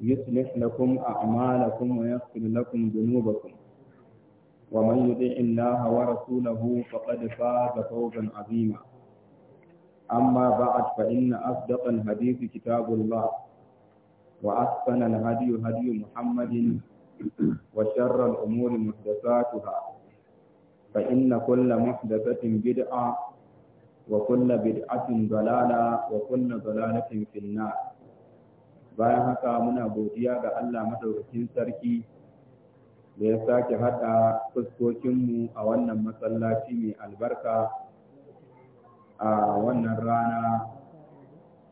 يصلح لكم أعمالكم ويغفر لكم ذنوبكم ومن يطع الله ورسوله فقد فاز فوزا عظيما أما بعد فإن أصدق الحديث كتاب الله وأحسن الهدي هدي محمد وشر الأمور محدثاتها فإن كل محدثة بدعة وكل بدعة ضلالة وكل ضلالة في النار bayan haka muna godiya ga Allah madaukakin sarki da ya sake haɗa fuskokinmu a wannan masallaci mai albarka a wannan rana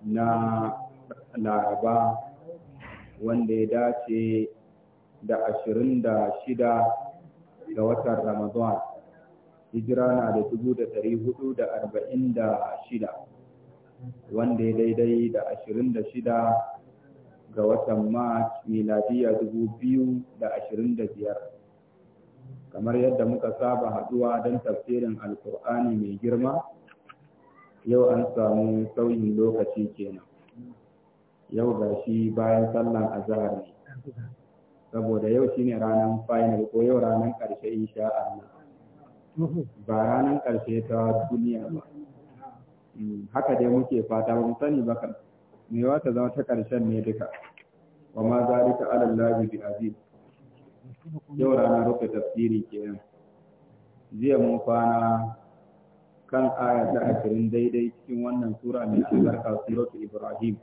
na laraba wanda ya dace da ashirin da shida ga watan ramadan hijira na da dubu da ɗari hudu da arba'in da shida wanda ya daidai da ashirin da shida ga watan Mars miladiya 2025 kamar yadda muka saba haduwa don tafsirin alkur'ani mai girma yau an samu sauyin lokaci kenan yau ga shi bayan sallan azhar ne saboda yau shine ranar final ko yau ranar karshe insha Allah ba ranar karshe ta duniya ba hmm, haka dai muke fata ba sani ba mewa ta zama ta ƙarshen ne duka wa ma ta ala Allah bi aziz yau rana rufe tafsiri kenan jiya mun kwana kan aya ta ashirin daidai cikin wannan sura mai albarka suratul ibrahim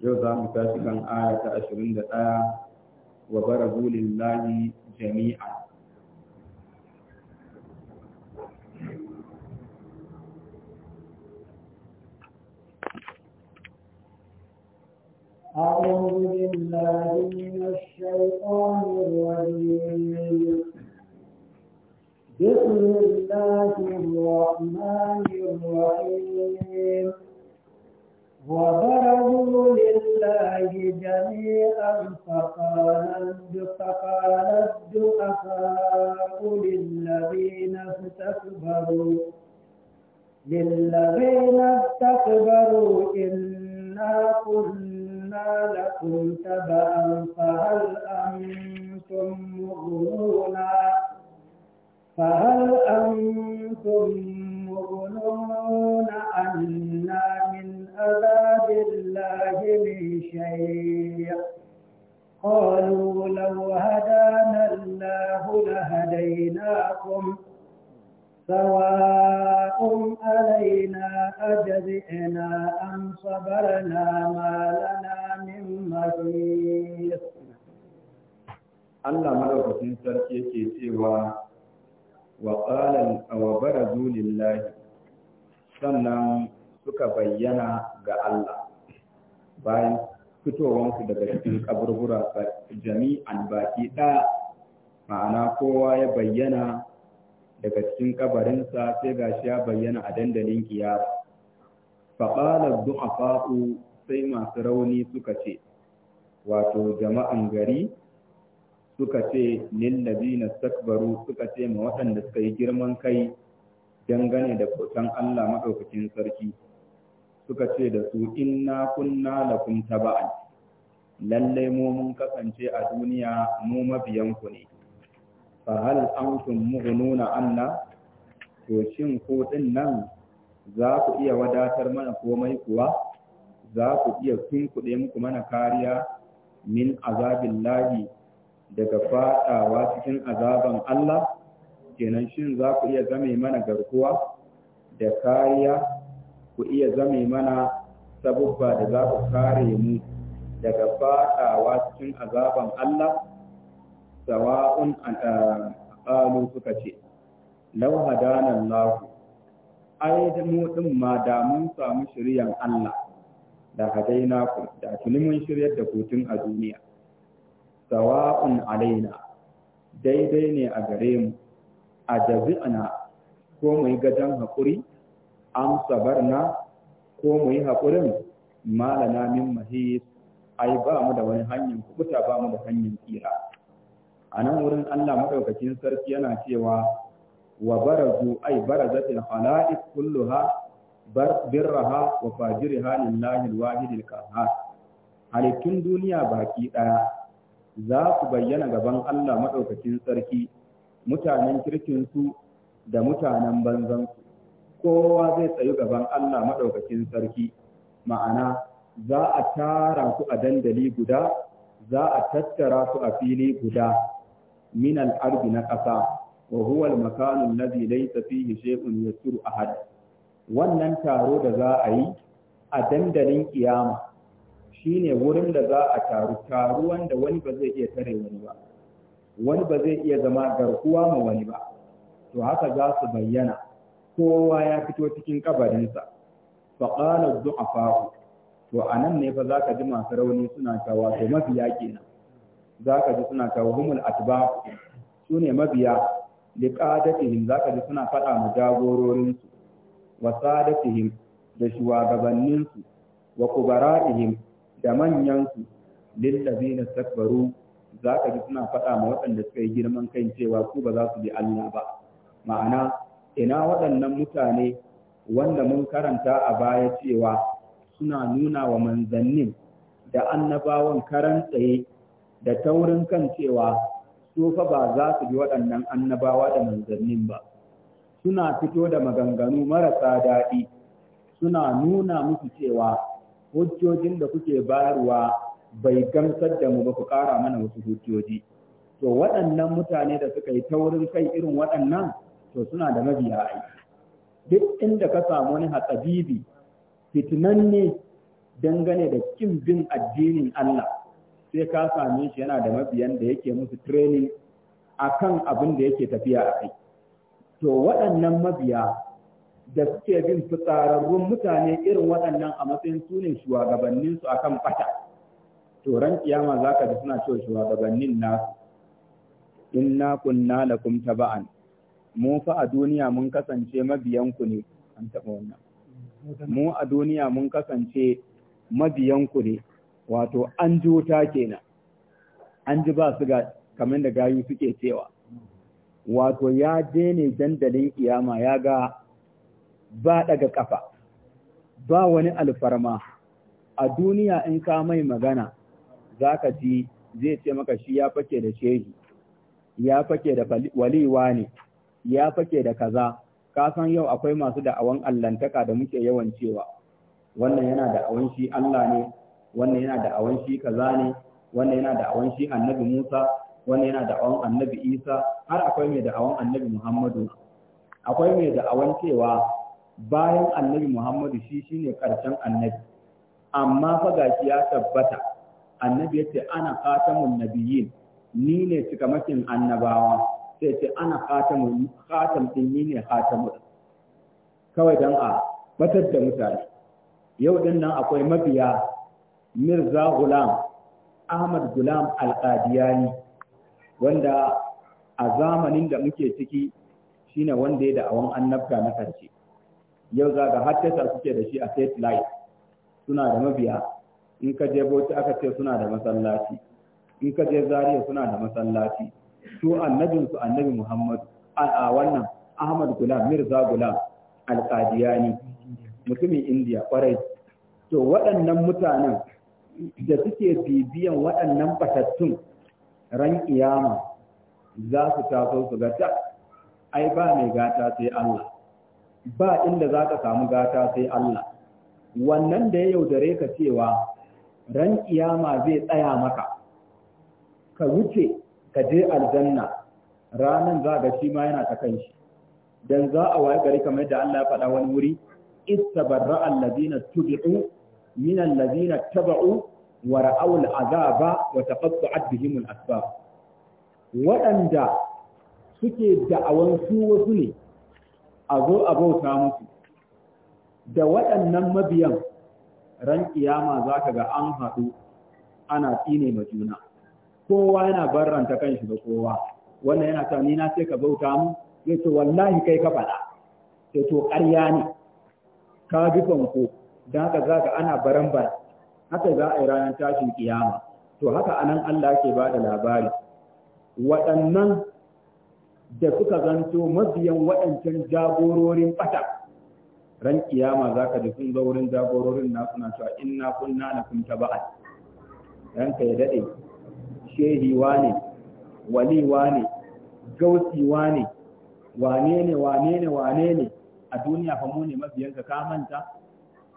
yau za mu tashi kan aya ta ashirin da ɗaya wa barazu lillahi jami'a أعوذ بالله من الشيطان الرجيم بسم الله الرحمن الرحيم وضربوا لله جميعا فقال فقال الدعاء للذين استكبروا للذين استكبروا إنا كنا جعلنا لكم تبعا فهل أنتم مغنون فهل أنتم مغنون عنا من عذاب الله من شيء قالوا لو هدانا الله لهديناكم ۖ سواء علينا أجزئنا أم صبرنا ما لنا من مزيد Allah madaukakin sarki yake cewa wa qalan aw barazu sannan suka bayyana ga Allah bayan fitowansu daga cikin kaburbura jami'an baki ɗaya ma'ana kowa ya bayyana daga cikin kabarinsa sai gashi ya bayyana a dandalin kiyama faƙalar du'afa'u sai masu rauni suka ce wato jama'an gari suka ce na takbaru suka ce ma waɗanda suka yi girman kai dangane da kusan Allah maɗaukakin sarki suka ce da su inna kunna lakum taba'an lalle mu mun kasance a duniya mu mabiyanku ne fa hal antum mughnuna anna to shin ko din nan za ku iya wadatar mana komai kuwa za ku iya tunkuɗe muku mana kariya min azabin lahi daga faɗawa cikin azaban Allah kenan shin za ku iya zame mana garkuwa da kariya ku iya zame mana sabubba da za ku kare mu daga faɗawa cikin azaban Allah sawa'un qalu suka ce Lau hadanan lahu, ai da mu ma da mun samu shiryan Allah da na ku da tuni mun shiryar da kutun a duniya sawa'un alaina daidai ne a gare mu a jazi'ana ko mu yi gadon haƙuri an sabarna ko mu yi haƙurin malana min mahis ai ba mu da wani hanyar kuɓuta ba mu da hanyar tsira a nan wurin Allah madaukakin sarki yana cewa wa barazu ay barazatil khalaiq kulluha birraha wa fajiriha lillahi alwahid alqahhar halittun duniya baki daya za ku bayyana gaban Allah madaukakin sarki mutanen kirkin su da mutanen banzan su kowa zai tsayu gaban Allah madaukakin sarki ma'ana za a tara ku a dandali guda za a tattara ku a fili guda Minal al na ƙasa wa huwa al-makanu alladhi laysa ahad wannan taro da za a yi a dandalin kiyama shine wurin da za a taru taruwan da wani ba zai iya tare wani ba wani ba zai iya zama garkuwa ma wani ba to haka za su bayyana kowa ya fito cikin kabarinsa a du'afa to anan ne fa zaka ji masu rauni suna cewa to mafiya kenan za ka ji suna kawo atba su ne mabiya liqadatihim za ka ji suna faɗa mu jagororinsu wa sadatihim da shugabanninsu wa kubara'ihim da manyansu lillazina takbaru za ka ji suna faɗa ma waɗanda suka yi girman kai cewa ku ba za su bi Allah ba ma'ana ina waɗannan mutane wanda mun karanta a baya cewa suna nuna wa manzannin da annabawan karan tsaye da taurin kan cewa su fa ba za su bi waɗannan annabawa da manzannin ba suna fito da maganganu marasa daɗi suna nuna musu cewa hujjojin da kuke bayarwa bai gamsar da mu ba ku ƙara mana wasu hujjoji to waɗannan mutane da suka yi taurin kai irin waɗannan to suna da mabiya aiki duk inda ka samu wani hatsabibi ne dangane da kin bin addinin Allah sai ka same shi yana da mabiyan da yake musu training akan abin da yake tafiya a kai to waɗannan mabiya da suke bin fitsararrun mutane irin waɗannan a matsayin su ne shugabanninsu a kan fata. To ran kiyama za ka ji suna cewa shugabannin nasu, inna kunna lakum taba'an, mu fa a duniya mun kasance mabiyanku ne, an taɓa wannan. Mu a duniya mun kasance mabiyanku ne, wato an ji wuta kenan an ji ba su ga kamar da gayu suke cewa wato ya je ne dandalin kiyama ya ga ba daga kafa ba wani alfarma a duniya in ka mai magana za ka ji zai ce maka shi ya fake da shehi ya fake da waliwa ne ya fake da kaza ka san yau akwai masu da'awan allantaka da muke yawan cewa wannan yana da awan shi Allah ne wannan yana da awan shi kaza ne wannan yana da awan shi annabi Musa wannan yana da awan annabi Isa har akwai mai da awan annabi Muhammadu akwai mai da awan cewa bayan annabi Muhammadu shi shine karshen annabi amma fa gashi ya tabbata annabi yace ana khatamun nabiyyin ni ne makin annabawa sai ce ana khatamun khatam din ni ne khatamun kawai dan a batar da mutane yau din nan akwai mabiya mirza gulam ahmad gulam Al-qadiyani wanda a zamanin da muke ciki shine wanda ya da'awan annabta na karshe yau za ga hattasar kuke da shi a satellite suna da mabiya in ka je bauchi aka ce suna da masallaci in ka je zariya suna da masallaci su annabinsu annabi muhammad a wannan ahmad gulam mirza gulam Al-qadiyani mutumin indiya kwarai to waɗannan mutanen da suke bibiyan waɗannan fatattun ran kiyama za su taso su ga ai ba mai gata sai Allah ba inda za ka samu gata sai Allah wannan da ya yaudare ka cewa ran kiyama zai tsaya maka ka wuce ka je aljanna ranan za ga shi ma yana ta kan shi dan za a waye gari kamar da Allah ya faɗa wani wuri istabarra alladhina tubi'u min alladhina taba'u wa ra'aul azaba wa taqatta'at bihim al-asbab waɗanda suke da'awan su wasu ne a zo a bauta musu da waɗannan mabiyan ran kiyama za ka ga an haɗu ana tsine ma juna kowa yana barranta kanshi da kowa wannan yana ta ni na sai ka bauta mu zai ce wallahi kai ka faɗa sai to ƙarya ne ka bi fanko don haka za ana baran bara haka za a yi ranar tashin kiyama to haka anan Allah ke ba da labari waɗannan da suka zanto mabiyan waɗancan jagororin ɓata ran kiyama za ka ji sun zo wurin jagororin na suna cewa inna kunna na kun taba'an ranka ya daɗe shehi wane wali wane gausi wane wane ne wane ne wane ne a duniya fa mu ne mabiyanka ka manta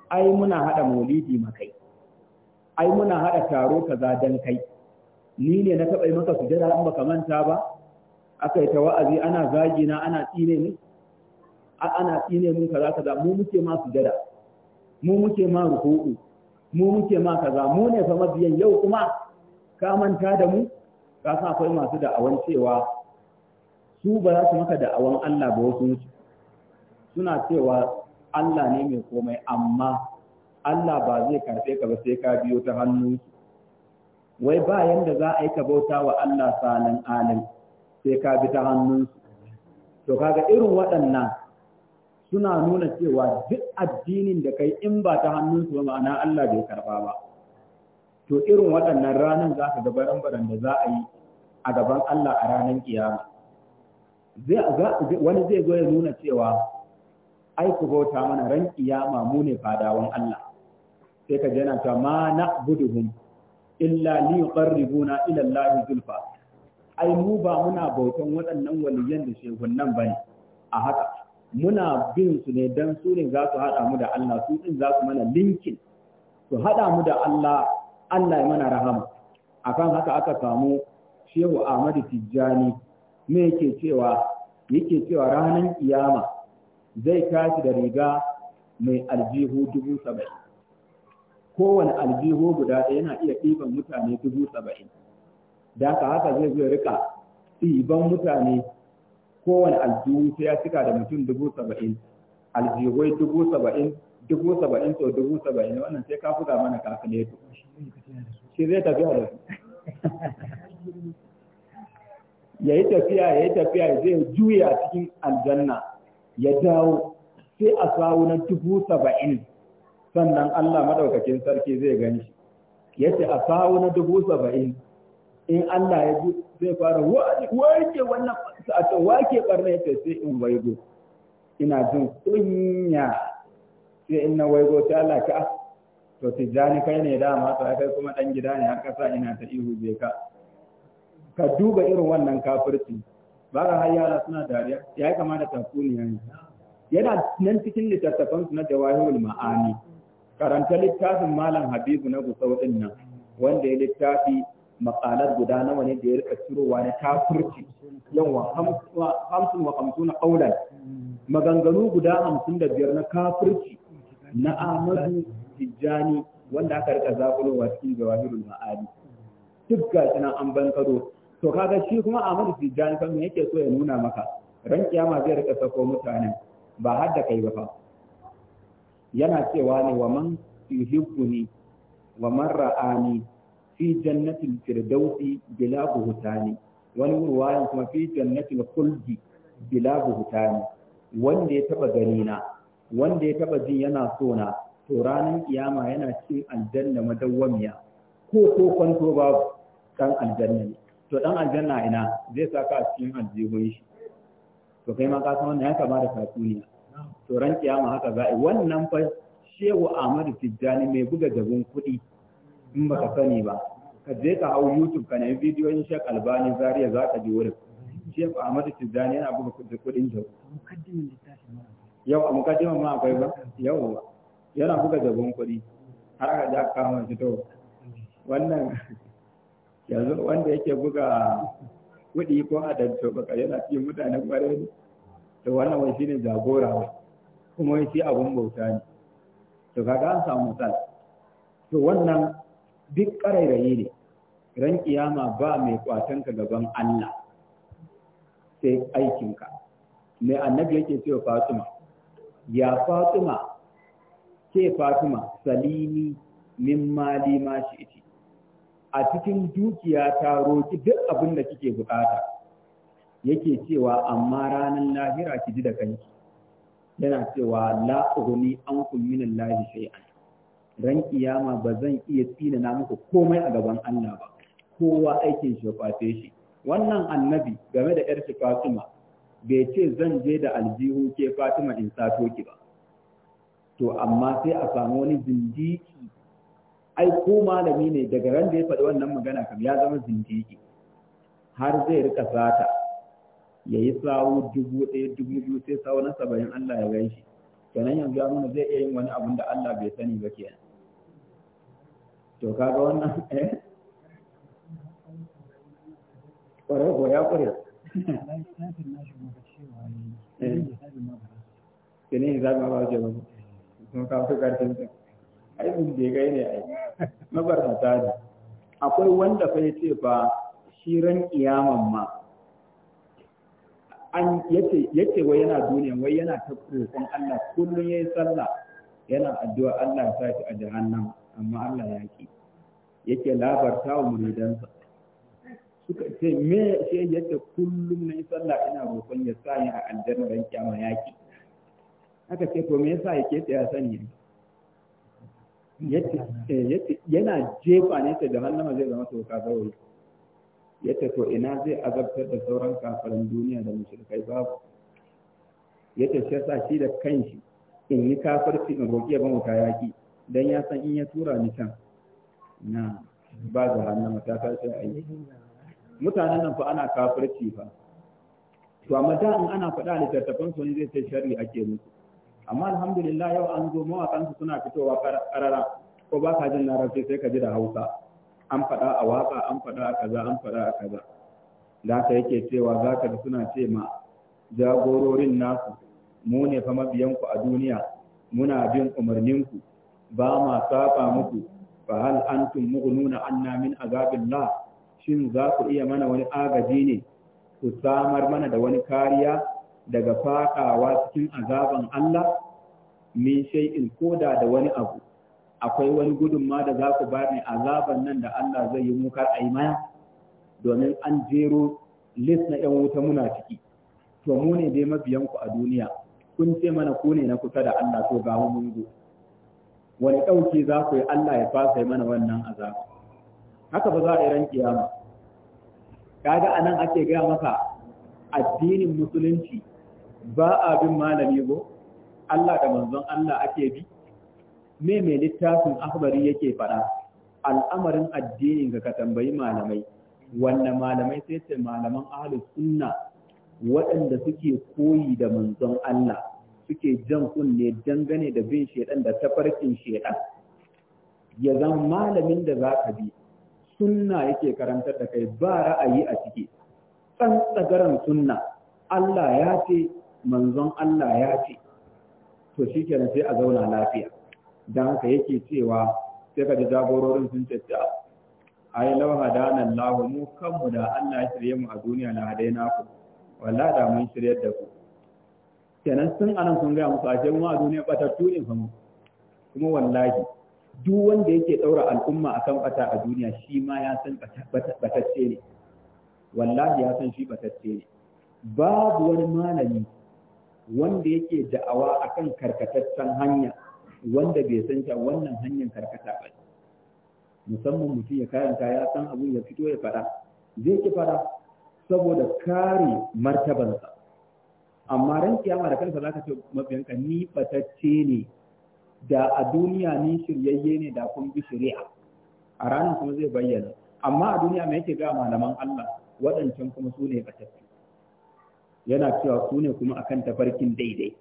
ai muna hada maulidi makai ai muna haɗa taro kaza dan kai ni ne na taɓa yi maka sujada in baka manta ba aka yi ta wa'azi ana zagina ana tsine ni ana tsine mun kaza kaza mu muke ma sujada mu muke ma ruku'u mu muke ma kaza mu ne fa mabiyan yau kuma ka manta da mu ka san akwai masu da'awan cewa su ba za su maka da'awan Allah ba wasu suna cewa Allah ne mai komai amma Allah ba zai karfe ka ba sai ka biyo ta hannu wai ba yanda za a yi ka bauta wa Allah sanan alim sai ka bi ta hannunsu to kaga irin waɗannan suna nuna cewa duk addinin da kai in ba ta hannunsu ba ma'ana Allah bai karba ba to irin waɗannan ranar za ka ga baran da za a yi a gaban Allah a ranar kiyama wani zai zo ya nuna cewa ai ku bauta mana ran kiyama mu ne fadawan Allah sai ka jana ta ma na buduhun illa li yuqarribuna ila Allah zulfa ai mu ba muna bautan waɗannan waliyan da shehunnan bane a haka muna bin su ne dan su ne za su hada mu da Allah su din za su mana linkin su hada mu da Allah Allah ya mana rahama akan haka aka samu Shehu Amadu Tijjani me yake cewa yake cewa ranar kiyama zai tashi da riga mai aljihu dubu saba'in kowane aljihu guda ɗaya yana iya ɗiban mutane dubu saba'in da ka haka zai zai rika ɗiban mutane kowane aljihu sai ya cika da mutum dubu saba'in aljihoi dubu saba'in dubu saba'in to dubu saba'in wannan sai ka buga mana kafin ne shi zai tafiya da su ya yi tafiya ya yi tafiya zai juya cikin aljanna ya dawo sai a sawu na dubu saba'in sannan Allah madaukakin sarki zai gani yace a sawu na dubu saba'in in Allah ya ji zai fara wake wannan a ce wake barna yace sai in waigo ina jin kunya sai in na waigo ta Allah ka ah, to tijjani kai ne dama to kai kuma dan gida ne har kasa ina ta ihu je ka ka duba irin wannan kafirci ba ga har yara suna dariya ya yi kama da ne yana nan cikin littattafansu na jawahirul ma'ani karanta littafin malam habibu na gusau din nan wanda ya littafi makalar guda nawa ne da ya rika cirowa na kafirci yawa hamsin wa hamsin na ƙaunar maganganu guda hamsin da biyar na kafirci na amadu tijjani wanda aka rika zakulowa cikin jawahirul ma'adi. duk ga shi an ban kado to kaga shi kuma amadu tijjani kan yake so ya nuna maka ran kiyama zai rika sako mutanen ba har da kai ba fa yana cewa ne wa man yuhibbuni wa man ra'ani fi jannatil firdausi bila buhutani wani ruwayan kuma fi jannatil khuldi bila buhutani wanda ya taba gani na wanda ya taba jin yana so na to ranar kiyama yana cikin aljanna madawwamiya ko ko kwanto babu kan aljanna ne to dan aljanna ina zai saka a cikin aljihun shi to kai ma ka san wannan ya kama da tatsuniya tsoron kiyama haka za a wannan fa shehu ahmad Tijjani mai buga jabin kuɗi in baka sani ba ka je ka hau YouTube ka nemi bidiyoyin Sheikh Albani Zaria za ka ji wurin Shehu ahmad Tijjani yana buga kuɗin jabu yau a mukaddimar ma akwai ba yau yana buga jabin kuɗi har ka ja kama shi to wannan yanzu wanda yake buga kuɗi ko to baka yana cikin mutanen ne to wannan wai shine jagora ba kuma shi abun bauta ne to kaga an samu sal to wannan duk ƙarairayi ne ran kiyama ba mai kwatan ka gaban Allah sai aikinka mai annabi yake cewa Fatima ya Fatima ke Fatima salimi min mali ma shi iti a cikin dukiya ta roki duk abin da kike bukata yake cewa amma ranar lahira ki ji da kanki yana cewa la ughni an min Allah shay'an ran kiyama ba zan iya tsina na muku komai a gaban Allah ba kowa aikin shi kwafe shi wannan annabi game da yar shi Fatima bai ce zan je da aljihu ke Fatima in sato ki ba to amma sai a samu wani zindiki ai ko malami ne daga ran da ya faɗi wannan magana kam ya zama zindiki har zai rika sata ya yi sawu dubu ɗaya dubu biyu sai sawu na saba'in Allah ya gan shi kenan yanzu ya nuna zai iya yin wani abun da Allah bai sani ba kenan to kaga wannan eh ne ma ba ce ba kuma ka fi ƙarfin ta gai ne ne akwai wanda fa ya ce fa shi ran ma an yace yace wai yana duniya wai yana ta roƙon Allah kullun yayin sallah yana addu'a Allah ya saki a jahannam amma Allah ya ki yake labarta wa muridansa suka ce me shi yace kullum na yi sallah ina roƙon ya sani a aljanna ran kiyama yaki aka ce to me yasa yake tsaya sani eh, yace yana jefa ne ta jahannama zai zama sauka gawayi yace to ina zai azabtar da sauran kafirin duniya da mushrikai babu yace shi yasa shi da kanshi in yi kafirci in roƙi ba muta yaki dan ya san in ya tura ni can na ba mata ta sai a yi mutanen nan fa ana kafirci fa to amma da in ana faɗa littattafan su ne zai ce sharri ake musu amma alhamdulillah yau an zo mawaƙan su suna fitowa ƙarara ko ba ka jin larabci sai ka ji da hausa an faɗa a waka an faɗa a kaza an faɗa a kaza da haka yake cewa za ka ji suna ce ma jagororin nasu mu ne fa mabiyanku a duniya muna bin umarninku ba ma saba muku fa hal antum mughnuna anna min azabillah shin za ku iya mana wani agaji ne ku samar mana da wani kariya daga fadawa cikin azaban Allah min shay'in koda da wani abu akwai wani gudun gudunma da za ku bani azaban nan da Allah zai yi mukar a yi maya domin an jero list na ‘yan wuta muna ciki, to mu ne dai mabiyanku a duniya, kun ce mana ku ne na kusa da Allah to ga mun zo. Wani ɗauki za ku yi Allah ya fasa mana wannan azaba. Haka ba za a yi ran kiyama. Kaga a nan ake gaya maka addinin musulunci ba a bin malami go, Allah da manzon Allah ake bi, me mai littafin akhbari yake faɗa al'amarin addinin ga ka tambayi malamai wanne malamai sai ce malaman ahli sunna waɗanda suke koyi da manzon Allah suke jan kunne dangane da bin shedan da tafarkin shedan ya zan malamin da za ka bi sunna yake karantar da kai ba ra'ayi a ciki ɗan tsagaran sunna Allah ya ce manzon Allah ya ce to shi sai a zauna lafiya don haka yake cewa sai ka ji jagororin sun cece ai law hadana Allah mu kanmu da Allah ya shirye mu a duniya na hadaina ku wallahi da mun shirye da ku kenan sun anan sun ga musu ce mu a duniya batattu ne fa mu kuma wallahi duk wanda yake daura al'umma akan bata a duniya shi ma ya san batacce ne wallahi ya san shi batacce ne babu wani malami wanda yake da'awa akan karkataccen hanya wanda bai san ta wannan hanyar karkata ba musamman mutum ya karanta ya san abu ya fito ya fara zai ki fara saboda kare martabansa amma ran kiyama da kansa zaka ce mabiyanka ni batacce ne da a duniya ni shiryayye ne da kun bi shari'a a ranar kuma zai bayyana amma a duniya mai yake ga malaman Allah waɗancan kuma su ne yana cewa su ne kuma akan tafarkin daidai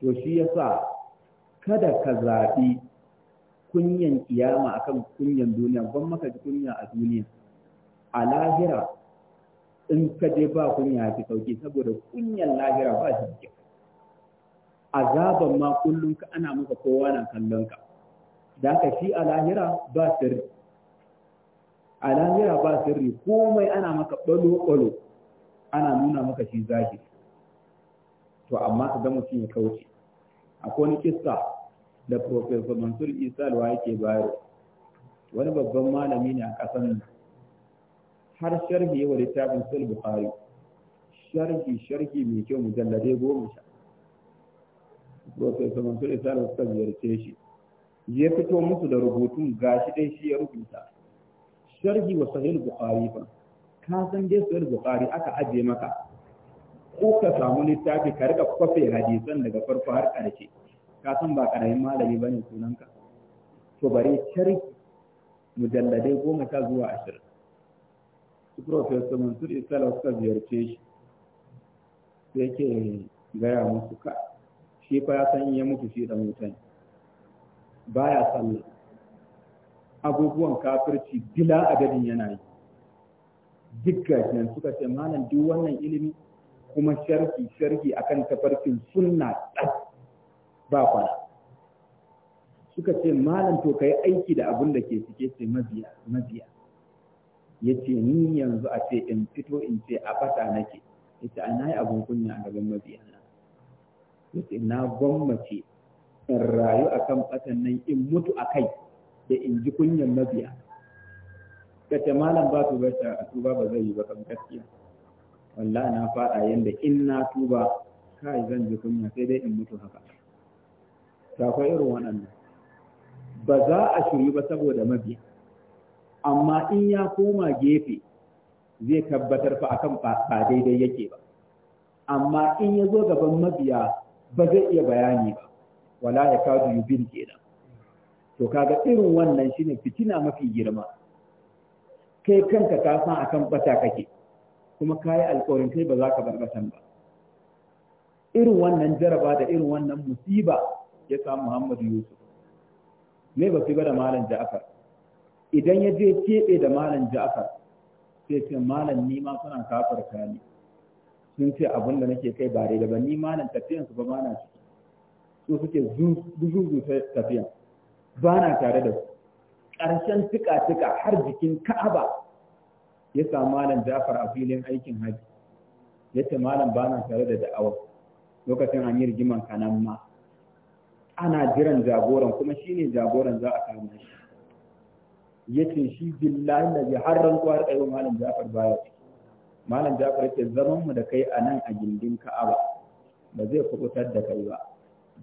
to shi yasa kada ka zaɓi kunyan kiyama akan kunyan duniya ban maka ji kunya a duniya a lahira in ka je ba kunya fi sauki saboda kunyan lahira ba shi da azaban ma kullun ka ana maka kowa nan kallon ka dan ka shi a lahira ba sirri a lahira ba sirri komai ana maka balo balo ana nuna maka shi zahiri to amma ka ga mutum ya kauce akwai wani kissa da Profesor Mansur Isa Alwa yake bayar wani babban malami ne a ƙasar nan har sharhi wa littafin Sul Bukhari sharhi sharhi mai kyau mujalladai goma sha Profesor Mansur Isa Alwa suka ziyarce shi ya fito musu da rubutun gashi dai shi ya rubuta sharhi wa sahih Bukhari fa ka san dai sahih Bukhari aka aje maka ko ka samu littafi ka rika kwafe hadisan daga farko har ƙarshe ka san ba karamin malami bane ne sunanka to bare sharhi mujalladai goma sha zuwa ashirin su professor mansur isala suka ziyarce shi sai ke gaya musu ka shi fa ya san ya mutu shi dan wuta ne baya sallah abubuwan kafirci bila adadin yana yi duk gashin suka ce malam duk wannan ilimi kuma sharhi sharhi akan tafarkin sunna tsaf ba kwana suka ce malam to kai aiki da abin da ke cike ce mabiya mabiya yace ni yanzu a ce in fito in ce a fata nake yace ana yi abun kunya a gaban mabiya na yace na gwammace in rayu akan fatan nan in mutu a kai da in ji kunyan mabiya ce malam ba tuba ta tuba ba zai yi ba kan gaskiya wallahi na fada yanda in na tuba kai zan ji kunya sai dai in mutu haka da akwai irin waɗannan ba za a shiryu ba saboda mabiya amma in ya koma gefe zai tabbatar fa akan ba daidai yake ba amma in ya zo gaban mabiya ba zai iya bayani ba wala ya kadu yubin kenan to kaga irin wannan shine fitina mafi girma kai kanka ka san akan bata kake kuma kayi alƙawarin kai ba za ka bar ba irin wannan jaraba da irin wannan musiba ya samu Muhammadu Yusuf me ba su ba da malam Ja'far idan ya je kebe da malam Ja'far sai ce malam ni ma suna ka ne sun ce abin da nake kai ba da ba ni malam tafiyan su ba na ciki suke zuzu tafiyan ba na tare da su ƙarshen tuka-tuka har jikin Ka'aba ya samu malam Ja'far a filin aikin haji yace ce malam ba tare da da'awa lokacin an yi rigiman kanan ma ana jiran jagoran kuma shine jagoran za a kama shi yace shi billahi da ya har rantsuwa da kai malam Ja'far baya malam Ja'far yake zaman mu da kai a nan a gindin Ka'aba ba zai kubutar da kai ba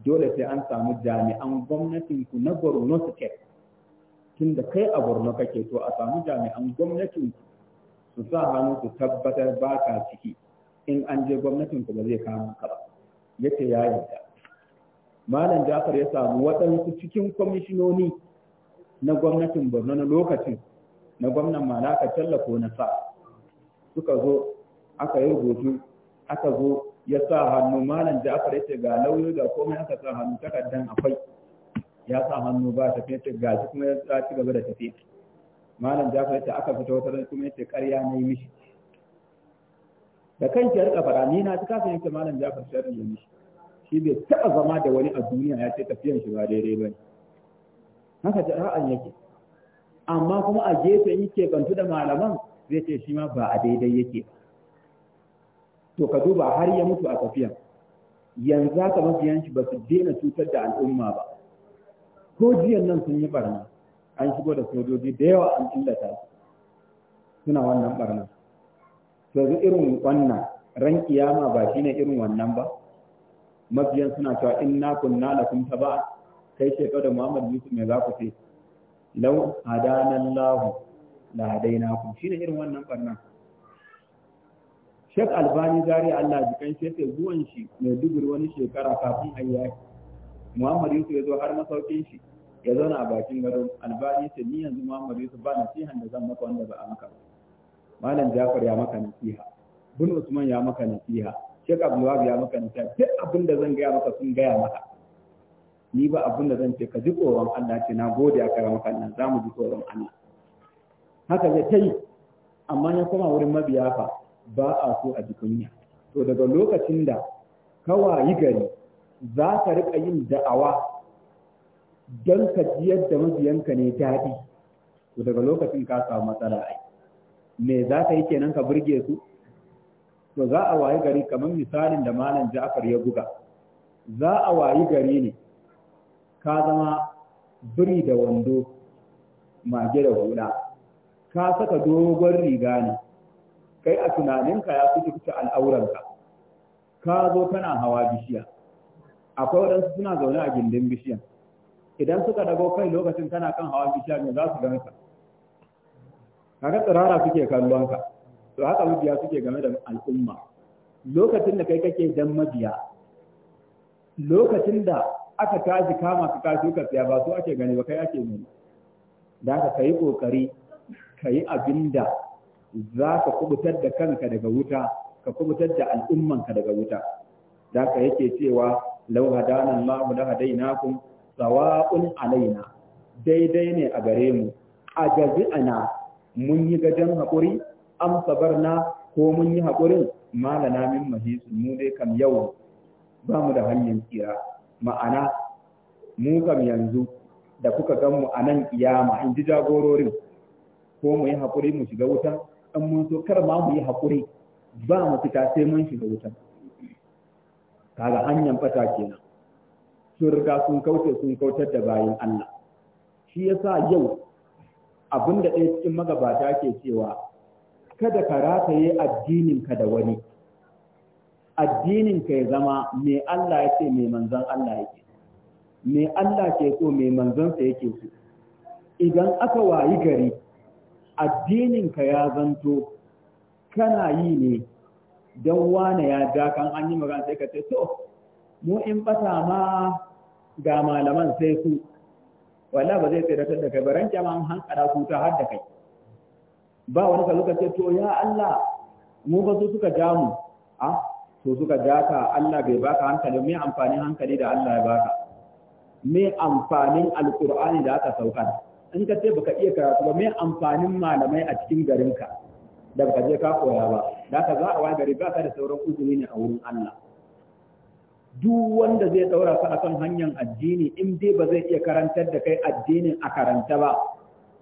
dole sai an samu jami'an gwamnatin ku na Borno State tunda kai a Borno kake to a samu jami'an gwamnatin su sa hannu su tabbatar ba ka ciki in an je gwamnatin ku ba zai kama ka ba yace ya yarda malam jafar ya samu waɗansu cikin kwamishinoni na gwamnatin borno na lokacin na gwamnan malaka ko na sa suka zo aka yi rubutu aka zo ya sa hannu malam jafar ya ce ga lauyoyi ga komai aka sa hannu takardan akwai ya sa hannu ba ta ce ga shi kuma ya ci gaba da tafi malam jafar ya ce aka fita wata kuma ya ce karya na yi mishi da kan ki riƙa fara ni na ci kafin ce malam jafar sharri ya mishi shi bai taɓa zama da wani a duniya ya ce tafiyan shi ba daidai ba ne haka ta ra'an yake amma kuma a gefe yake bantu da malaman zai ce shi ma ba a daidai yake to ka duba har ya mutu a tafiyan yanzu haka mafiyan shi ba su daina cutar da al'umma ba ko jiyan nan sun yi barna an shigo da sojoji da yawa an illata suna wannan barna to irin wannan ran kiyama ba shi ne irin wannan ba mabiyan suna cewa inna kunna lakum taba kai ce da Muhammad Yusuf me za ku ce law hadana Allah la Shi shine irin wannan barna Sheikh Albani zari Allah jikan shi sai zuwan shi mai dubur wani shekara kafin ayyaki Muhammad Yusuf ya zo har masaukin shi ya zauna a bakin gado Albani ce ni yanzu Muhammad Yusuf ba nasihan da zan maka wanda ba a maka Malam Jafar ya maka nasiha Bin Usman ya maka nasiha Sheikh Wahab ya maka nita duk abin da zan gaya maka sun gaya maka ni ba abin da zan ce ka ji tsoron Allah ce na gode aka ga maka nan zamu ji tsoron Allah haka zai ta yi amma ya koma wurin mabiya fa ba a so a ji to daga lokacin da kawayi gari za ka riƙa yin da'awa don ka ji yadda mabiyanka ne daɗi to daga lokacin ka samu matsala ai me za ka yi kenan ka burge su to za a wayi gari kamar misalin da malam Ja'far ya buga za a wayi gari ne ka zama biri da wando mage da hula ka saka dogon riga ne kai a tunaninka ya fi fice al'auranka ka zo kana hawa bishiya akwai waɗansu suna zaune a gindin bishiyan idan suka dago kai lokacin kana kan hawa bishiya ne za su ganka kaga tsirara suke kallonka to haka mabiya suke game da al'umma lokacin da kai kake dan mabiya lokacin da aka tashi kama ka kashi ka tsaya ba su ake gani ba kai ake nuna da haka kai kokari kai abin da za ka kubutar da kanka daga wuta ka kubutar da ka daga wuta da haka yake cewa law hadana Allahu la hadainakum sawa'un alaina daidai ne a gare mu a jazi'ana mun yi gajen haƙuri am sabarna ko mun yi haƙurin malana min mahisu mu dai kam yau ba mu da hanyar tsira ma'ana mu kam yanzu da kuka gan mu a nan kiyama in ji jagororin ko mu yi haƙuri mu shiga wuta in mun so kar ma mu yi haƙuri ba mu fita sai mun shiga wuta kaga hanyar fata kenan sun riga sun kauce sun kautar da bayan Allah shi yasa yau abinda da ɗaya cikin magabata ke cewa kada ka rataye addininka da wani addininka ya zama me Allah ya ce me manzon Allah yake me Allah ke so me manzonsa yake so idan aka wayi gari addininka ya zanto kana yi ne don wane ya kan an yi magana sai ka ce to mu in bata ma ga malaman sai su wallahi ba zai tsiratar da kai baran an hankala su ta har da kai ba wani ka to ya Allah mu ba su suka ja mu a ah, to suka ja ka Allah bai baka hankali mai amfanin hankali da Allah ya baka mai amfanin alqur'ani da aka sauka in ka ce baka iya karatu ba mai amfanin malamai a cikin garinka da baka je ka koya ba da ka za a wani gari baka da sauran uzuri ne a wurin Allah duk wanda zai daura ka akan hanyar addini in dai ba zai iya karantar da kai addinin a karanta ba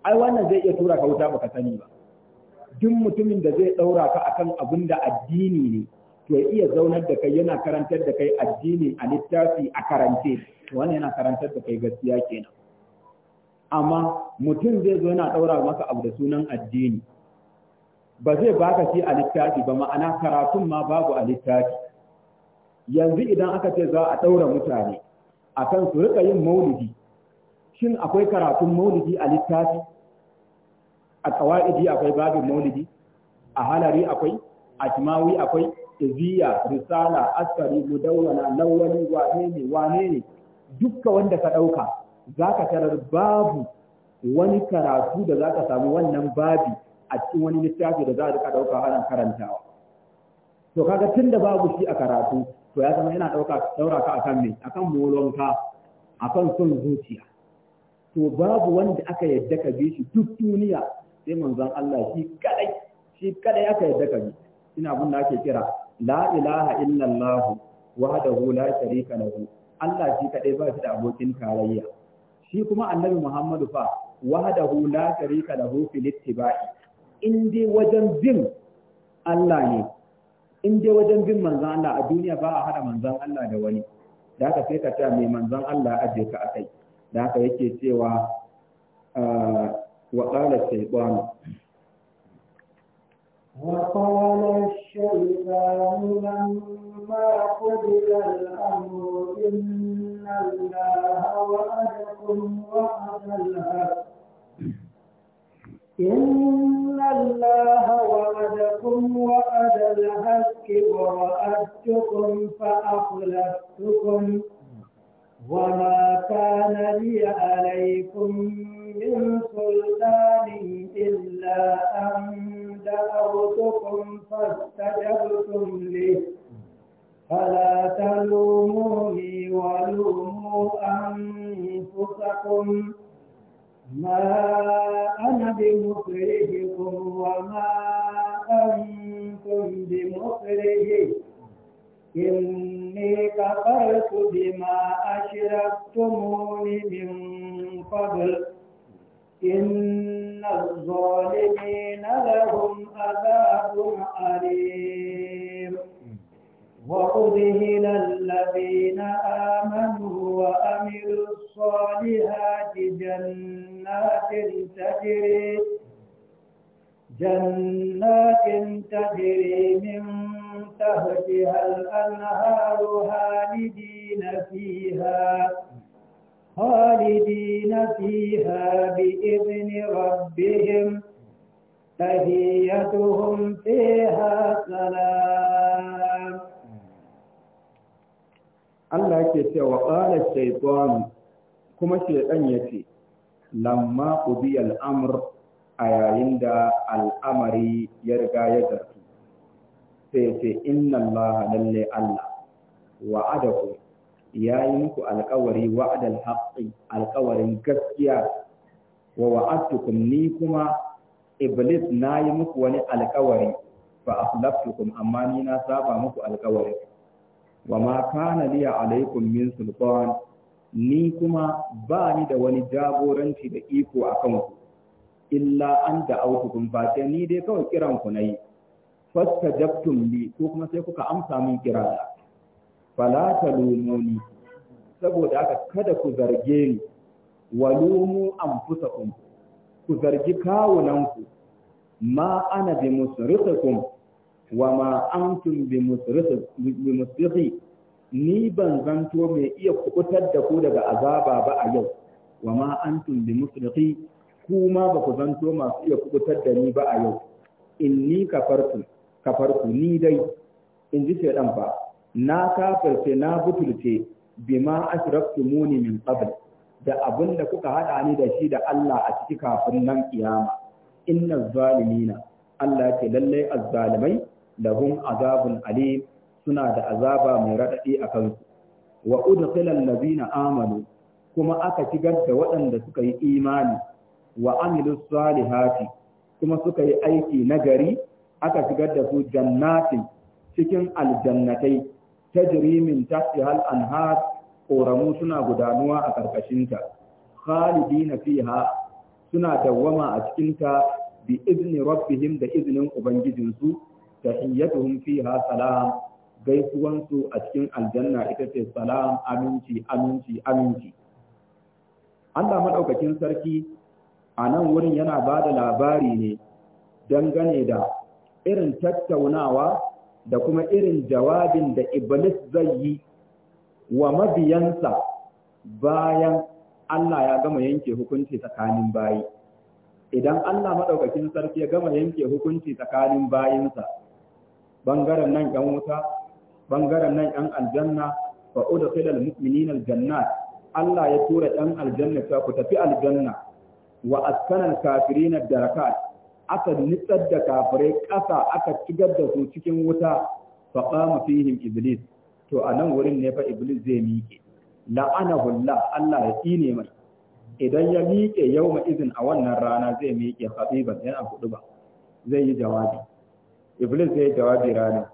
ai wannan zai iya tura ka wuta baka sani ba duk mutumin da zai ɗaura ka akan abin da addini ne to ya iya zaunar da kai yana karantar da kai addini a littafi a karance wannan yana karantar da kai gaskiya kenan amma mutum zai zo yana ɗaura maka abu da sunan addini ba zai baka shi a littafi ba ma'ana karatun ma babu a littafi yanzu idan aka ce za a ɗaura mutane akan su rika yin maulidi shin akwai karatun maulidi a littafi a kawaidi akwai babin maulidi a halari akwai a timawi akwai iziya risala askari mudawwana lawali wane ne wane ne dukka wanda ka dauka zaka tarar babu wani karatu da zaka samu wannan babi a cikin wani littafi da za ka dauka ana karantawa to kaga tunda babu shi a karatu to ya zama yana dauka daura ka akan me akan molonka akan son zuciya to babu wanda aka yadda ka bi shi duk duniya sai manzon Allah shi kadai shi kadai aka yadda ka bi ina abin da ake kira la ilaha illallah wahdahu la sharika lahu Allah shi kadai ba shi da abokin tarayya shi kuma annabi Muhammadu fa wahdahu la sharika lahu fil ittiba'i in dai wajen bin Allah ne in dai wajen bin manzon Allah a duniya ba a hada manzon Allah da wani da haka sai ka ta mai manzon Allah aje ka akai da haka yake cewa ah, وقال الشيطان وقال الشيطان لما قبل الأمر إن الله وعدكم وعد الحق إن الله وعدكم وعد الحق ووعدتكم فأخلفتكم وما كان لي عليكم من سلطان إلا أن دعوتكم فاستجبتم لي فلا تلوموني ولوموا أنفسكم ما أنا بمخرجكم وما أنتم بمخرجي إني كفرت بما أشركتمون من قبل إن الظالمين لهم عذاب أليم وأذهل الذين آمنوا وأملوا الصالحات جنات تجري جنات تجري من تهتها الأنهار هامدين فيها خالدين فيها بإذن ربهم تهيتهم فيها سلام Allah yake cewa qala shaytan kuma shaytan yace lamma ku al al'amur a yayin da al'amari ya riga ya zarta sai ce inna allaha lalle allah wa'adaku ya yi muku alkawari wa'adal haqqi alƙawarin gaskiya wa wa'adtukum ni kuma iblis na yi muku wani alkawari fa aslaftukum amma ni na saba muku alkawari wa ma kana liya alaikum min sultan ni kuma ba ni da wani jagoranci da iko a ku illa an da autukum fa ni dai kawai kiran ku nayi Fasta jabtun li ko kuma sai kuka amsa min kira fala talumuni saboda haka kada ku zarge ni walumu anfusakum ku zargi kawunanku ma ana bi musrikum wa ma antum bi musrifi ni ban zanto mai iya kubutar da ku daga azaba ba a yau wa ma antum bi musrifi kuma ba ku zanto masu iya kubutar da ni ba a yau inni kafartu kafarku ni dai in ji shaidan ba na kafirce na butulce bima ashraktumuni min qabl da abin da kuka hada ni da shi da Allah a ciki kafin nan kiyama inna zalimina Allah lallai lalle azzalimai lahum azabun alim suna da azaba mai radadi a kansu wa udkhila allazina amanu kuma aka shigar da waɗanda suka yi imani wa amilus salihati kuma suka yi aiki nagari aka shigar da su jannatin cikin aljannatai tajri min tahtiha al-anhar koramu suna gudanuwa a karkashinta khalidina fiha suna dawwama a cikinta bi izni rabbihim da iznin ubangijinsu tahiyyatuhum fiha salam gaisuwansu a cikin aljanna ita ce salam aminci aminci aminci Allah madaukakin sarki a nan wurin yana ba da labari ne dangane da irin tattaunawa da kuma irin jawabin da Iblis zai yi wa mabiyansa bayan Allah ya gama yanke hukunci tsakanin bayi. Idan Allah maɗaukakin sarki ya gama yanke hukunci tsakanin bayinsa, bangaren nan ‘yan wuta, bangaren nan ‘yan aljanna, da filal mu'minin aljannat, Allah ya tura ‘yan aljanna ta ku tafi aljanna, wa askanan kafirina darakat aka nitsar da kafirai ƙasa aka cigar da su cikin wuta fa qama fihim iblis to a nan wurin ne fa iblis zai miƙe la'anahu Allah Allah ya tsine mai idan ya miƙe yawma izin a wannan rana zai miƙe khatiban yana kudu ba zai yi jawabi iblis zai yi jawabi ranar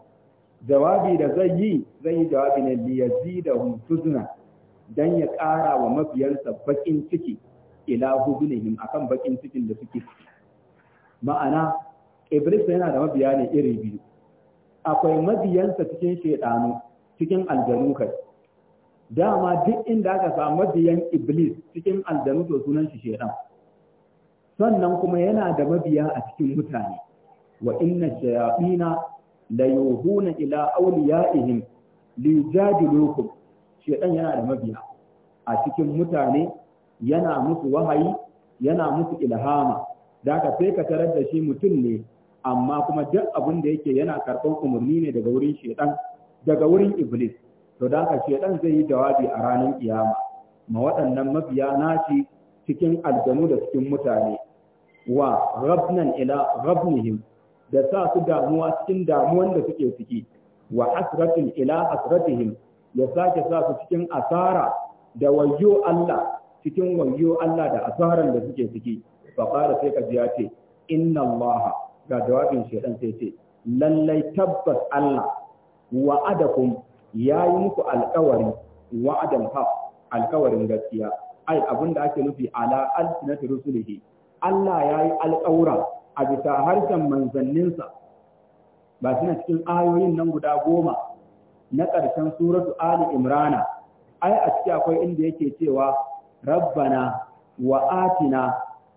jawabi da zai yi zai yi jawabi ne li yazidahum huzna dan ya ƙara wa mafiyansa bakin ciki ila huzunihim akan bakin cikin da suke ciki ma'ana iblis yana da mabiya ne iri biyu akwai mabiyansa cikin shaidanu cikin aljanu kai dama duk inda aka samu mabiyan iblis cikin aljanu to sunan shi shaidan sannan kuma yana da mabiya a cikin mutane wa inna shayatina la yuhuna ila awliyaihim li jadilukum shaidan yana da mabiya a cikin mutane yana musu wahayi yana musu ilhama da aka sai ka tarar da shi mutum ne amma kuma duk abin da yake yana karɓar umarni ne daga wurin shedan daga wurin iblis to da aka shedan zai yi jawabi a ranar kiyama ma waɗannan mabiya naci cikin aljanu da cikin mutane wa rabnan ila rabnihim da sa su damuwa cikin damuwan da suke ciki wa hasratin ila hasratihim ya sake sa su cikin asara da wayo Allah cikin wayo Allah da asaran da suke ciki fa sai ka jiya ce inna allaha ga jawabin shedan sai ce lallai tabbas Allah wa'adakum ya yi muku alkawari wa'adan haq alkawarin gaskiya ai abinda ake nufi ala alsinati rusulihi Allah ya yi alƙawura a bisa harshen manzanninsa ba suna cikin ayoyin nan guda goma na ƙarshen suratu Ali Imrana ai a ciki akwai inda yake cewa rabbana wa atina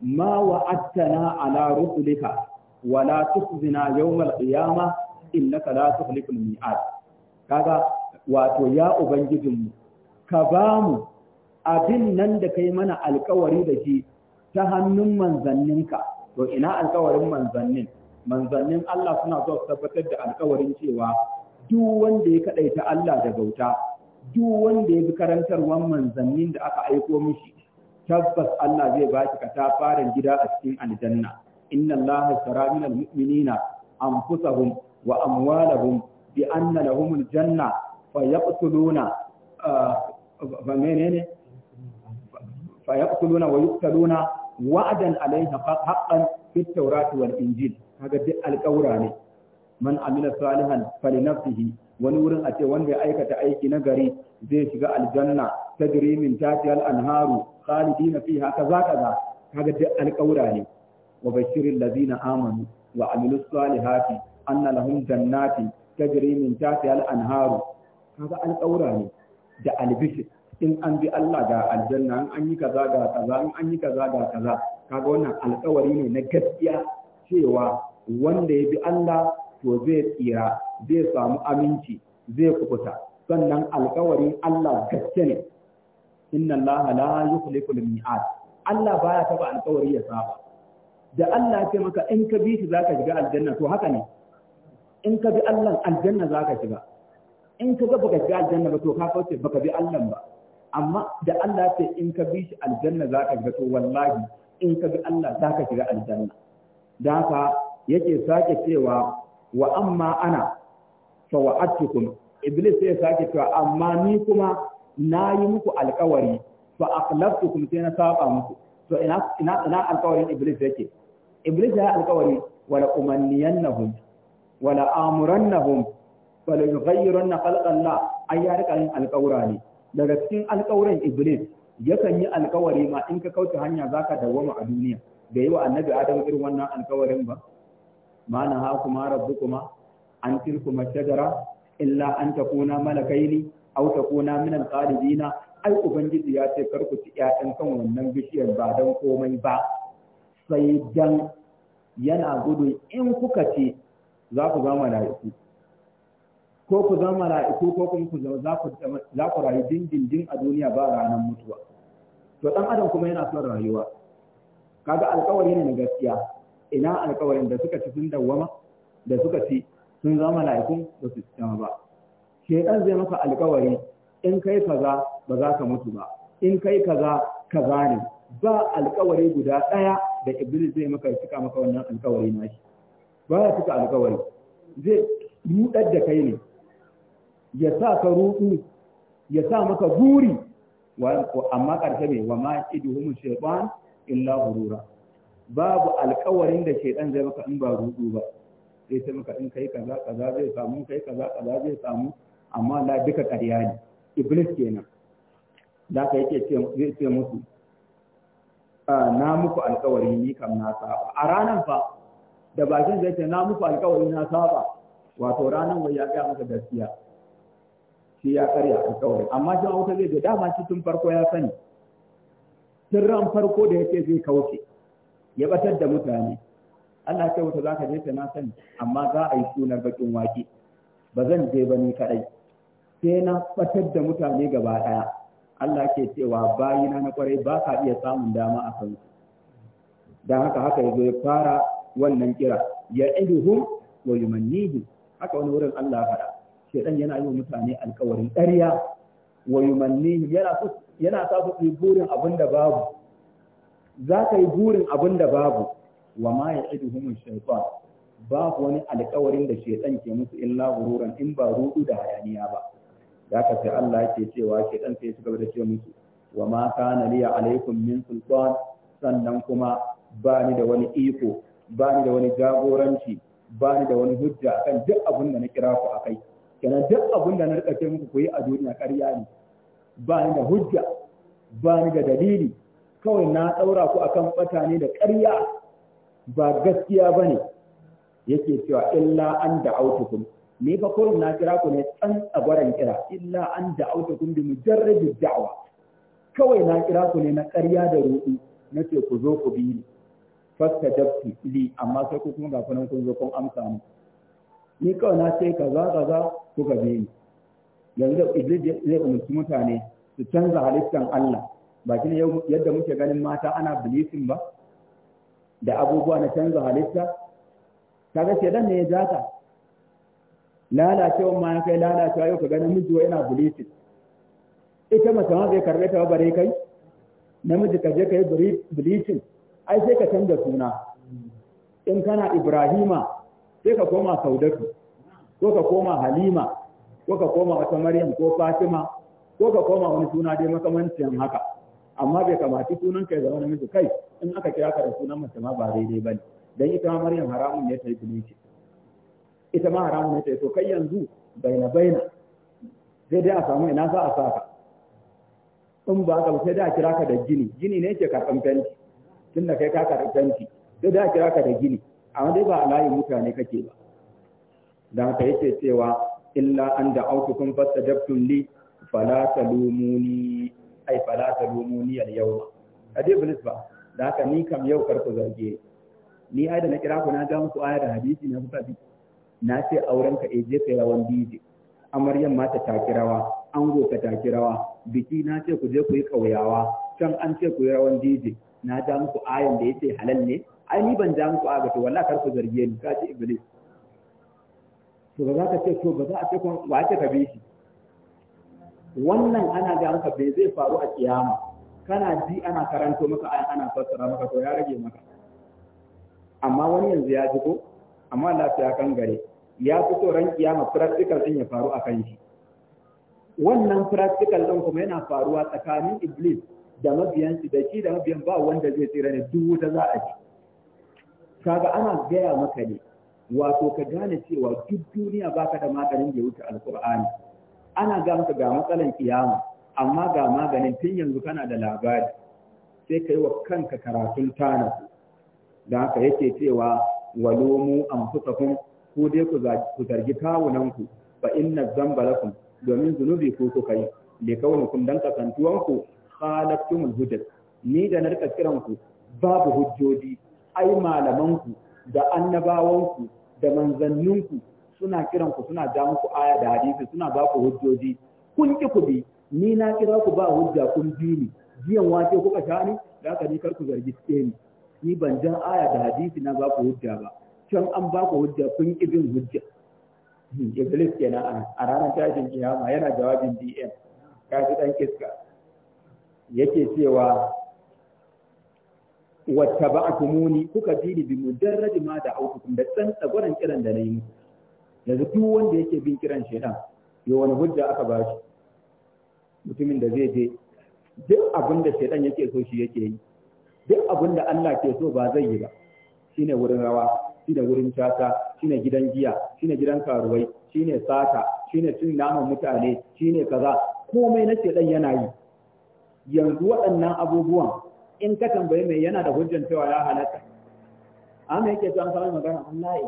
ma wa'adtana ala rusulika wa la tukhzina yawmal qiyamah innaka la tukhliful mi'ad kaga wato ya Ubangijin mu. ka bamu mu abin nan da kai mana alkawari da shi ta hannun manzanninka to ina alkawarin manzannin manzannin Allah suna zuwa tabbatar da alkawarin cewa duk wanda ya kaɗaita Allah da bauta duk wanda ya bi karantarwan manzannin da aka aiko mishi tabbas Allah zai ba ki katafaren gida a cikin aljanna inna Allah sara min almu'minina anfusahum wa amwalahum bi anna lahum aljanna fa yaqtuluna uh, fa menene fa yaqtuluna wa yuqtaluna wa'dan alayha haqqan fi at wal injil kaga duk alƙawura ne man amila salihan fali nafsihi wani wurin a ce wanda ya aikata aiki na gari zai shiga aljanna ta min tatiyal anharu khalidina fiha kaza kaza kaga duk alƙawura ne wa bashiril ladina amanu wa amilus salihati anna lahum jannati tajri min tahtiha al-anharu kaga alƙawura ne da albishir in an bi Allah ga aljanna in an yi kaza ga kaza in an yi kaza ga kaza kaga wannan alƙawari ne na gaskiya cewa wanda ya bi Allah to zai tsira zai samu aminci zai kubuta sannan alƙawarin Allah gaske ne inna allaha la yukhliqu al-mi'ad Allah baya taba alƙawari ya saba da Allah ya ce maka in ka bi shi zaka shiga aljanna to haka ne in ka bi Allah aljanna zaka shiga in ka ga baka shiga aljanna ba to ka kauce baka bi Allah ba amma da Allah ya ce in ka bi shi aljanna zaka shiga to wallahi in ka bi Allah zaka shiga aljanna da haka yake sake cewa wa amma ana fa wa'adtukum iblis sai sake cewa amma ni kuma na yi muku alkawari fa akhlaftukum sai na saba muku to ina ina ina alkawarin iblis yake iblis ya alkawari wala umanniyannahum wala amurannahum wala yughayyiranna khalqallah ai ya rika yin ne daga cikin alkawarin iblis yakan yi alkawari ma in ka kauce hanya zaka dawwama a duniya da yi wa annabi adam irin wannan alkawarin ba mana ha kuma rabbukuma an tilkuma shajara illa an takuna malakaini aw takuna min al-qalidina ai ubangiji ya ce kar ku ci ƴaƴan kan wannan bishiyar ba dan komai ba sai dan yana gudu in kuka ce za ku zama mala'iku ko ku zama mala'iku ko kuma ku zama za ku rayu din a duniya ba ranar mutuwa to dan adam kuma yana son rayuwa kaga alƙawari ne na gaskiya ina alƙawarin da suka ci sun dawwama da suka ci sun zama mala'ikun ba su ci ba shedan zai maka alkawari in kai kaza ba za ka mutu ba in kai kaza kaza ne ba alkawari guda ɗaya da iblis zai maka cika maka wannan alkawari nashi ba ya cika alkawari zai rudar da kai ne ya sa ka rudu ya sa maka buri amma karshe ne wa ma iduhum shaytan illa hurura babu alkawarin da shaidan zai maka in ba rudu ba sai sai maka in kai kaza kaza zai samu kai kaza kaza zai samu amma la duka ƙarya ne iblis kenan da ka yake zai ce musu ah, na muku alkawari ni kam na saba a ranar fa da bakin zai ce na muku alkawari na saba wato ranar wai ya ga maka gaskiya shi ya karya alkawari amma shi wuta zai ga dama shi tun farko ya sani tun ran farko da yake zai kauce ya batar da mutane Allah ce wata zaka je ta na sani amma za a yi sunan bakin wake ba zan je ba ni kadai sai na fatar da mutane gaba ɗaya Allah ke cewa bayina na kwarai ba ka iya samun dama a kansu dan haka haka yazo ya fara wannan kira ya iduhum wa yumannihim haka wani wurin Allah haɗa. shedan yana yi wa mutane alƙawarin ƙarya wa yumannihim yana so yana sa su yi burin abin da babu za ka yi burin abin da babu wa ma ya idu humun shaitan babu wani alƙawarin da shaitan ke musu illa gururan in ba rudu da hayaniya ba da sai Allah yake cewa ke dan sai suka gaba da ce musu wa ma kana liya alaikum min sultan sannan kuma ba ni da wani iko ba ni da wani jagoranci ba ni da wani hujja akan duk abin da na kira ku akai kenan duk abin da na rika ce muku ku yi a duniya ƙarya ne ba ni da hujja ba ni da dalili kawai na ɗaura ku akan bata da ƙarya ba gaskiya ba ne yake cewa illa an da autukum ni fa kurum na kira ku ne tsan tsagwaran kira illa an kun bi mujarradi da'awa. kawai na kira ku ne na ƙarya da ruɗu na ce ku zo ku bi ni fasta jabtu li amma sai ku kuma ga kunan kun zo kun amsa mu ni kawai na ce kaza kaza ka bi ni yanzu da iblis zai umarci mutane su canza halittan Allah ba shi ne yadda muke ganin mata ana bilisin ba da abubuwa na canza halitta kaga shedan ne ya jata lalacewa ma ya kai lalacewa yau ka ga namiji yana bulitin ita mace ma zai karbe ta bare kai namiji ka je ka yi ai sai ka canza suna in kana ibrahima sai ka koma saudatu ko ka koma halima ko ka koma wata maryam ko fatima ko ka koma wani suna dai makamancin haka amma bai kamaci sunan ka ya zama namiji kai in aka kira ka da sunan mace ma ba daidai ba ne dan ita ma maryam haramun ne ta yi bulitin ita ma haramun ne to kai yanzu baina baina sai dai a samu ina za a saka in ba ka sai dai a kira ka da gini gini ne yake karɓan fenti tun da kai ka karɓi fenti sai dai a kira ka da gini amma dai ba a layin mutane kake ba dan ka yace cewa illa an da fasta dabtun li fala talumuni ai fala talumuni al yawma hadith iblis ba da haka ni kam yau karku zarge ni ai da na kira ku na ga muku aya da hadisi na kuka bi na ce auren eh, ka je kai rawan DJ amaryan ma ta taki rawa go ka taki rawa biki na ce ku je ku yi kauyawa can an ce ku yi rawan DJ na ja muku ayan da yace halal ne ai ni ban ja muku aga to wallahi kar ku zarge ni ka ce iblis to ba za ka ce to ba za a ce kun wa ce ka bishi wannan ana ga muka bai zai faru a kiyama kana ji ana karanto maka ayan ana fassara maka to ya rage maka amma wani yanzu ya ji ko amma lafiya kan gare ya fi so ran kiyama practical din ya faru a kan shi wannan practical din kuma yana faruwa tsakanin iblis da mabiyan shi da shi da mabiyan ba wanda zai tsira ne duk wuta za a ci. kaga ana gaya maka ne wato ka gane cewa duk duniya baka da maganin da ya wuce alkur'ani ana ga maka ga matsalan kiyama amma ga maganin tun yanzu kana da labari sai ka wa kanka karatun tana da haka yake cewa walomu amfusakum ko dai ku zargi kawunanku fa inna zamba lakum domin zunubi ko kuka yi li kaunikum dan kasantuwanku khalaqtumul hujjat ni da narka kiranku babu hujjoji ai malamanku da annabawanku da manzanninku suna kiranku suna ja muku aya da hadisi suna ba ku hujjoji kun ki ku bi ni na kira ku ba hujja kun bi ni jiyan wace kuka sha ni da ka ni kar ku zargi ni ni ban jan aya da hadisi na ba ku hujja ba can an ba ku hujja kun ki bin hujja iblis kenan a ranar tashin kiyama yana jawabin dm kafi dan kiska yake cewa wata ba muni kuka bi ni bi mujarradi ma da aukukum da tsan tsagoran kiran da nayi yanzu duk wanda yake bin kiran shedan yo wani hujja aka ba shi mutumin da zai je duk abin da shedan yake so shi yake yi duk abin da Allah ke so ba zai yi ba shine wurin rawa shine wurin tata shine gidan giya shine gidan karuwai shine sata shine cin naman mutane shine kaza komai na dan yana yi yanzu waɗannan abubuwan in ka tambaye mai yana da hujjan cewa ya halatta amma yake cewa an samu magana wallahi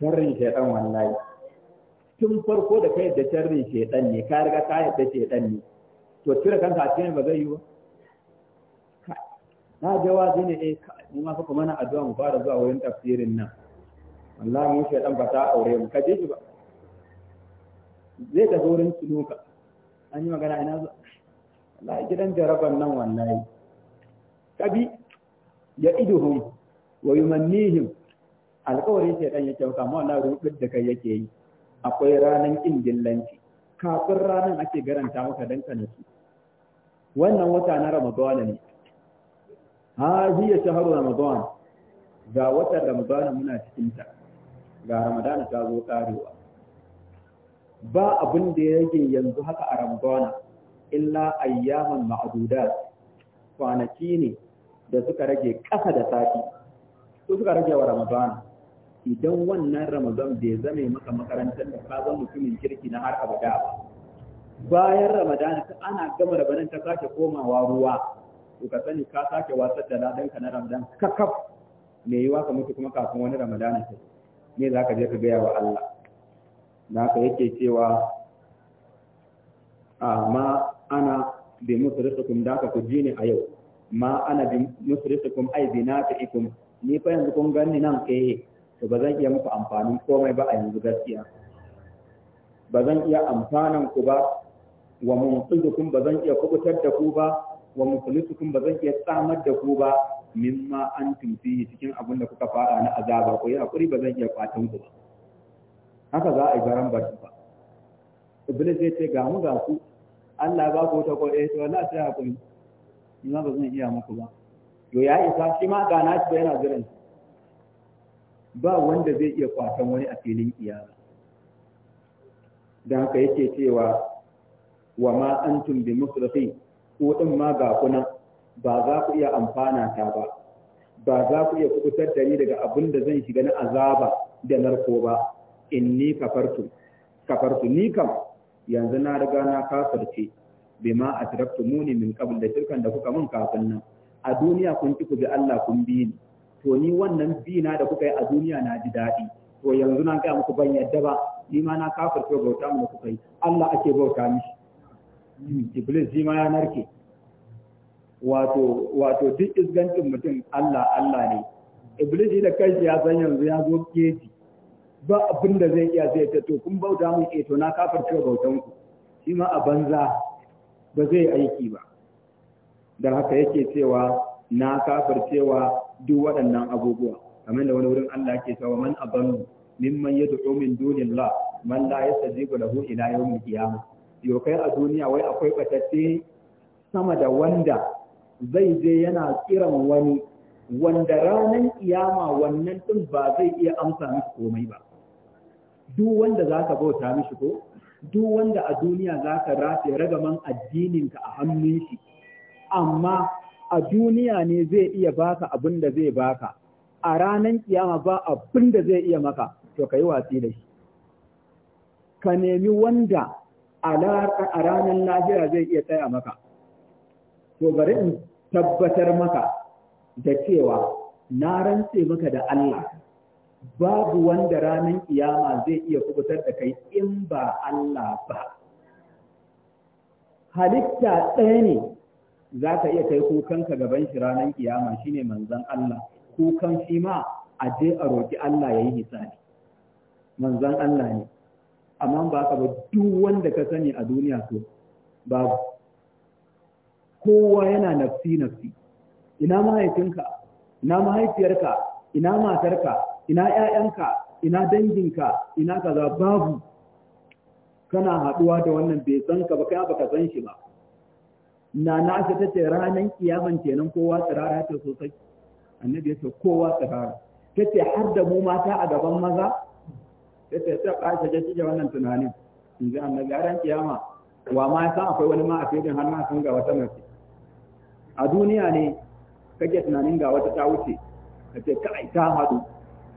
sharrin shaytan wallahi tun farko da kai da sharrin shaytan ne ka riga ka yadda shaytan ne to cire kanka a cikin ba zai yi ba na jawazi ne eh mu ma na mana addu'a mu fara zuwa wurin tafsirin nan wallahi mu shedan ba ta aure mu kaje shi ba zai tafi wurin sunuka an yi magana ina zuwa wallahi gidan jaraban nan wallahi kabi ya iduhum wa yumannihim alƙawarin shedan ya kyauta mu wallahi rubut da kai yake yi akwai ranan kin dillanci kafin ranan ake garanta maka dan kanaki wannan wata na ramadana ne hadiya shahru ramadan ga watan ramadan muna cikin ta ga ramadan ta zo karewa ba abin da ya rage yanzu haka a ramadan illa ayyaman ma'dudat kwanaki ne da suka rage ƙasa da sati su suka rage wa ramadan idan wannan ramadan bai zame maka makarantar da ka mutumin kirki na har abada ba bayan ramadan ana gama ramadan ta sake komawa ruwa to ka sani ka sake watsar da ladan ka na Ramadan kakaf me yiwa ka mutu kuma kafin wani Ramadan ne me za ka je ka gaya wa Allah da ka yake cewa amma ah, ana bi musrifukum da ka ku ne a yau ma ana bi musrifukum ai bi nafi'ikum ni fa yanzu kun ganni nan eh to ba zan iya muku amfanin komai ba a yanzu gaskiya ba zan iya amfanan ku ba wa mun ba zan iya kubutar da ku ba wa mukhlisukum ba zan iya tsamar da ku ba mimma antum fihi cikin abin da kuka fara na azaba ko ya hakuri ba zan iya kwatan ku ba haka za a yi garan barci ba iblis zai ce ga mu ga ku Allah ba ku ta ko eh to Allah sai hakuri ni ba zan iya muku ba yo ya isa shi ma ga na shi yana jiran ba wanda zai iya kwatan wani a filin iyama da haka yake cewa wa ma antum bi mukhlifin ko ɗin ma ga kuna ba za ku iya amfana ta ba ba za ku iya kubutar da ni daga abin da zan shiga na azaba da narko ba inni kafartu kafartu ni kam yanzu na riga na ma bima muni min qabl da shirkan da kuka mun kafin nan a duniya kun ci ku bi Allah kun bi ni to ni wannan bi na da kuka yi a duniya na ji daɗi to yanzu na ga muku ban yadda ba ni ma na kafirce bauta mu kuka yi Allah ake bauta mishi iblis shi ma ya narke wato wato duk isgancin mutum Allah Allah ne iblis da kanshi ya san yanzu ya zo keji ba abin da zai iya zai ta to kun bauta mun eh to na kafirce bautan ku shi ma a banza ba zai aiki ba Da haka yake cewa na kafar cewa duk waɗannan abubuwa kamar da wani wurin Allah ke cewa man abanu mimman yad'u min dunillah man la yastajibu lahu ila yawmil qiyamah yokai a duniya wai akwai batatte sama da wanda zai je yana kiran wani wanda ranar iyama wannan din ba zai iya amsa mishi komai ba duk wanda za ka bauta mishi ko duk wanda a duniya za ka rafe ragaman addininka a hannun shi amma a duniya ne zai iya baka abin da zai baka a ranan kiyama ba abin da zai iya maka to ka yi watsi da shi ka nemi wanda a ranar lahira zai iya tsaya maka to bari in tabbatar maka da cewa na rantse maka da Allah babu wanda ranar kiyama zai iya kubutar da kai in ba Allah ba halitta ɗaya ne za ka iya kai kukanka gaban shi ranar kiyama shine manzon Allah kukan shi ma a je a roƙi Allah ya yi hisabi manzon Allah ne amma ba ka ba duk wanda ka sani a duniya to babu kowa yana nafsi nafsi ina mahaifinka ina mahaifiyarka ina matarka ina ƴaƴanka ina danginka ina kaza babu kana haɗuwa da wannan bai san ka ba kai ka san shi ba na na ta tace ranan kiyaman kenan kowa tsirara ta sosai annabi ya ce kowa tsirara tace har da mu mata a gaban maza sai ta ta ƙarshe ta cije wannan tunanin in ji annabi a ran kiyama wa ma san akwai wani ma a fedin har ma sun ga wata mace a duniya ne kake tunanin ga wata ta wuce ka ce kai ta haɗu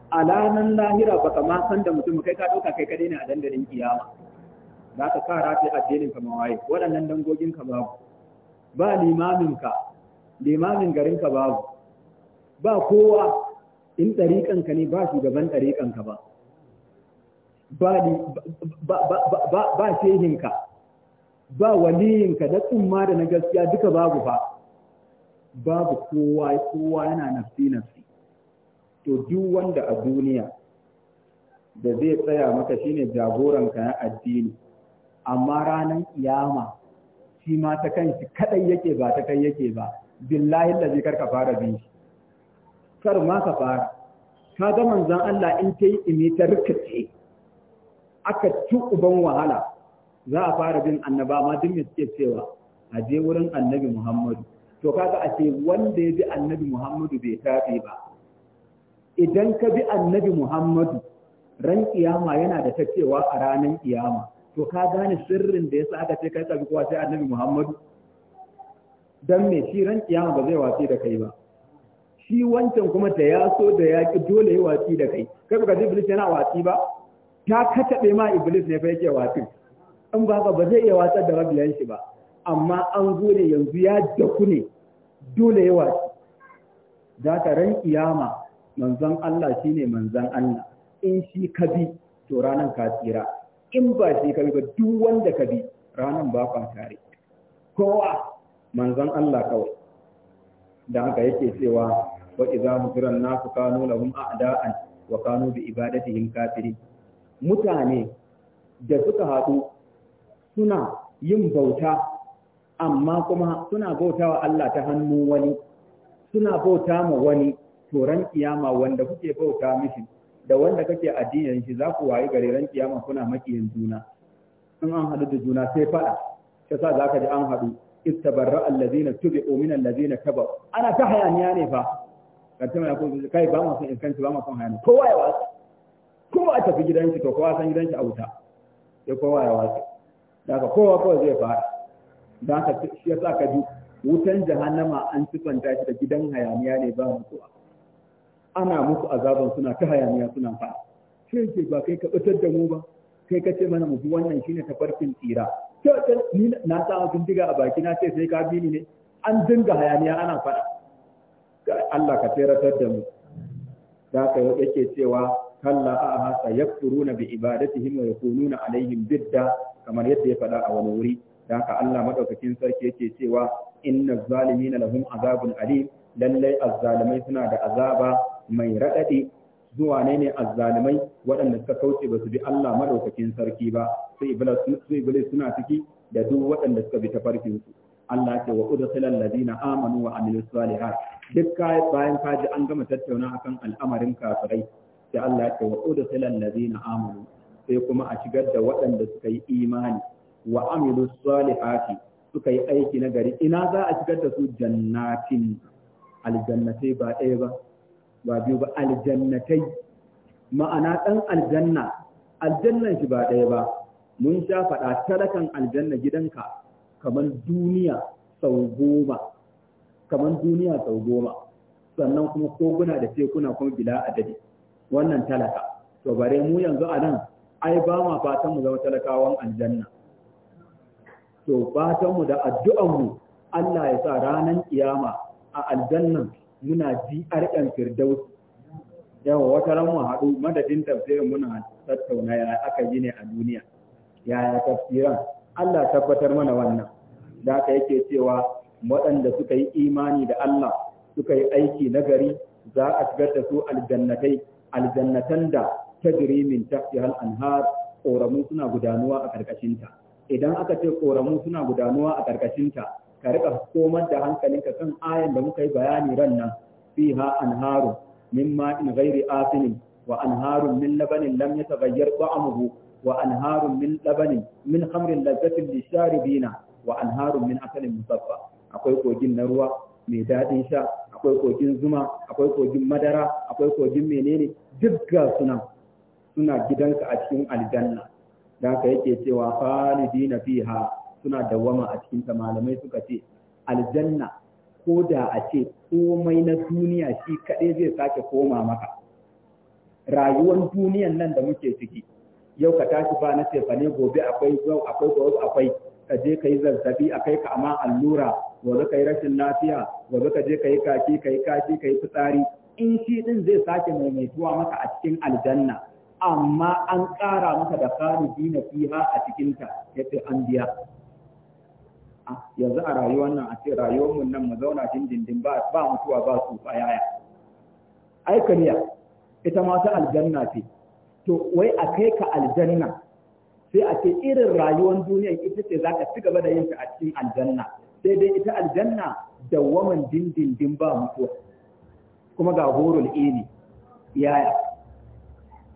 a lahira ba ka ma san da mutum kai ka ɗauka kai kadai ne a dandalin kiyama za ka kara ta addinin ka mawaye waɗannan dangogin ka babu ba limamin ka limamin garin ka babu ba kowa in ɗariƙan ka ne ba shugaban ɗariƙan ka ba ba shehinka ba waliyinka da tsumma da na gaskiya duka babu ba babu kowa kowa yana nafsi nafsi to duk wanda a duniya da zai tsaya maka shine jagoranka na addini amma ranar kiyama shi ma ta kanshi kadai yake ba ta kai yake ba billahi lazi kar ka fara bin shi kar ma ka fara ka ga manzon Allah in ta yi ta rikice aka ci uban wahala za a fara bin annaba ma duk ya suke cewa a je wurin annabi Muhammadu to kaga a ce wanda ya bi annabi Muhammadu bai tafi ba idan ka bi annabi Muhammadu ran kiyama yana da ta a ranar kiyama to ka gane sirrin da yasa aka ce kai ka bi kowa sai annabi Muhammadu dan me shi ran kiyama ba zai wace da kai ba shi wancan kuma da ya so da ya ki dole ya watsi da kai kai ka ji bilis yana watsi ba ta kataɓe ma iblis ne fa ke watsin in ba ba zai iya watsar da mabiyan shi ba amma an gode yanzu ya daku ne dole ya watsi za ka ran kiyama manzon Allah shi ne manzon Allah in shi ka bi to ranar ka tsira in ba shi ka bi ba duk wanda ka bi ranan ba kwan tare kowa manzon Allah kawai da haka yake cewa wa idza mutiran nasu kanu lahum a'da'an wa kanu bi ibadatihim kafirin mutane da suka haɗu suna yin bauta amma kuma suna bautawa Allah ta hannu wani suna bauta ma wani toran kiyama wanda kuke bauta mishi da wanda kake addinin shi za ku wayi gare ran kiyama kuna makiyin juna in an haɗu da juna sai faɗa ta sa za ka ji an haɗu ittabarra allazina tubi'u min allazina tabu ana ta hayaniya ne fa kan tana ko kai ba mu san in kanci ba mu san hayaniya kowa ya wasu Kuma a tafi gidanki to kowa san gidanki a wuta Ya kowa ya wasu daga kowa kowa zai fara da haka shi ya sa ka ji wutan jahannama an sifanta shi da gidan hayaniya ne ba kuwa ana musu azaban suna ta hayaniya suna fara sai ce ba kai ka bitar da mu ba kai ka ce mana mu bi wannan shine tafarkin tsira to ni na sa bindiga a baki na ce sai ka bi ni ne an dinga hayaniya ana fara Allah ka tseratar da mu da ka yake cewa kalla a hasa yakfuruna bi ibadatihim wa yakununa alaihim bidda kamar yadda ya faɗa a wani wuri da haka Allah madaukakin sarki yake cewa inna zalimina lahum azabun alim lallai azzalimai suna da azaba mai raɗaɗi zuwa ne ne azzalimai waɗanda suka kauce ba su bi Allah madaukakin sarki ba su iblis suna ciki da duk waɗanda suka bi tafarkin su Allah ce wa udkhilal ladina amanu wa amilus salihat duk bayan kaji an gama tattauna akan al'amarin kafirai sai Allah ya ce wa udkhilal ladina amanu sai kuma a shigar da waɗanda suka yi imani wa amilu salihati suka yi aiki na gari ina za a shigar da su jannatin aljannatai ba ɗaya ba ba biyu ba aljannatai ma'ana ɗan aljanna aljannan shi ba ɗaya ba mun sha faɗa talakan aljanna gidanka kamar duniya sau goma kamar duniya sau goma sannan kuma koguna da tekuna kuma bila adadi wannan talaka to bare mu yanzu a nan ai ba ma fatan mu zama talakawan aljanna to fatan mu da addu'an mu Allah ya sa ranan kiyama a aljanna muna arkan Firdaus yawa wata ran mu haɗu madadin tafsirin muna tattauna ya aka yi ne a duniya yaya tafsiran Allah tabbatar mana wannan da aka yake cewa waɗanda suka yi imani da Allah suka yi aiki nagari za a shigar da su aljannatai aljannatan da ta min tahtiha anhar koramu suna gudanuwa a karkashinta idan aka ce ƙoramu suna gudanuwa a karkashinta ka rika komar da hankalinka kan ayan da muka yi bayani ran nan fiha anharu min ma'in ghairi asinin wa anharun min labanin lam yataghayyar ta'amuhu wa anharun min labanin min khamrin lazzatin lisharibina wa anharun min asalin musaffa akwai kogin na ruwa mai daɗin sha akwai kogin zuma akwai kogin madara akwai kogin menene duk ga suna suna gidanka a cikin aljanna da ka yake cewa khalidina fiha suna dawama a cikin ta malamai suka ce aljanna ko da a ce komai na duniya shi kaɗai zai sake koma maka rayuwar duniyan nan da muke ciki yau ka tashi ba na tefane gobe akwai yau akwai gobe akwai ka je ka yi zazzabi a kai ka amma allura gobe kai rashin lafiya gobe ka je kai kaki kai kaki kai fitsari in shi din zai sake maimaituwa maka a cikin aljanna amma an ƙara maka da khalidina fiha a cikin ta yace an biya ah, yanzu a rayuwar nan a ce rayuwar mun nan mu zauna dindindin ba ba mutuwa ba su bayaya yaya ai kariya ita ma ta aljanna ce to wai a kai ka aljanna sai a ce irin rayuwar duniya ita ce zaka ci gaba da yin ta a cikin aljanna sai dai ita aljanna da waman dindindin ba mutuwa kuma ga horul ini yaya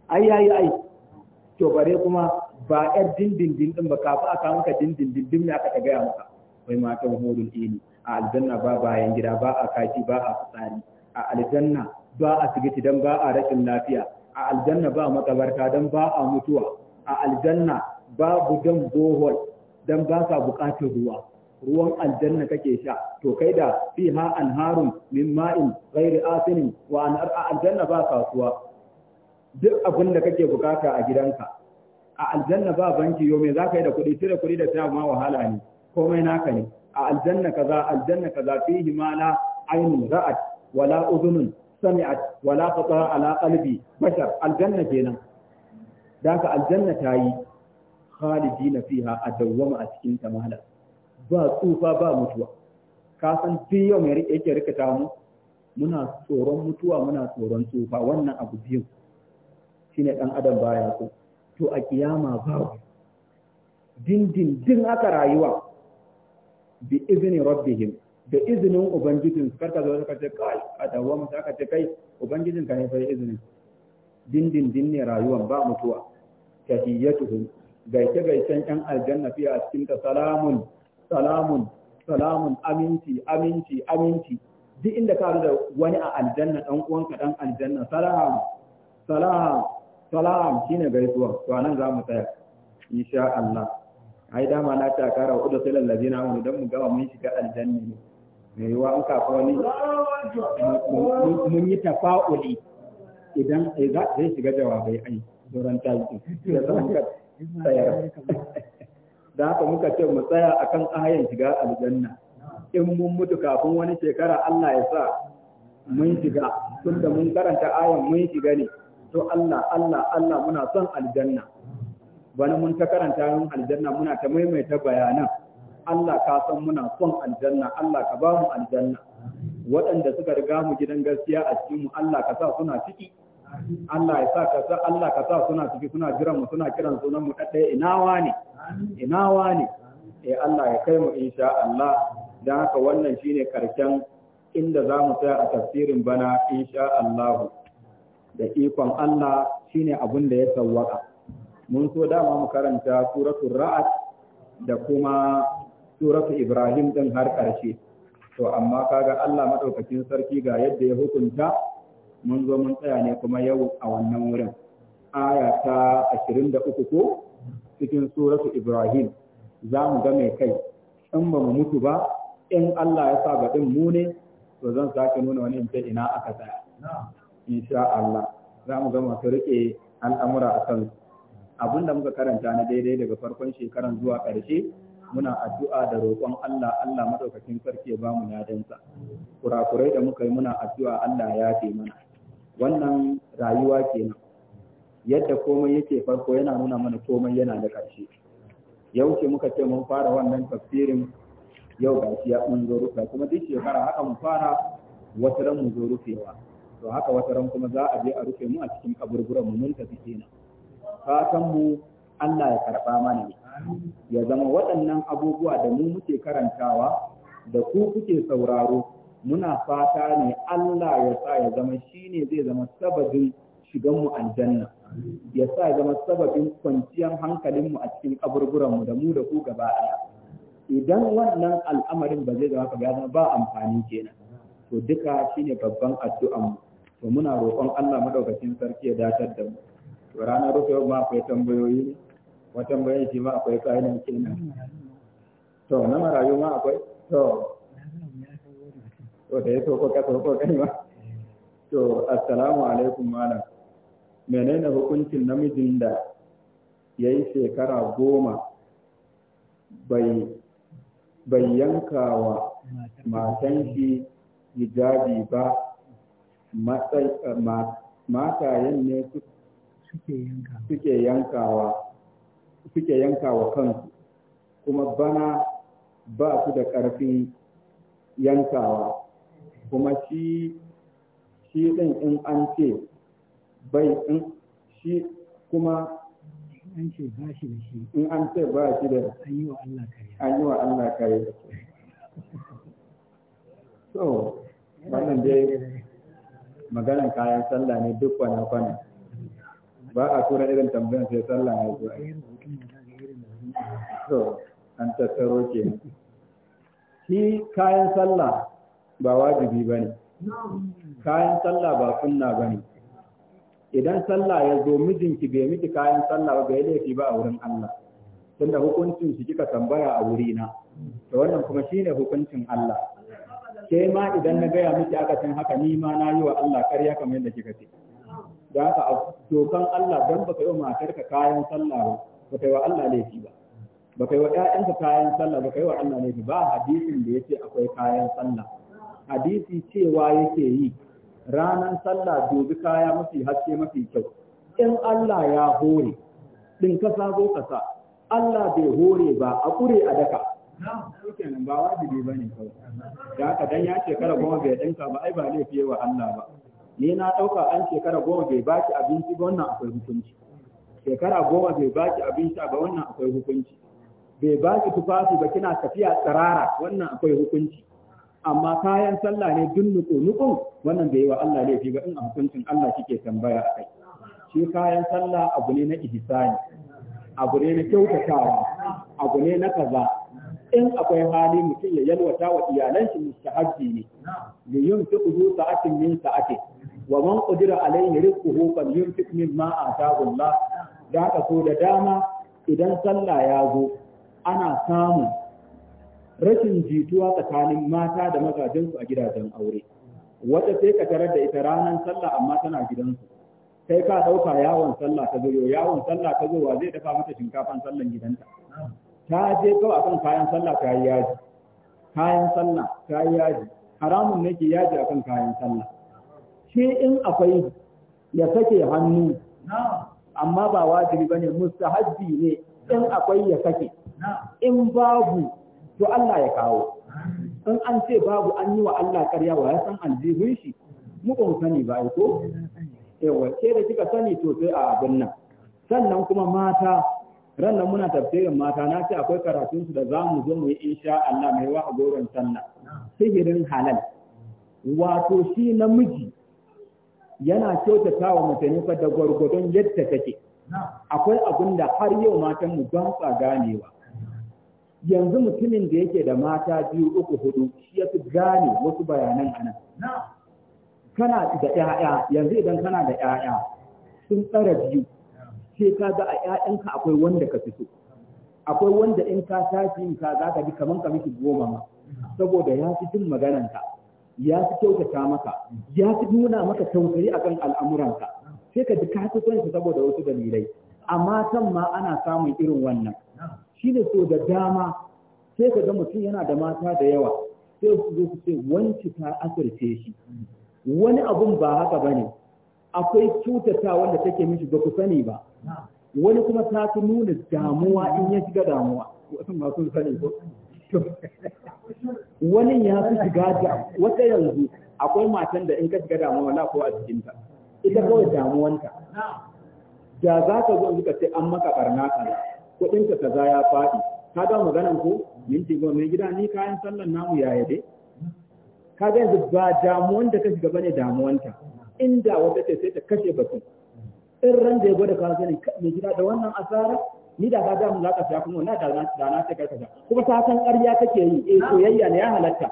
ai yayi ai to bare kuma ba yar dindindin din ba kafa aka maka dindindin din ne aka ta gaya maka wai matan horul ini a aljanna ba bayan gida ba a kashi ba a fitsari a aljanna ba a asibiti dan ba a rashin lafiya a aljanna ba makabarta dan ba a mutuwa a aljanna babu dan bohol dan ba sa bukatar ruwa ruwan aljanna kake sha to kai da fiha anharun min ma'in ghairi asinin wa anar aljanna ba kasuwa duk abin da kake bukata a gidanka a aljanna ba banki yo me zaka yi da kuɗi cire kuɗi da ta ma wahala ne komai naka ne a aljanna kaza aljanna kaza fihi ma la ainun ra'at wala udhunun sami'at wala qata ala qalbi bashar aljanna kenan daka aljanna tayi khalidina fiha adawwama a cikin ta mahala ba tsufa ba mutuwa ka san duk yau mai yake rikata mu muna tsoron mutuwa muna tsoron tsufa wannan abu biyu shine dan adam baya so to a kiyama babu dindindin aka rayuwa bi izini, rabbihim da izinin ubangijin su karka zo ka ce kai a dawo mu aka ce kai ubangijin ka ne fa izinin dindindin ne rayuwan ba mutuwa tahiyyatuhum gaike gaicen yan aljanna fiya a cikin ta salamun salamun salamun aminci aminci aminci duk inda ka da wani a aljanna dan uwanka dan aljanna salam salam salam shine gaisuwa to anan za mu tsaya insha Allah ai dama na ta kara wa udkhil allazina amanu dan mu gama mun shiga aljanna ne mai yiwa an kafa wani mun yi tafa'uli idan eh, zai shiga jawabai ai doron tayi da san ka tsaya da haka muka ce mu tsaya akan ayan shiga aljanna in mun mutu kafin wani shekara Allah ya sa mun shiga tunda mun karanta ayan mun shiga ne to Allah Allah Allah muna son aljanna bana mun ta karanta mun aljanna muna ta maimaita bayanan Allah ka san muna son aljanna Allah ka ba mu aljanna waɗanda suka riga mu gidan gaskiya a cikin mu Allah ka sa suna ciki Allah ya sa ka Allah ka sa suna ciki suna jiran mu suna kiran sunan mu dadda ina wani ina wani eh Allah ya kai mu insha Allah dan haka wannan shine karshen inda zamu mu tsaya a tafsirin bana insha Allah da ikon Allah shine abin da ya sawwaka mun so dama mu karanta suratul ra'ad da kuma suratu ibrahim din har karshe to amma kaga Allah madaukakin sarki ga yadda ya hukunta mun zo mun tsaya ne kuma yau a wannan wurin aya ta 23 ko cikin suratu Ibrahim za mu ga mai kai in ba mu mutu ba in Allah ya sa baɗin mu ne to zan sake nuna wani in ce ina aka tsaya insha Allah za mu ga masu riƙe al'amura a kan abin da muka karanta na daidai daga farkon shekaran zuwa ƙarshe muna addu'a da roƙon Allah Allah madaukakin sarki ya bamu nadansa kurakurai da muka yi muna addu'a Allah ya fi mana wannan rayuwa kenan yadda komai yake farko yana nuna mana komai yana da ƙarshe yau ce muka ce mun fara wannan tafsirin yau ga shi ya mun zo rufe kuma duk shekara haka mu fara wata ran mu zo rufewa to haka wata ran kuma za a je a rufe mu a cikin kaburburan mu mun tafi kenan fatan mu Allah ya karba mana ya zama waɗannan abubuwa da mu muke karantawa da ku kuke sauraro muna fata ne Allah ya sa ya zama shi ne zai zama sababin shiganmu aljanna ya sa ya zama sababin kwanciyar hankalinmu a cikin kaburburanmu da mu da ku gaba ɗaya idan wannan al'amarin ba zai zama ka zama ba amfani kenan to duka shine babban addu'anmu to muna roƙon Allah madaukakin sarki ya datar da mu to ranar rufe ma akwai tambayoyi wata tambayoyi ma akwai kayan kenan to na marayu ma akwai to to da ya sauko ka sauko kai ma to assalamu alaikum malam menene hukuncin namijin da ya yi shekara goma bai bai yanka wa matan shi hijabi ba eh, matayen ne suke yankawa suke yankawa kansu kuma bana ba su da ƙarfin yankawa kuma shi shi din in an ce bai in shi kuma an ce ba shi da shi in an ce ba shi da an yi wa Allah kare an yi wa Allah kare so wannan dai maganan kayan sallah ne duk kwana kwana ba a tura irin tambayan sai sallah ne zuwa. so an tattaro ke shi kayan sallah ba wajibi ba ne kayan sallah ba sunna ba ne idan sallah ya zo mijinki bai miki kayan sallah ba bai laifi ba a wurin Allah da hukuncin shi kika tambaya a wurina to wannan kuma shine hukuncin Allah sai ma idan na gaya miki aka san haka ni ma na yi wa Allah ƙarya kamar yadda kika ce da haka a dokan Allah dan baka yi wa matarka kayan sallah ba baka yi wa Allah laifi ba baka yi wa ƴaƴanka kayan sallah baka yi wa Allah laifi ba hadisin da ya ce akwai kayan sallah hadisi cewa yake yi ranan sallah dubi kaya mafi haske mafi kyau in Allah ya hore din ka zo ka Allah bai hore ba a kure a daka kenan ba wajibi bane kawai da haka dan ya shekara goma bai dinka ba ai ba laifi wa Allah ba ni na ɗauka an shekara goma bai baki abinci ba wannan akwai hukunci shekara goma bai baki abinci ba wannan akwai hukunci bai baki tufafi ba kina tafiya tsirara wannan akwai hukunci amma kayan sallah ne duk nuku nukun wannan da yawa wa Allah laifi ga in a hukuncin Allah kike tambaya a kai shi kayan sallah abu ne na ihsani abu ne na kyautatawa abu ne na kaza in akwai hali mutum ya yalwata wa iyalan shi mustahabbi ne li yunfiqu zu sa'atin min sa'ati wa man qadira alayhi rizquhu fal yunfiq mimma ataahu Allah da ka so da dama idan sallah ya zo ana samu rashin jituwa tsakanin mata da mazajensu a gidajen aure wata sai ka tarar da ita ranar sallah amma tana gidansu kai ka ɗauka yawon sallah ta zo yawon sallah ta zo wa zai dafa mata shinkafan sallan gidanta ta je kawai akan kayan sallah ta yi yaji kayan sallah ta yi yaji haramun nake yaji akan kayan sallah shi in akwai ya sake hannu amma ba wajibi ba bane mustahabbi ne in akwai ya sake in babu to Allah ya kawo in an ce babu an yi wa Allah karya wa ya san aljihun shi mu ba mu sani ba ko yawa ke da kika sani to sai a abin nan sannan kuma mata ran nan muna tafsirin mata na ce akwai karatun su da za mu zo mu yi insha Allah mai wa goron sannan sihirin halal wato shi namiji yana kyautata wa mutane da gwargwadon yadda take akwai abin da har yau matan mu ban sa ganewa yanzu mutumin da yake da mata biyu uku hudu shi ya fi gane wasu bayanan anan kana da 'ya'ya yanzu idan kana da 'ya'ya sun tsara biyu sai ka ga a 'ya'yanka akwai wanda ka fi akwai wanda in ka tashi in ka za ka bi kaman ka miki goma ma saboda ya fi jin magananka ya fi kyautata maka ya fi nuna maka tausayi akan al'amuranka sai ka ji ka fi son saboda wasu dalilai amma san ma ana samun irin wannan shi ne so da dama sai ka ga mutum yana da mata da yawa sai su zo su ce wanci ta asirce shi wani abun ba haka ba ne akwai cutata wanda take mishi ba ku sani ba wani kuma ta fi nuna damuwa in ya shiga damuwa wasu masu sani ko wani ya fi shiga da wata yanzu akwai matan da in ka shiga damuwa na ko a jikinta ita kawai damuwanta da za ka zo ka ce an maka barna ka kaza ya faɗi ka ga maganan ko minti goma mai gida ni kayan sallan namu yaya dai ka ga yanzu ba damuwan da ka shiga bane damuwanta inda wata ce sai ta kashe batun in ran da ya gwada ka sani mai gida da wannan asara ni da ka ga mun zaka fiya kuma wannan da na da kai ka karkata kuma ta san ƙarya kake yi eh soyayya ne ya halatta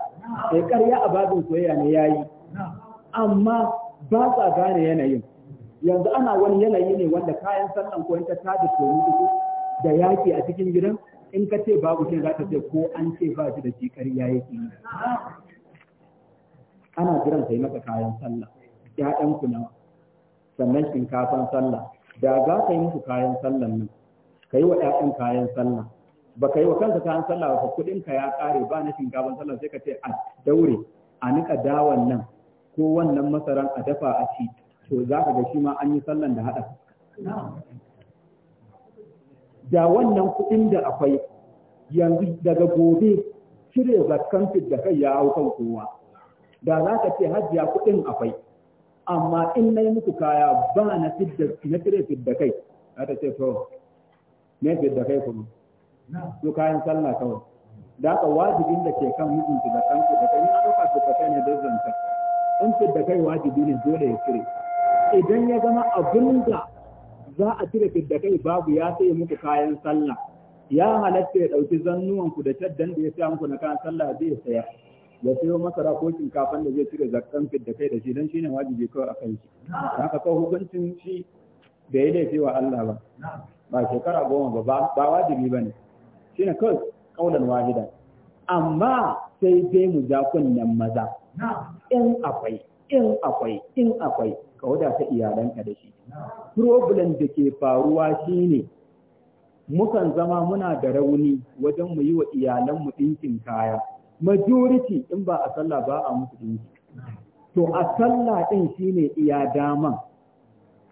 eh ƙarya a babin soyayya ne yayi amma ba sa gane yanayin yanzu ana wani yanayi ne wanda kayan sallan ko ta tada soyayya da yaƙi a cikin gidan in ka ce babu shi za ta ce ko an ce ba shi da shi ya yake yi ana jiran sai maka kayan sallah ƴaƴan ku sannan shinkafan sallah da za ka yi musu kayan sallah nan ka yi wa 'ya'yan kayan sallah ba ka yi wa kansa kayan sallah ba kuɗin ka ya ƙare ba na shinkafan sallah sai ka ce a daure a niƙa dawan nan ko wannan masaran a dafa a ci to za ka ga shi ma an yi sallan da haɗa da wannan kuɗin da akwai yanzu daga gobe cire zakkan da kai ya hau kan kowa da za ka ce hajiya kuɗin akwai amma in na yi muku kaya ba na fidda na cire fidda kai za ta ce to ne fidda kai kuma to kayan sallah kawai da aka wajibin da ke kan mijinki da kan da kai na lokacin fidda kai ne don zanta in fidda kai wajibi ne dole ya cire idan ya zama abin da za a cire fiddakai babu ya sai muku kayan sallah ya halatta ya ɗauki zannuwanku da taddan da ya sa muku na kayan sallah zai saya ya sayo masara ko shinkafan da zai cire zakkan fiddakai da shi dan shine wajibi kawai a kai shi haka kawai hukuncin shi da ya laifi wa Allah ba ba shekara goma ba ba wajibi bane shine kawai kaulan wahida amma sai dai mu ja kunnen maza in akwai in akwai in akwai ka ta iyalanka da shi problem da ke faruwa shine mukan zama muna da rauni wajen mu yi wa iyalanmu ɗinkin kaya majority in ba a sallah ba a musu ɗinki to a sallah ɗin shine iya dama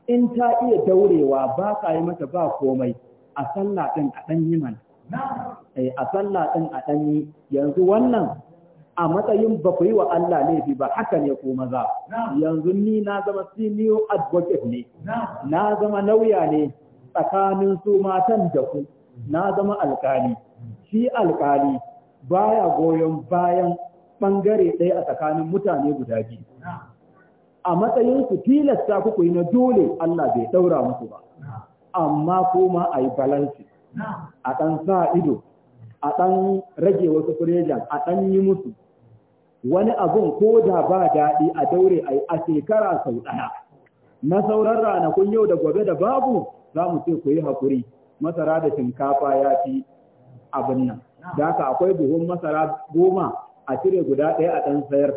in ta iya daurewa ba ka yi mata ba komai a sallah ɗin a ɗan yi mana eh, a sallah ɗin a ɗan yi yanzu wannan a matsayin ba ku yi wa Allah laifi ba haka ne ko maza yanzu ni na zama senior advocate ne na zama nauya ne tsakanin su matan da ku na zama alkali shi alkali baya goyon bayan ɓangare ɗaya a tsakanin mutane guda biyu a matsayin su tilasta ku yi na dole Allah bai daura musu ba amma kuma a yi balansi a ɗan sa ido a ɗan rage wasu furejan a ɗan yi musu wani abun ko da ba daɗi a daure a shekara sau ɗaya na sauran ranakun yau da gobe da babu za mu ce ku yi haƙuri masara da shinkafa ya fi abin nan da haka akwai buhun masara goma a cire guda ɗaya a ɗan sayar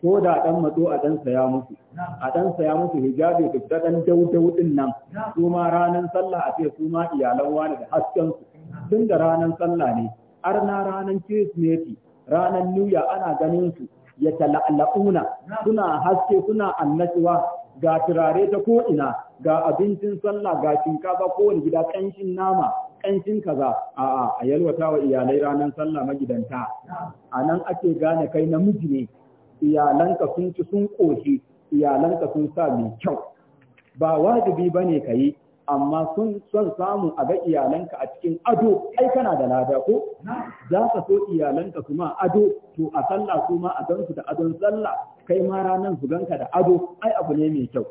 ko da ɗan matso a ɗan saya musu a ɗan saya musu hijabi su fita ɗan daudau ɗin nan su ma ranar sallah a ce su ma iyalan wani da hasken su tun da ranar sallah ne arna ranan Kirsimeti ranan nuya ana ganin su ya tala'la'una suna haske suna annashuwa ga turare ta ko'ina ga abincin sallah ga shinkafa kowane gida ƙanshin nama ƙanshin kaza a a yalwata wa iyalai ranar sallah magidanta a nan ake gane kai namiji ne iyalanka sun ci sun koshi, iyalanka sun sa mai kyau ba wajibi ba ne ka yi amma sun son samu a ga iyalanka a cikin ado ai kana da lada ko za ka so iyalanka kuma ado to a sallah kuma a gansu da adon sallah kai ma ranan su ganka da ado ai abu ne mai kyau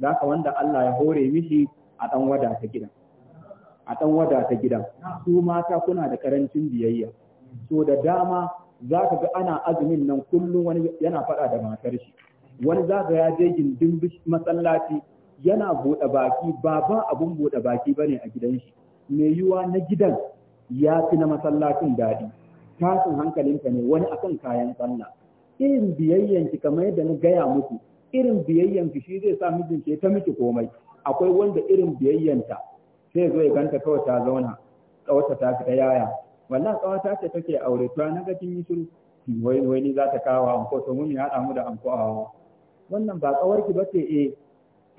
za ka wanda Allah ya hore mishi a dan wada ta gidan a dan wada ta gidan su mata kuna da karancin biyayya so da dama za ka ga ana azumin nan kullum wani yana faɗa da matar shi wani za ka ya je gindin masallaci yana buɗe baki ba ba abun buɗe baki bane a gidan shi mai yiwa na gidan ya fi na masallacin daɗi tashin hankalinka ne wani akan kayan sallah irin biyayyanki kamar yadda na gaya muku irin biyayyanki shi zai sa mijin ta miki komai akwai wanda irin biyayyanta sai zo ya ganta kawai ta zauna kawata ta fita yaya Wannan ƙawata ce take aure to na ga kin yi shiru wai wai ni za ta kawo anko to mun ya haɗa mu da anko a wannan ba ki ba ce eh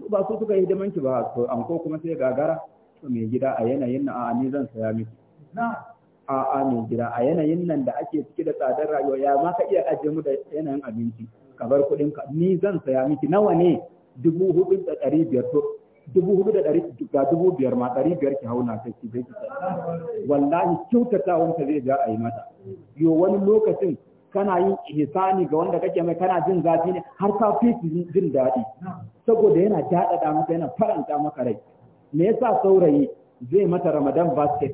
ba su suka yi hidimanki ba to an ko kuma sai gagara to mai gida a yanayin na a'a ni zan saya miki na a'a mai gida a yanayin nan da ake ciki da tsadar rayuwa ya ma ka iya ajiye mu da yanayin abinci ka bar kuɗin ka ni zan saya miki nawa ne dubu hudu da ɗari biyar to dubu hudu da ɗari ga dubu biyar ma ɗari biyar ki hauna kai ki bai ki wallahi kyautata ta zai ja a yi mata yo wani lokacin kana yin ihsani ga wanda kake mai kana jin zafi ne har ka fi jin daɗi saboda yana daɗaɗa maka yana faranta maka rai me yasa saurayi zai mata ramadan basket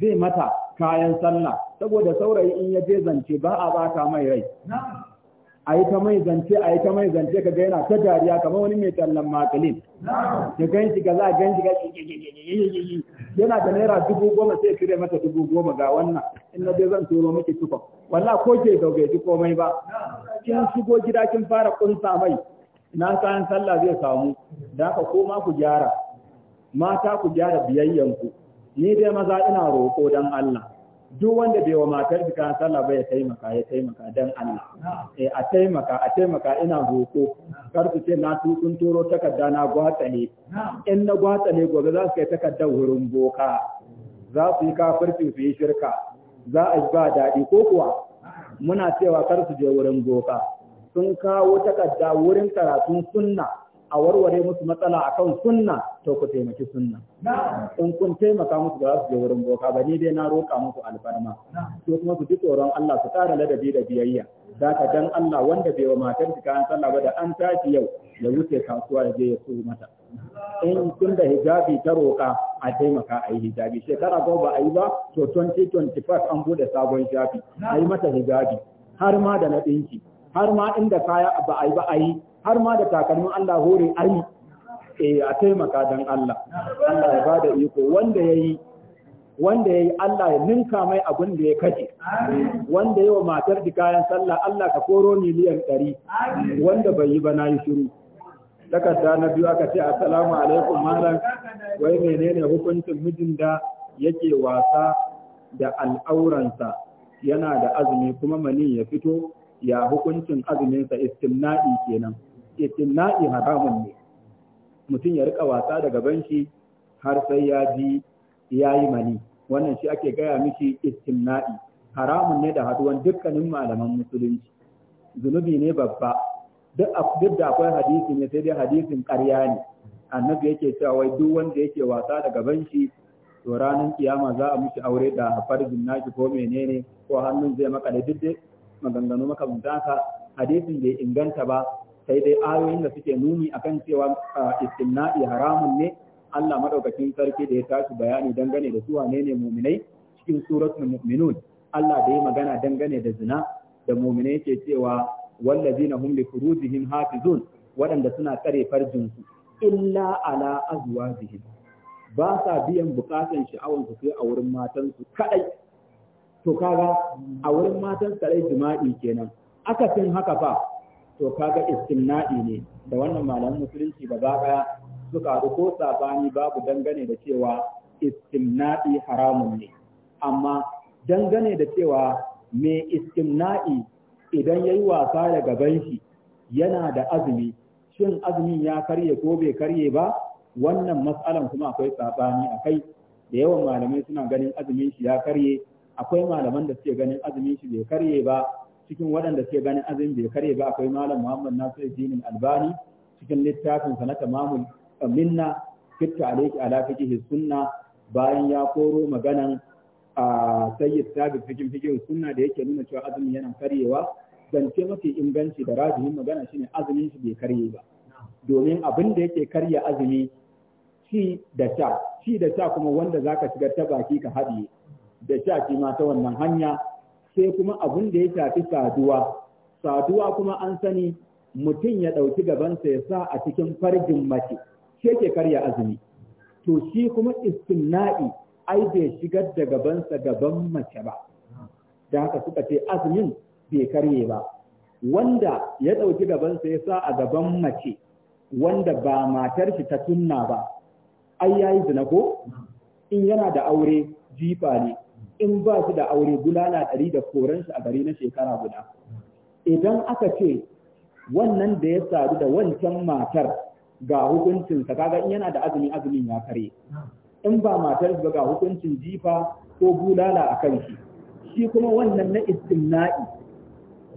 zai mata kayan sallah saboda saurayi in ya je zance ba a bata mai rai a yi ta mai zance a yi ta mai zance ka ga yana ta dariya kamar wani mai tallan makalin da gan shi a gan shi yana da naira dubu goma sai kire mata dubu goma ga wannan in na je zan turo miki tufa walla ko ke ga ji komai ba kin shigo gida kin fara kunsa mai na kayan sallah zai samu da ka koma ku gyara mata ku gyara biyayyanku ni dai maza ina roko dan Allah duk wanda bai wa matar shi kan sallah ba ya taimaka ya taimaka dan Allah eh a taimaka a taimaka ina roko kar ku ce na tu turo takarda na gwatsale in na gwatsale gobe za su kai takardar wurin boka za su yi kafirci su yi shirka za a ba daɗi ko kuwa muna cewa kar su je wurin boka sun kawo takarda wurin karatun sunna a warware musu matsala a kan sunna to ku taimaki sunna in kun taimaka musu da za su je wurin boka ba ni dai na roƙa musu alfarma to kuma su ji tsoron Allah su ƙara ladabi da biyayya Za ka dan Allah wanda bai wa matar ka an sallah ba da an tashi yau ya wuce kasuwa ya je ya su mata in kun da hijabi ta roƙa a taimaka a yi hijabi shekara goma ba a yi ba to 2025 an bude sabon shafi a yi mata hijabi har ma da na ɗinki har ma inda kaya ba a yi ba a yi har ma da takalmin Allah hore ai eh a taimaka dan Allah Allah ya bada iko wanda yayi wanda yayi Allah ya ninka mai abin da ya kace wanda yayi wa matar da kayan sallah Allah ka koro miliyan ɗari. wanda bai yi ba nayi shiru takarda na biyu aka ce assalamu alaikum malam wai menene hukuncin mijin da yake wasa da al'auransa yana da azumi kuma mani ya fito ya hukuncin azuminsa istimna'i kenan itina'i haramun ne mutum ya rika wasa daga gaban shi har sai ya ji ya yi mani wannan shi ake gaya mishi istimna'i haramun ne da haduwan dukkanin malaman musulunci zunubi ne babba duk da akwai hadisi ne sai dai hadisin ƙarya ne annabi yake cewa wai duk wanda yake wasa daga gaban shi to ranar kiyama za a mishi aure da farjin naki ko menene ko hannun zai makale duk maganganu maka haka hadisin bai inganta ba sai dai ayoyin da suke nuni a kan cewa istimna'i haramun ne Allah madaukakin sarki da ya tashi bayani dangane da su ne ne muminai cikin suratul mu'minun Allah da ya magana dangane da zina da muminai ke cewa wallazina hum li furujihim hafizun waɗanda suna tsare su illa ala azwajihim ba sa biyan bukatan sha'awan su sai a wurin matansu kadai to kaga a wurin matan sarai jima'i kenan akasin haka fa to kaga istimna'i ne da wannan malamin musulunci ba ɗaya suka haɗu ko sabani babu dangane da cewa istimna'i haramun ne amma dangane da cewa mai istimna'i idan yayi wasa da gaban shi yana da azumi shin azumin ya karye ko bai karye ba wannan matsalan kuma akwai sabani akai da yawan malamai suna ganin azumin shi ya karye akwai malaman da suke ganin azumin shi bai karye ba cikin waɗanda suke ganin azumin bai karye ba akwai malam Muhammad Nasiruddin Albani cikin littafin sa na tamamul minna fitta a ala fiqhi sunna bayan ya koro maganan a sayyid sabit cikin fiqhi sunna da yake nuna cewa azumi yana karyewa zance mafi inganci da rajihin magana shine azumin shi bai karye ba domin abin da yake karya azumi ci da sha ci da sha kuma wanda zaka shiga ta baki ka haɗiye da sha shi ma ta wannan hanya sai kuma abin da ya shafi saduwa saduwa kuma an sani mutum ya ɗauki gabansa ya sa a cikin farjin mace shi ke karya azumi to shi kuma istinna'i ai bai shigar da gabansa gaban mace ba da haka suka ce azumin bai karye ba wanda ya ɗauki gabansa ya sa a gaban mace wanda ba matar shi ta tunna ba ai yayi zina ko in yana da aure jifa ne in ba su da aure bulala ɗari da koransu a gari na shekara guda idan aka ce wannan da ya sadu da wancan matar ga hukuncinsa kaga in yana da azumi azumin ya kare in ba matar ba ga hukuncin jifa ko bulala a kan shi shi kuma wannan na istimna'i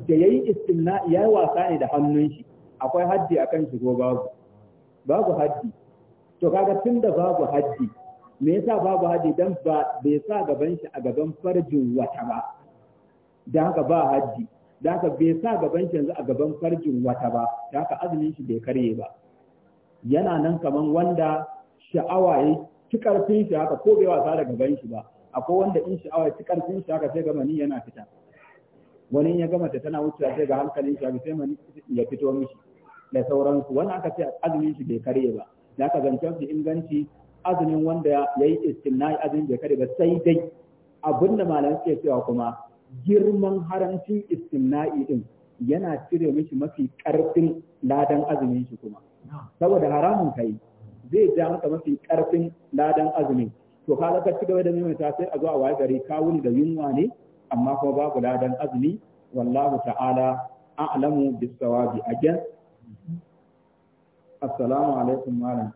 da ya yayi istimna'i yi wasa ne da hannun shi akwai haddi kan shi ko babu babu haddi to kaga tun da babu haddi me yasa babu haji dan ba bai sa gaban shi a gaban farjin wata ba da haka ba haji da haka bai sa gaban shi yanzu a gaban farjin wata ba da haka azumin shi bai karye ba yana nan kaman wanda sha'awa yi ci karfin shi haka ko bai wasa da gaban shi ba akwai wanda in sha'awa ya ci karfin shi haka sai gama ni yana fita wani ya gama ta tana wucewa sai ga hankalin shi haka sai mani ya fito mishi da sauransu wani aka ce azumin shi bai karye ba da haka zancen su inganci azumin wanda ya yi istimna'i azumin bai kare ba sai dai abin da malamai ke cewa kuma girman haramcin istimna'i din yana cire mishi mafi karfin ladan azumin shi kuma saboda haramun kai zai ja maka mafi karfin ladan azumin to kaga ci gaba da maimaita sai a zo a waye gari ka wuni da yunwa ne amma kuma babu ladan azumi wallahu ta'ala a'lamu bis-sawabi ajal assalamu alaikum malam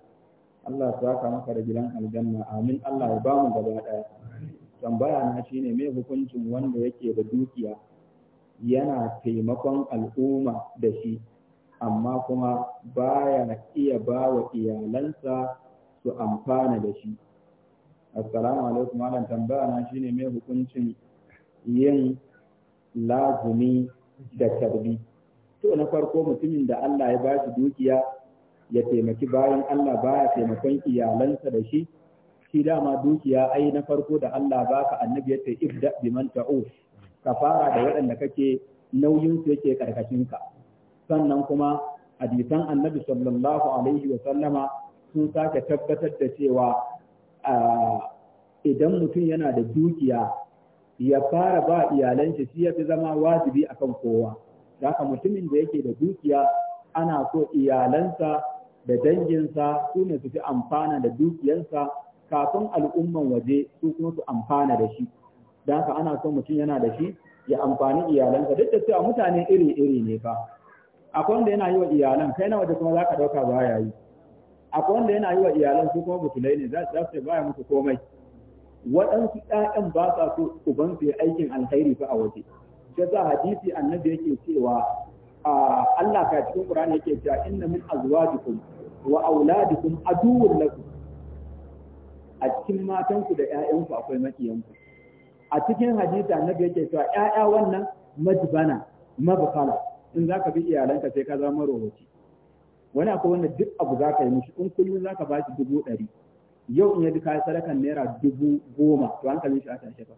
Allah su saka maka da gidan aljanna amin Allah ya bamu gaba daya tambaya na shine me hukuncin wanda yake da dukiya yana taimakon al'umma da shi amma kuma baya iya ba wa iyalansa su amfana da shi assalamu alaikum malam tambaya na shine me hukuncin yin lazumi da tarbi to na farko mutumin da Allah ya bashi dukiya ya taimaki bayan Allah baya taimakon iyalansa da shi shi dama dukiya ai na farko da Allah ba ka annabi ya ce ibda biman ta'u ka fara da waɗanda kake nauyin su yake karkashin ka sannan kuma hadisan annabi sallallahu alaihi wa sallama sun sake tabbatar da cewa idan mutum yana da dukiya ya fara ba iyalan shi shi yafi zama wajibi akan kowa haka mutumin da yake da dukiya ana so iyalansa da danginsa su ne su fi amfana da dukiyarsa kafin al'umman waje su kuma su amfana da shi don haka ana son mutum yana da shi ya amfani iyalansa duk da cewa mutane iri-iri ne fa akwai wanda yana yi wa iyalan kai na waje kuma za ka ɗauka ba ya yi akwai wanda yana yi wa iyalan su kuma butulai ne za su baya musu komai waɗansu ɗayan ba sa so uban su aikin alkhairi fa a waje shi sa hadisi annabi yake cewa ah, Allah ka cikin Qur'ani yake cewa inna min azwajikum wa auladukum aduwwun lakum a cikin matanku da ƴaƴanku akwai makiyanku a cikin hadisi na yake cewa ƴaƴa wannan majbana mabkala in zaka bi iyalanka sai ka zama rohoci wani akwai wanda duk abu zaka yi mishi in kullum zaka ba shi dubu ɗari yau in ya duka sarakan naira dubu goma to an kalli shi a tashe ba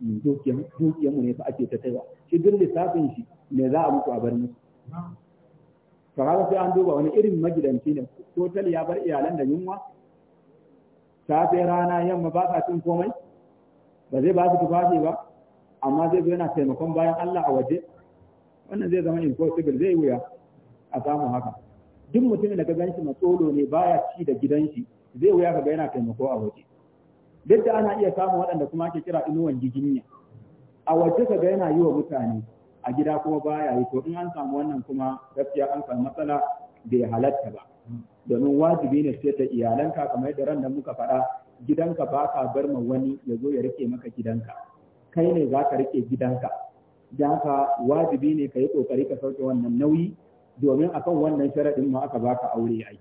dukiyan mu ne fa ake ta taiwa shi duk lissafin shi me za a muku a bar musu Ka haka sai an duba wani irin magidanci ne total ya bar iyalan da yunwa safe rana yamma ba sa cin komai ba zai ba su tufafi ba amma zai zo yana taimakon bayan Allah a waje wannan zai zama impossible zai wuya a samu haka duk mutumin da ka gan shi matsolo ne baya ci da gidan zai wuya ka ga yana taimako a waje duk da ana iya samun waɗanda kuma ake kira inuwan giginya a waje ka ga yana yi wa mutane a gida kuma baya yi to in an samu wannan kuma gaskiya an samu matsala bai halatta ba domin wajibi ne sai ta iyalanka kamar da ran da muka faɗa gidanka ba ka bar ma wani ya zo ya rike maka gidanka kai ne za ka rike gidanka dan haka wajibi ne ka yi kokari ka sauke wannan nauyi domin akan wannan sharaɗin ma aka baka aure ai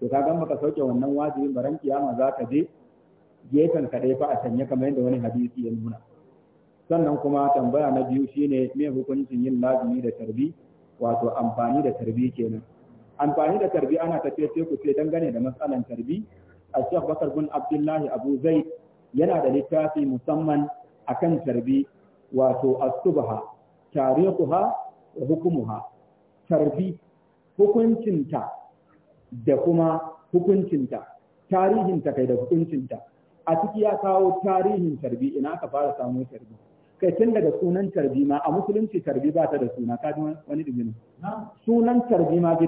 to ka ga maka sauke wannan wajibin baran kiyama za ka je gefen ka dai fa a sanya kamar yadda wani hadisi ya nuna sannan kuma tambaya na biyu shine me hukuncin yin lazumi da tarbi wato amfani da tarbi kenan amfani da tarbi ana tafiye sai ku ce dangane da matsalan tarbi a Sheikh Bakar bin Abdullahi Abu Zaid yana da littafi musamman akan tarbi wato as-subha tarihuha wa hukumuha tarbi hukuncinta da kuma hukuncinta tarihinta kai da hukuncinta a ciki ya kawo tarihin tarbi ina aka fara samun tarbi kai tun daga sunan tarbima a musulunci tarbi ba ta da suna ka ji wani digini sunan tarbi ma a yi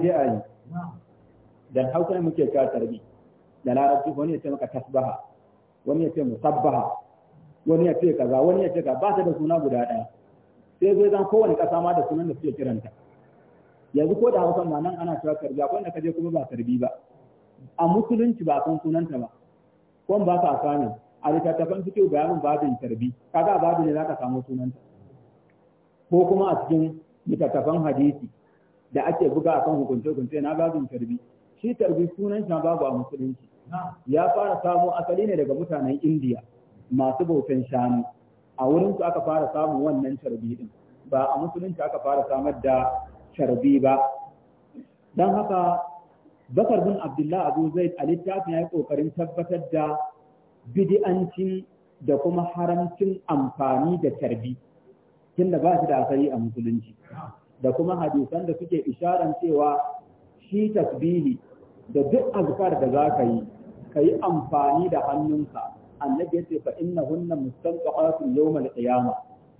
da hausa ne muke cewa tarbi da larabci wani ya ce maka tasbaha wani ya ce musabbaha wani ya ce kaza wani ya ce kaza ba ta da suna guda ɗaya sai zai zan kowane ƙasa ma da sunan da suke kiranta yanzu ko da hausa ma nan ana cewa tarbi akwai wanda kaje kuma ba tarbi ba a musulunci ba san sunanta ba ko ba ka sani a littattafan suke bayanin babin tarbi kaga babin ne zaka samu sunanta ko kuma a cikin littattafan hadisi da ake buga a kan hukunce hukunce na babin tarbi shi tarbi sunan shi babu a musulunci ya fara samu asali ne daga mutanen Indiya masu bautan shanu a wurin su aka fara samun wannan tarbi din ba a musulunci aka fara samar da tarbi ba don haka Bakar bin Abdullah Abu Zaid a littafin ya yi ƙoƙarin tabbatar da bid'ancin da kuma haramcin amfani da tarbi tunda ba shi da asali a musulunci da kuma hadisan da suke isharan cewa shi tasbihi da duk azkar da zaka yi kai amfani da hannunka annabi yace fa innahunna mustanqatun yawmal qiyamah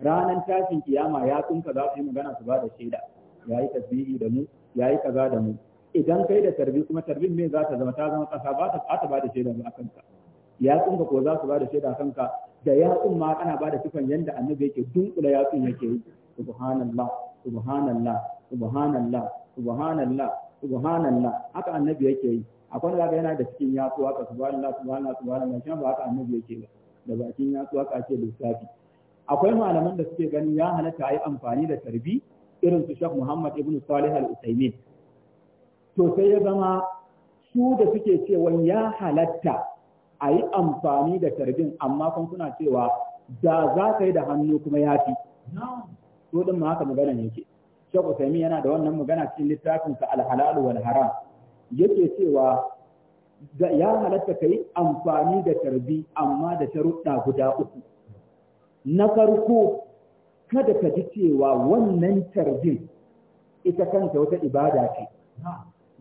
ranan tashin kiyama ya tsinka za su yi magana su ba da shaida yayi tasbihi da mu yayi kaza da mu idan kai da tarbi kuma tarbin me za ta zama ta zama kasa ba ta ba da shaida ba kanka yatsun ka ko za su ba da shaida kanka da yatsun ma ana ba da sifan yanda annabi yake dunkula yatsun yake yi subhanallah subhanallah subhanallah subhanallah subhanallah haka annabi yake yi akwai da yana da cikin yatsu haka subhanallah subhanallah subhanallah shan ba haka annabi yake ba da bakin yatsu haka ake lissafi akwai malaman da suke ganin ya halatta ayi amfani da tarbi irin su Sheikh Muhammad ibn Salih al-Utsaimin to sai ya zama su da suke cewa ya halatta a yi amfani da tarbin amma kun kuna cewa da za ka yi da hannu kuma ya fi Ko din ma haka maganan yake Sheikh Uthaymeen yana da wannan magana cikin littafinsa, Alhalalu wal haram yake cewa ya halatta kai amfani da tarbi amma da sharuɗa guda uku na farko kada ka ji cewa wannan tarbin ita kanta wata ibada ce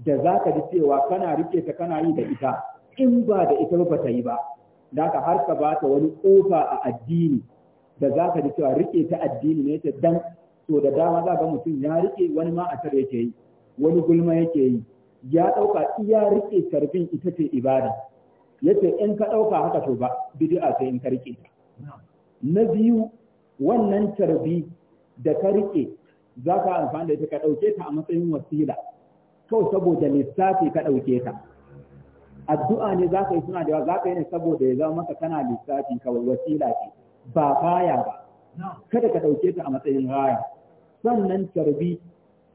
da za ka ji cewa kana rike ta kana yi da ita in ba da ita ba ta yi ba da ka har ka ba ta wani kofa a addini da za ka ji cewa rike ta addini ne ta dan to da dama za ga mutum ya rike wani ma a tare yake yi wani gulma yake yi ya ɗauka iya rike sarbin ita ce ibada yace in ka ɗauka haka to ba bid'a sai in ka rike na biyu wannan tarbi da ka rike za ka amfani da ita ka ɗauke ta a matsayin wasila kawai saboda lissafi ka ɗauke ta addu'a ne za ka yi suna da yawa za ka yi ne saboda ya zama maka kana lissafi kawai wasila ce ba kaya ba kada ka ɗauke ta a matsayin raya sannan tarbi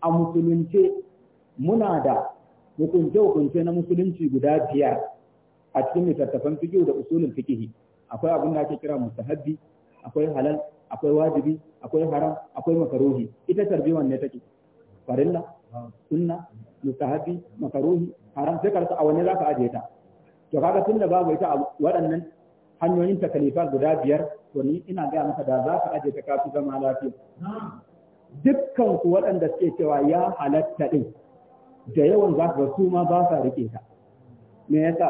a musulunce muna da hukunce-hukunce na musulunci guda biyar a cikin littattafan fikihu da usulun fikihi akwai abin da ake kira mustahabbi akwai halal akwai wajibi akwai haram akwai makaruhi ita tarbi wanne take farilla sunna mustahabbi makaruhi haram sai ka a wanne za ka ajiye ta to kaga tun da babu ita a waɗannan hanyoyin takalifa guda biyar to ni ina gaya maka da za ka ajiye ta kafi zama lafiya dukkan ku waɗanda suke cewa ya halatta ɗin da yawan za ka su ma ba sa rike ta me yasa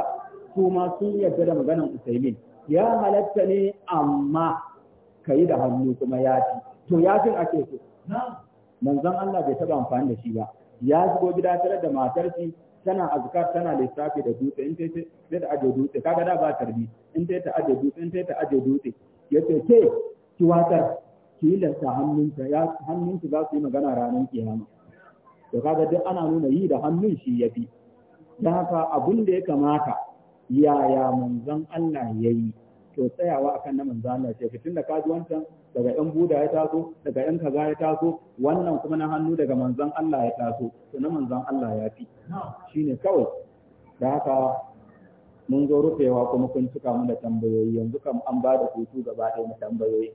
su ma sun yarda da maganar usaimin ya halatta ne amma ka yi da hannu kuma ya ci to ya fi ake so manzon Allah bai taɓa amfani da shi ba ya shigo gida tare da matar shi tana azkar tana lissafi da dutse in tai sai ta aje dutse kaga da ba tarbi in tai ta aje dutse in tai ta aje dutse yace ke ki watar ki lissa hannunta ya za su yi magana ranar kiyama to kaga duk ana nuna yi da hannun shi yafi dan haka abun da ya kamata yaya manzon Allah yayi to tsayawa akan na manzon Allah ce tunda da ji wancan daga yan buda ya taso daga yan kaza ya taso wannan kuma na hannu daga manzon Allah ya taso to na manzon Allah ya fi shine kawai da haka mun zo rufewa kuma kun cika mu da tambayoyi yanzu kam an ba da hutu gaba ɗaya na tambayoyi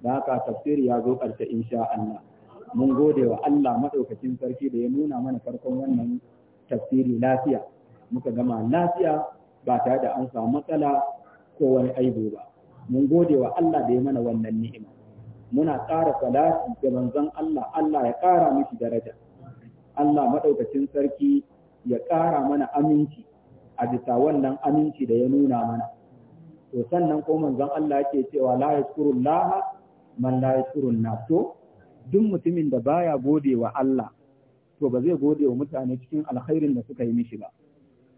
da haka tafsiri ya zo ƙarshe insha Allah mun gode wa Allah madaukakin sarki da ya nuna mana farkon wannan tafsiri lafiya muka gama lafiya ba tare da an samu matsala ko wani aibu ba mun gode wa Allah da ya mana wannan ni'ima muna ƙara salati ga manzon Allah Allah ya ƙara miki daraja Allah madaukakin sarki ya ƙara mana aminci a bisa wannan aminci da ya nuna mana to sannan ko manzon Allah yake cewa la yashkurullah man la yashkurun to duk mutumin da baya gode wa Allah to ba zai gode wa mutane cikin alkhairin da suka yi mishi ba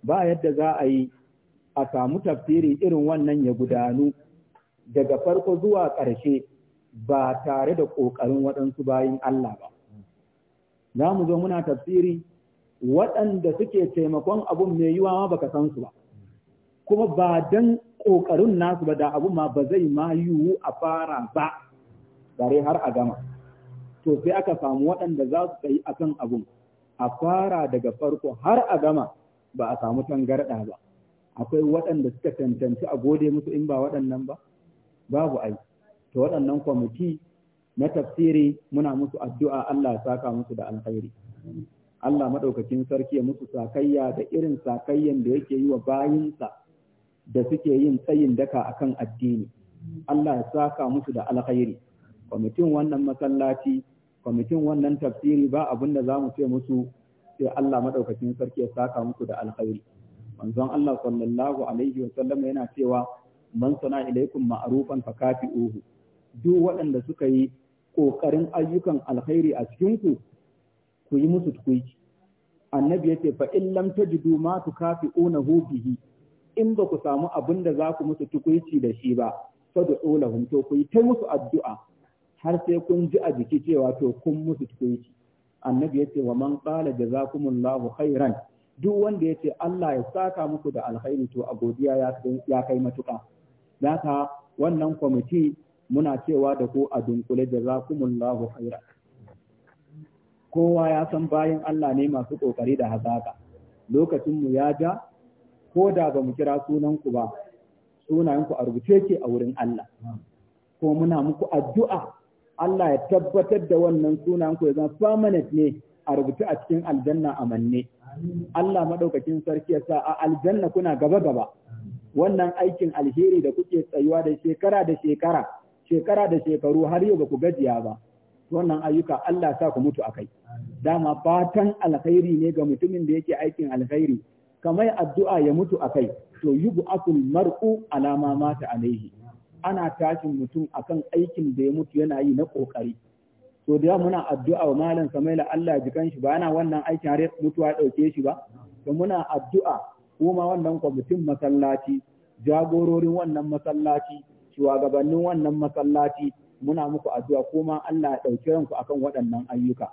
ba yadda za a yi a samu tafsiri irin wannan ya gudanu daga farko zuwa ƙarshe ba tare da ƙoƙarin waɗansu bayin Allah ba. Za mu zo muna tafsiri waɗanda suke taimakon abun mai yiwa ma baka san su ba. Kuma ba dan ƙoƙarin nasu ba da abu ma ba zai ma yiwu a fara ba, bare har a gama. To sai aka samu waɗanda za su tsayi kan abun, a fara daga farko har a gama ba a samu tangarɗa ba. Akwai waɗanda suka tantance a gode musu in ba waɗannan ba? Babu aiki. to waɗannan kwamiti na tafsiri muna musu addu'a Allah ya saka musu da alkhairi Allah maɗaukakin sarki ya musu sakayya da irin sakayyan da yake yi wa bayinsa da suke yin tsayin daka a kan addini Allah ya saka musu da alkhairi kwamitin wannan masallaci kwamitin wannan tafsiri ba abin da za mu ce musu sai Allah maɗaukakin sarki ya saka musu da alkhairi manzon Allah sallallahu alaihi wa yana cewa man sana ilaikum ma'rufan fakafi'uhu duk waɗanda suka yi ƙoƙarin ayyukan alkhairi a cikinku ku yi musu tukwici. annabi yace fa in lam tajidu ma tukafi'una bihi in ba ku samu abin da za ku musu tukwici da shi ba da ulahum to ku yi ta musu addu'a har sai kun ji a jiki cewa to kun musu tukwici. annabi yace wa man qala jazakumullahu khairan duk wanda yace Allah ya saka muku da alkhairi to a godiya ya kai matuƙa. Zaka wannan kwamiti muna cewa da ku a dunkule jazakumullahu khaira kowa ya san bayan Allah ne masu kokari da hazaka lokacin mu ya ja ko da ba mu kira sunan ba sunayen ku a rubuce ke a wurin Allah ko muna muku addu'a Allah ya tabbatar da wannan sunan ku ya zama permanent ne a rubuce a cikin aljanna amanne Allah madaukakin sarki ya sa a aljanna kuna gaba gaba wannan aikin alheri da kuke tsayuwa da shekara da shekara shekara da shekaru har yau ba ku gajiya ba wannan ayyuka Allah sa ku mutu akai dama fatan alkhairi ne ga mutumin da yake aikin alkhairi kamar addu'a ya mutu akai to yubu akul mar'u ala ma mata alaihi ana tashin mutum akan aikin da ya mutu yana yi na kokari to da muna addu'a wa malam la Allah jikan shi ba ana wannan aikin har mutuwa dauke shi ba to muna addu'a kuma wannan kwamitin masallaci jagororin wannan masallaci Shuwagabannin wannan masallaci muna muku addu'a kuma Allah ya ɗauki ranku akan waɗannan ayyuka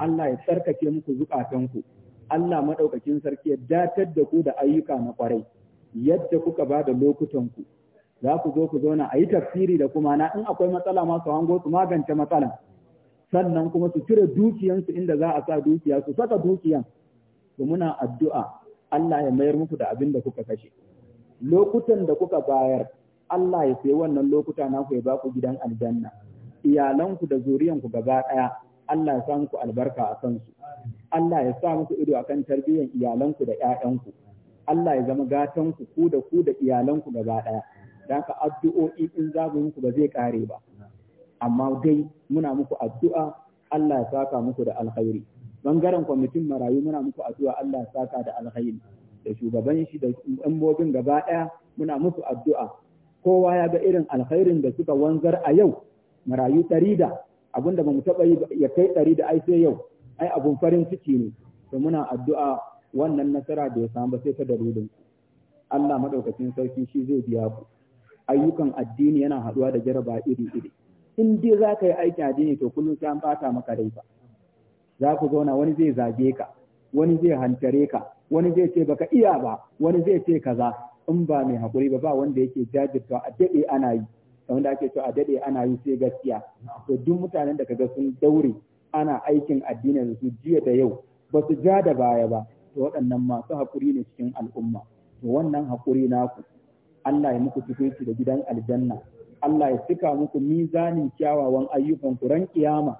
Allah ya tsarkake muku zukatanku Allah maɗaukakin sarki ya datar da ku da ayyuka na kwarai yadda kuka ba da lokutanku za ku zo ku zauna a yi tafsiri da kuma na in akwai matsala ma su hango su magance matsala sannan kuma su cire dukiyansu inda za a sa dukiya su saka dukiyan to muna addu'a Allah ya mayar muku da abin da kuka kashe lokutan da kuka bayar Allah ya sayi wannan lokuta na ku ya ba ku gidan aljanna iyalanku da zuriyanku gaba ɗaya Allah ya sa muku albarka a kansu Allah ya sa muku ido akan tarbiyyar iyalanku da ƴaƴanku Allah ya zama gatan ku da ku da iyalanku gaba ɗaya dan ka addu'o'i in za ku ba zai kare ba amma dai muna muku addu'a Allah ya saka muku da alkhairi bangaren kwamitin marayu muna muku addu'a Allah ya saka da alkhairi da shugaban shi da ambobin gaba ɗaya muna muku addu'a kowa ya ga irin alkhairin da suka wanzar a yau marayu ɗari da abinda ba mu taɓa yi ya kai ɗari da ai sai yau ai abun farin ciki ne to muna addu'a wannan nasara da ya samu sai ta dalilin Allah madaukakin sarki shi zai biya ku ayyukan addini yana haɗuwa da jaraba iri iri in dai za ka yi aikin addini to kullum sai an bata maka rai ba za ku zauna wani zai zage ka wani zai hantare ka wani zai ce baka iya ba wani zai ce kaza in ba mai hakuri ba ba wanda yake jajirtawa a daɗe ana yi wanda ake so a daɗe ana yi sai gaskiya to duk mutanen da ka ga sun daure ana aikin addinin da su jiya da yau ba su ja da baya ba to waɗannan masu hakuri ne cikin al'umma to wannan haƙuri naku Allah ya muku tukunci da gidan aljanna Allah ya sika muku mizanin kyawawan ayyukan ku ran kiyama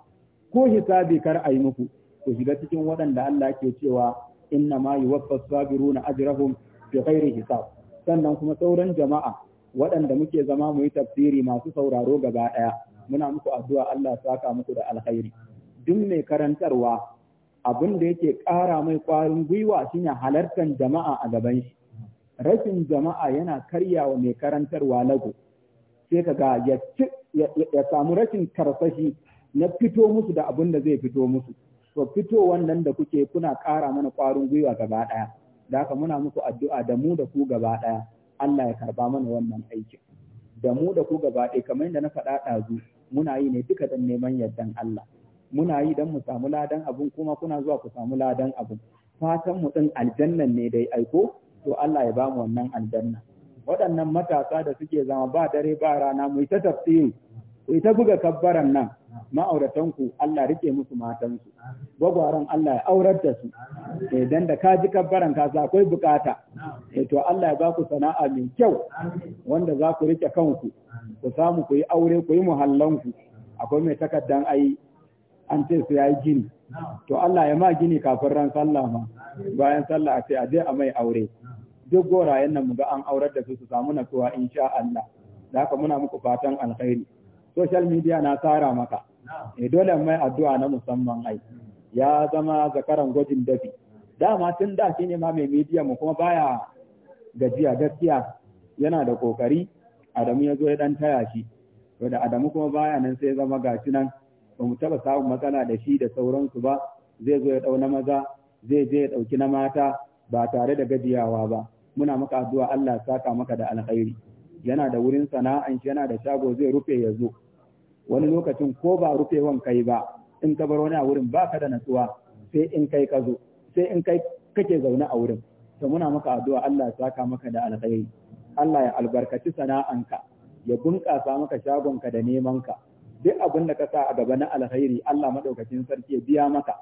ko hisabi kar a yi muku ku shiga cikin waɗanda Allah ke cewa inna ma yuwaffas na ajrahum bi ghairi hisab sannan kuma sauran jama'a waɗanda muke zama mu yi tafsiri masu sauraro gaba ɗaya muna muku addu'a Allah saka muku da alkhairi duk mai karantarwa abin da yake ƙara mai ƙwarin gwiwa shine halartar jama'a a gaban shi rashin jama'a yana karya wa mai karantarwa lago sai kaga ya ya samu rashin karsashi na fito musu da abin da zai fito musu to fitowan nan da kuke kuna ƙara mana ƙwarin gwiwa gaba ɗaya da haka muna musu addu'a da mu da ku gaba ɗaya Allah ya karba mana wannan aikin da mu da ku gaba ɗaya kamar yadda na faɗa ɗazu muna yi ne duka dan neman yardan Allah muna yi dan mu samu ladan abun kuma kuna zuwa ku samu ladan abun fatan mu ɗin aljannan ne dai aiko to Allah ya bamu wannan aljanna waɗannan matasa da suke zama ba dare ba rana mu yi ta tafsiri ku eh, buga kabbaran nan ma'auratanku Allah rike musu matansu gwagwaran Allah ya aurar da su idan eh, da ka ji kabbaran ka sa akwai bukata eh, to Allah ya ba ku sana'a mai kyau wanda za ku rike kanku ku samu ku yi aure ku yi muhallanku akwai mai takardan ai an ce su yayi gini to Allah ya ma gini kafin ran sallah ma bayan sallah a ce a je a mai aure duk gorayen nan mu ga an aurar da su su samu natsuwa insha Allah da haka muna muku fatan alkhairi social media na tsara maka eh dole mai addu'a na musamman ai ya zama zakaran gwajin dafi dama tun da shi ne ma mai media mu kuma baya gajiya gaskiya yana da kokari Adamu ya zo ya dan taya shi to da Adamu kuma baya nan sai zama gashi nan ba mu taba samun matsala da shi da sauransu ba zai zo ya dau na maza zai je ya dauki na mata ba tare da gajiyawa ba muna maka addu'a Allah saka maka da alkhairi yana da wurin sana'an shi yana da shago zai rufe ya zo wani lokacin ko ba rufewan kai ba in ka bar wani a wurin ba ka da natsuwa sai in kai ka zo sai in kai kake zaune a wurin to muna maka addu'a Allah ya saka maka da alkhairi Allah ya albarkaci sana'anka ya bunƙasa maka shagonka da nemanka duk abin da ka sa a gaba na alkhairi Allah madaukakin sarki ya biya maka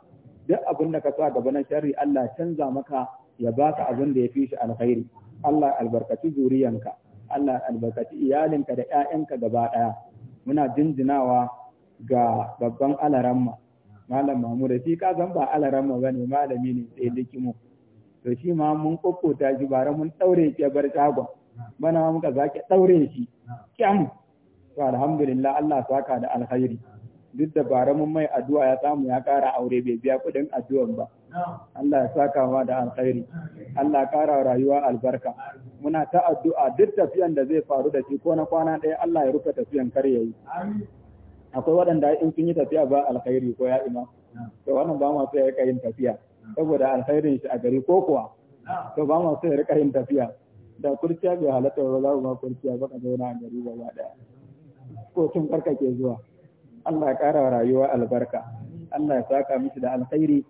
duk abin da ka sa gaba na sharri Allah canza maka ya baka abin da ya fi shi alkhairi Allah albarkaci zuriyanka Allah ya albarkaci iyalinka da 'ya'yanka gaba ɗaya muna jinjinawa ga babban alaramma malam Mahmud shi ka san ba alaramma bane malami ne sai likimu to shi ma mun kokkota shi bara mun daure shi bar shagon bana ma muka zaki daure shi kyan to alhamdulillah Allah saka da alkhairi duk da bare mun mai addu'a ya samu ya kara aure bai biya kudin addu'an ba Allah ya saka ma da alkhairi Allah ya kara rayuwa albarka muna ta addu'a duk tafiyan da zai faru da shi ko na kwana ɗaya Allah ya rufe tafiyan kar yayi akwai waɗanda in sun yi tafiya ba alkhairi ko ya ima to wannan ba mu so ya yin tafiya saboda alkhairin shi a gari ko kuwa to ba mu so ya rika yin tafiya da kurciya bai halatta ba za mu ba kurciya ba ka zauna a gari gaba ɗaya ko cin karka ke zuwa Allah ya ƙara rayuwa albarka Allah ya saka miki da alkhairi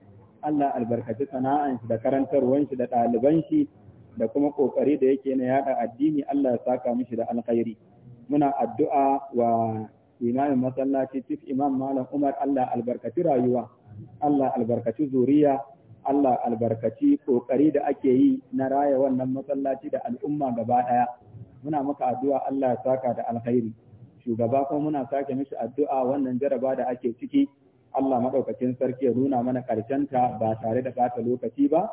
Allah albarkaci sana'an shi da karantarwan shi da ɗaliban shi da kuma kokari da yake na yada addini Allah ya saka mishi da alkhairi muna addu'a wa imamin masallaci chief imam malam Umar Allah albarkaci rayuwa Allah albarkaci zuriya Allah albarkaci kokari da ake yi na raya wannan masallaci da al'umma gaba ɗaya. muna maka addu'a Allah ya saka da alkhairi shugaba kuma muna sake mishi addu'a wannan jaraba da ake ciki Allah maɗaukakin sarki ya nuna mana ta ba tare da ɓata lokaci ba,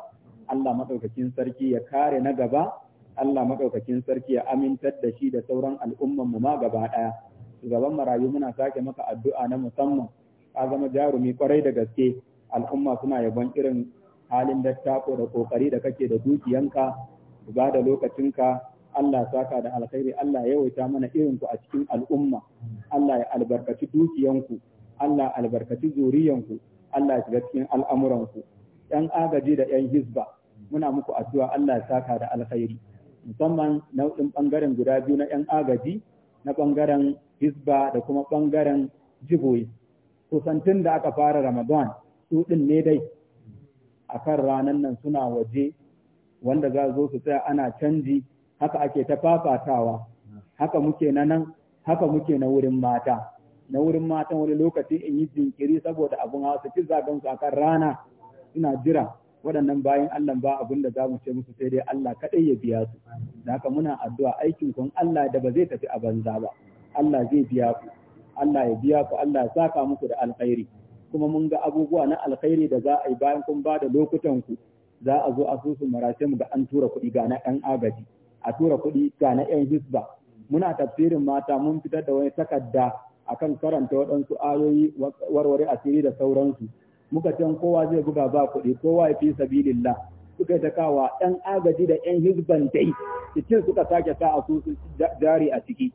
Allah maɗaukakin sarki ya kare na gaba, Allah maɗaukakin sarki ya amintar da shi da sauran al'umman mu ma gaba ɗaya. Gaban marayu muna sake maka addu'a na musamman, ka zama jarumi kwarai da gaske, al'umma suna yabon irin halin da dattako da kokari da kake da dukiyanka, ba da lokacinka, Allah saka da alkhairi, Allah ya yawaita mana irin ku a cikin al'umma, Allah ya albarkaci dukiyanku. Allah albarkaci zuriyanku Allah shiga cikin al'amuranku ‘yan agaji da ‘yan hisba muna muku addu'a Allah saka da alkhairi musamman nau'in ɓangaren guda biyu na ‘yan agaji na ɓangaren hisba, da kuma ɓangaren jiboyi kusantun da aka fara ramadan su ɗin ne dai a kan ranar nan suna waje wanda za zo su tsaya ana canji haka ake ta fafatawa haka muke na nan haka muke na wurin mata na wurin matan wani lokaci in yi jinkiri saboda abun hawa su ci zagon su akan rana suna jira waɗannan bayan Allah ba abin da za mu ce musu sai dai Allah kaɗai ya biya su da haka muna addu'a aikin kun Allah da ba zai tafi a banza ba Allah zai biya ku Allah ya biya ku Allah ya saka muku da alkhairi kuma mun ga abubuwa na alkhairi da za a yi bayan kun ba da lokutan ku za a zo asusun marashe mu ga an tura kuɗi ga na ɗan agaji a tura kuɗi ga na ƴan hisba muna tafsirin mata mun fitar da wani takarda akan karanta waɗansu ayoyi warware asiri da sauransu muka can kowa zai buga ba kuɗi kowa ya fi sabilillah suka ta kawa ɗan agaji da ɗan hizban dai cikin suka sake sa asusun jari a ciki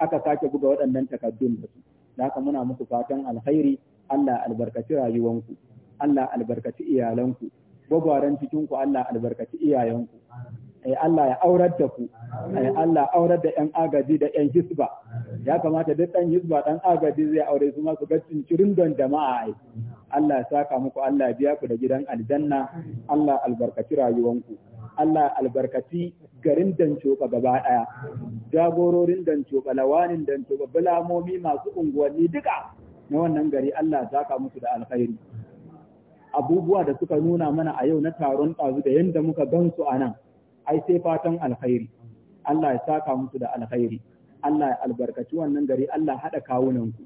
aka sake buga waɗannan takaddun da su da haka muna muku fatan alkhairi Allah albarkaci rayuwanku Allah albarkaci iyalanku gwagwaran cikinku Allah albarkaci iyayenku ai Allah ya aurar da ku ai Allah aurar da yan agaji da yan hisba ya kamata duk ɗan hisba ɗan agaji zai aure su ma su ga cincirin don jama'a ai Allah ya saka muku Allah ya biya ku da gidan aljanna Allah albarkaci rayuwanku Allah albarkaci garin dancoka gaba daya jagororin dancoka lawanin dancoka bulamomi masu unguwanni duka na wannan gari Allah ya saka musu da alkhairi abubuwa da suka nuna mana a yau na taron ɗazu da yadda muka gansu su a nan ai sai fatan alkhairi Allah ya saka musu da alkhairi Allah ya albarkaci wannan gari Allah haɗa kawunan ku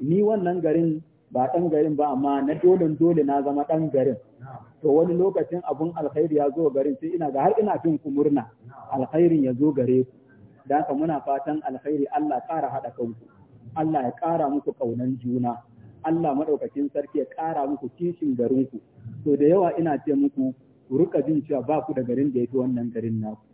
ni wannan garin ba ɗan garin ba amma na dolen dole na zama ɗan garin to wani lokacin abun alkhairi ya zo garin sai ina ga har ina fin ku murna alkhairin ya zo gare ku da ka muna fatan alkhairi Allah ƙara haɗa kanku Allah ya kara muku ƙaunan juna Allah madaukakin sarki ya ƙara muku kishin garin ku. to da yawa ina ce muku ku rika jin cewa ba ku da garin da ya fi wannan garin naku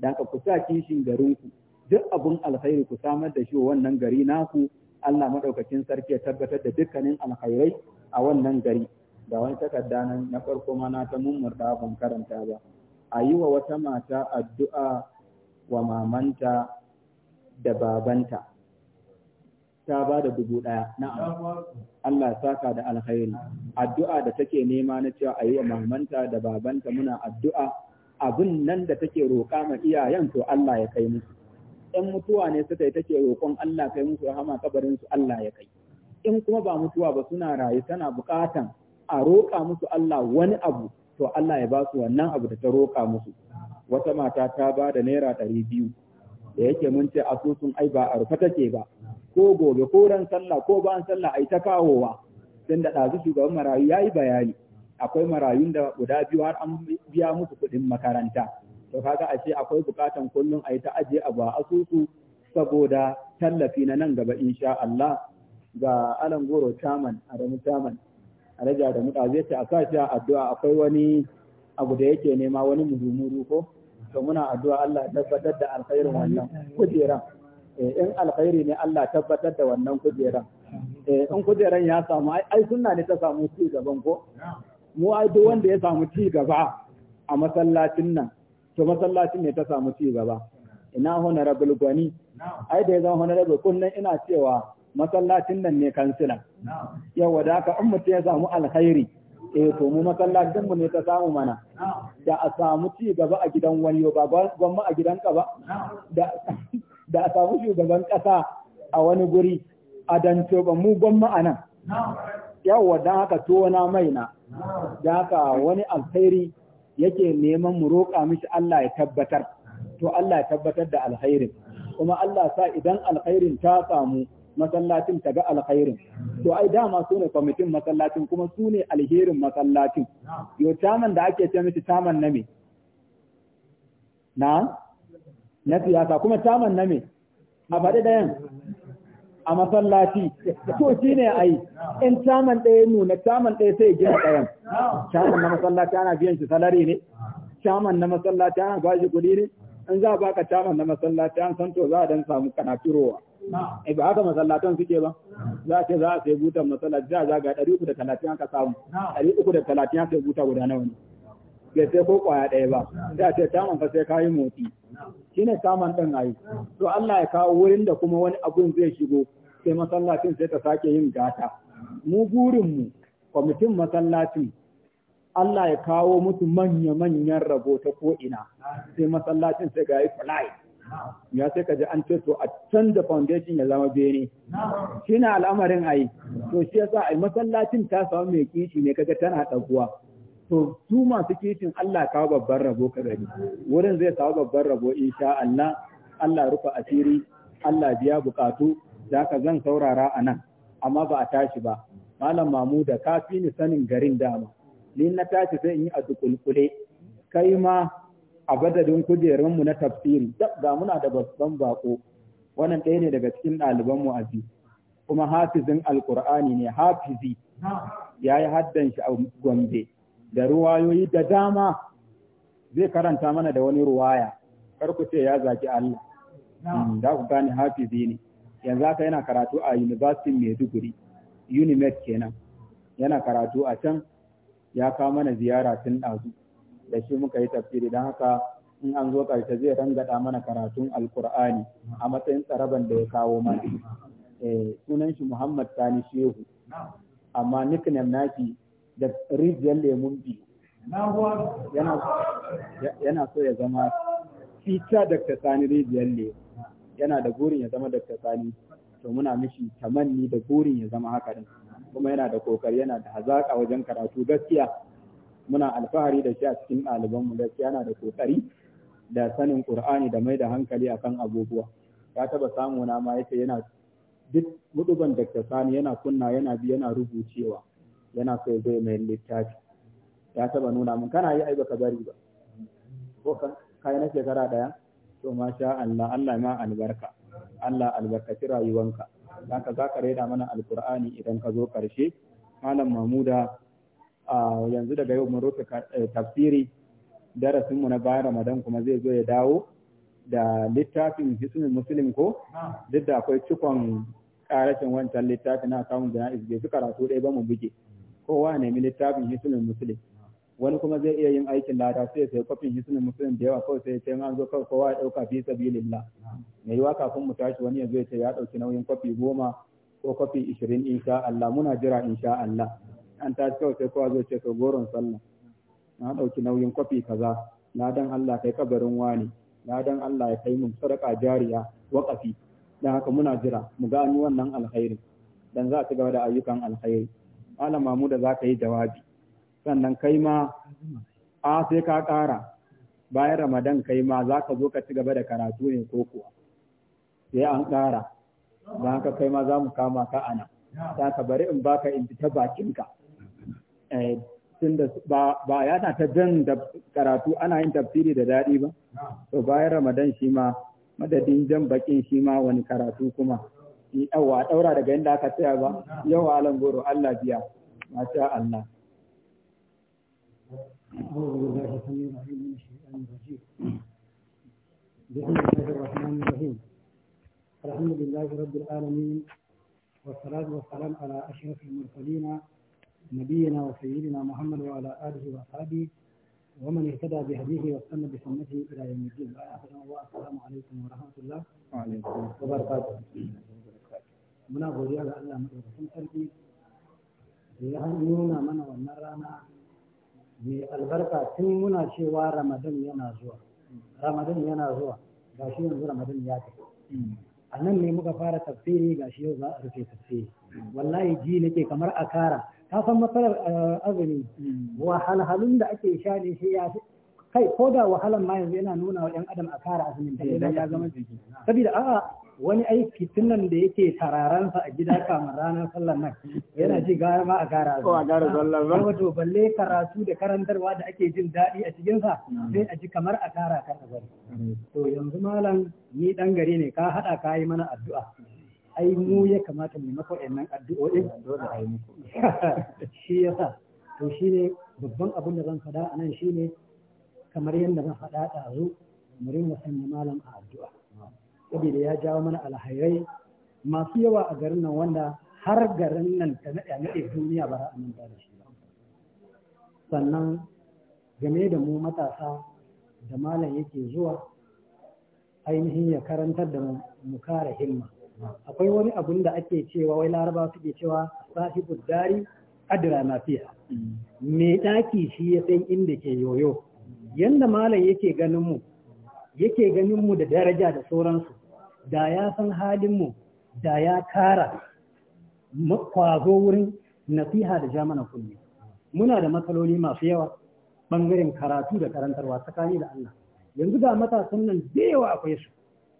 da ka ku sa kishin garinku duk abun alkhairi ku samar da shi wa wannan gari naku Allah madaukakin sarki ya tabbatar da dukkanin alkhairai a wannan gari da wani takarda nan na farko ma na ta mummurta ban karanta ba a yi wa wata mata addu'a wa mamanta da babanta ta ba da dubu ɗaya na Allah saka da alkhairi addu'a da take nema na cewa a yi wa mamanta da babanta muna addu'a abin nan da take roƙa ma iyayen to Allah ya kai musu in mutuwa ne suka yi take roƙon Allah kai musu rahama kabarin su Allah ya kai in kuma ba mutuwa ba suna rayu tana buƙatan a roƙa musu Allah wani abu to Allah ya ba su wannan abu da ta roƙa musu wata mata ta ba da naira ɗari biyu da yake mun ce asusun ai ba a rufe take ba ko gobe ko ran sallah ko ban sallah ai ta kawowa dan da ɗazu shugaban marayu yayi bayani akwai marayun da guda biyu har an biya musu kuɗin makaranta to kaga a ce akwai bukatan kullum a yi ta ajiye abu a asusu saboda tallafi na nan gaba insha Allah ga Alan Goro chairman Adamu chairman Alhaji Adamu da zai ce a sa a addu'a akwai wani abu da yake nema wani muhimmin ko to muna addu'a Allah ya tabbatar da alkhairin wannan kujera Eh, in alkhairi ne Allah tabbatar da wannan kujeran eh, in kujeran ya samu ai sunna ne ta samu ci gaban ko mu ai duk wanda ya samu ci gaba a masallacin nan to masallacin ne ta samu ci gaba ina honorable gwani ai da ya zama honorable kunnan ina cewa masallacin nan ne kansila yawa da haka in mutum ya samu alkhairi eh to mu masallacin mu ne ta samu mana da a samu ci gaba a gidan wani ba gwamma a gidan ka ba da da a samu shugaban ƙasa a wani guri a ba mu gwamma a nan yawwa don haka na maina don haka wani alkhairi yake neman mu roƙa mishi Allah ya tabbatar to Allah ya tabbatar da alkhairin kuma Allah sa idan alkhairin ta samu masallacin ta ga alkhairin to ai dama su ne kwamitin masallacin kuma su ne alherin masallacin Yau caman da ake ce mishi caman na me na na siyasa kuma taman na me a faɗi ɗayan a masallaci to shi ne a yi in taman ɗaya nuna taman ɗaya sai gina ɗayan taman na masallaci ana biyan shi salari ne taman na masallaci ana ba shi kuɗi ne in za a baka taman na masallaci an san to za a dan samu kana turowa eh ba haka masallatan suke ba za ce za a sai butan masallaci za a ga ɗari uku da talatin aka samu ɗari uku da talatin sai buta guda nawa ne bai sai ko kwaya ɗaya ba sai a ce saman fa sai kayi motsi ne samun ɗin ayi to Allah ya kawo wurin da kuma wani abun zai shigo sai masallacin sai ta sake yin gata mu burinmu kwamitin masallacin Allah ya kawo mutu manya-manyan rabo ta ko'ina sai masallacin sai ga yi fulai ya sai ka ji an ce to a can da foundation ya zama bene shi na al'amarin ayi to shi yasa ai masallacin ta samu mai kishi ne kaga tana ɗaguwa to su masu kitin Allah kawo babban rabo ka gani wurin zai kawo babban rabo insha Allah Allah rufa asiri Allah biya bukatu da ka zan saurara a nan amma ba a tashi ba malam mamu da ka fi ni sanin garin dama ni na tashi sai yi a dukulkule kai ma a badadin kujerun mu na tafsiri ga muna da babban bako wannan ɗaya ne daga cikin ɗaliban mu aji kuma hafizin alkur'ani ne hafizi ya yi haddan shi a gombe da ruwayoyi da dama zai karanta mana da wani ruwaya kar ku ce ya zaki Allah da ku hafi hafizi ne yanzu haka yana karatu a University Maiduguri Unimed kenan yana karatu a can ya kawo mana ziyara tun ɗazu da shi muka yi tafsiri dan haka in an zo karshe zai rangada mana karatun alkur'ani a matsayin tsaraban da ya kawo mana eh, sunan shi Muhammad Sani Shehu amma nickname naki da rijiyar lemun biyu yana so ya zama fita da Sani rijiyar lemu yana da burin ya zama da Sani to muna mishi tamanni da burin ya zama haka din kuma yana da kokari yana da hazaka wajen karatu gaskiya muna alfahari da shi a cikin ɗalibanmu gaskiya yana da kokari da sanin Qur'ani da mai da hankali akan abubuwa ya taba samu na ma yace yana duk muduban da Sani yana kunna yana bi yana rubucewa yana so ya zai mai littafi ya taba nuna mun kana yi aibaka bari ba ko ka yi na shekara daya to masha Allah Allah ma albarka Allah albarkaci rayuwanka ka zaka reda mana alqur'ani idan ka zo karshe malam Mahmuda yanzu daga yau mun rufe eh, tafsiri darasinmu na bayan Ramadan kuma zai zo ya dawo da littafin hisnin muslim ko duk da akwai cikon karashin wancan littafi na samun jana'iz bai fi karatu dai ba mu buge kowa nemi littafin hisnul musulun wani kuma zai iya yin aikin lada sai sai kofin hisnul musulun da yawa kawai sai sai an zo kawai kowa ya dauka fi sabilillah me yiwa kafin mu tashi wani zo ya ce ya dauki nauyin kofi goma ko kofi ishirin insha Allah muna jira insha Allah an tashi kawai sai kowa zai ce ka goron sallah na dauki nauyin kofi kaza na dan Allah kai kabarin wani na dan Allah ya kai mun sadaka jariya waqafi dan haka muna jira mu gani wannan alkhairi dan za a ci gaba da ayyukan alkhairi malam mamu da za ka yi jawabi sannan kai ma a sai ka ƙara bayan ramadan kai ma za ka zo ka ci gaba da karatu ne ko kuwa sai an ƙara don ka kai ma za mu kama ka ana za ka bari in baka in fita bakinka eh, ba ya yana ta jan da karatu ana yin tafsiri da daɗi ba to bayan ramadan shi ma madadin jan bakin shi ma wani karatu kuma yawa ɗaura daga yadda aka tsaya ba yawa alam goro Allah biya masha Allah بسم الله الرحمن الرحيم الحمد لله رب العالمين والصلاة والسلام على أشرف المرسلين نبينا وسيدنا محمد وعلى آله وأصحابه ومن اهتدى بهديه واستنى بسنته إلى يوم الدين السلام عليكم ورحمة الله وبركاته muna godiya ga Allah madaukakin sarki da ya nuna mana wannan rana mai albarka tun muna cewa ramadan yana zuwa ramadan yana zuwa ga shi yanzu ramadan ya tafi a nan ne muka fara tafsiri ga shi yau za a rufe tafsiri wallahi ji nake kamar a kara ka san matsalar eh, azumi hmm. wahalhalun da ake sha ne shi ya fi kai ko da wahalan ma yanzu yana nuna wa 'yan adam a kara azumin da ya zama saboda a'a wani aiki tunan da yake tararansa a gida kamar ranar sallar nan yana ji gara ma a gara ko a sallar wato balle karatu da karantarwa da ake jin daɗi a cikin sa sai a ji kamar a kara kan azar to yanzu malam ni dan gari ne ka hada ka yi mana addu'a ai mu ya kamata mu maka wayannan addu'o'in dole ai muku shi yasa to shine babban abin da zan faɗa anan shine kamar yadda na faɗa ɗazu mu ringa sanya malam a addu'a saboda ya jawo mana alhairai masu yawa a garin nan wanda har garin nan ta naɗa naɗe duniya ba a nan da shi ba sannan game da mu matasa da malam yake zuwa ainihin ya karantar da mu kare himma akwai wani abun da ake cewa wai laraba suke cewa sahibu dari adira na fiya mm. me ɗaki shi ya san inda ke yoyo yanda malam yake ganin mu yake ganin mu da daraja da sauransu da ya san halin mu da ya kara kwazo wurin nasiha da jamana kunne muna da matsaloli masu yawa bangaren karatu da karantarwa tsakani da Allah yanzu ga matasan nan da yawa akwai su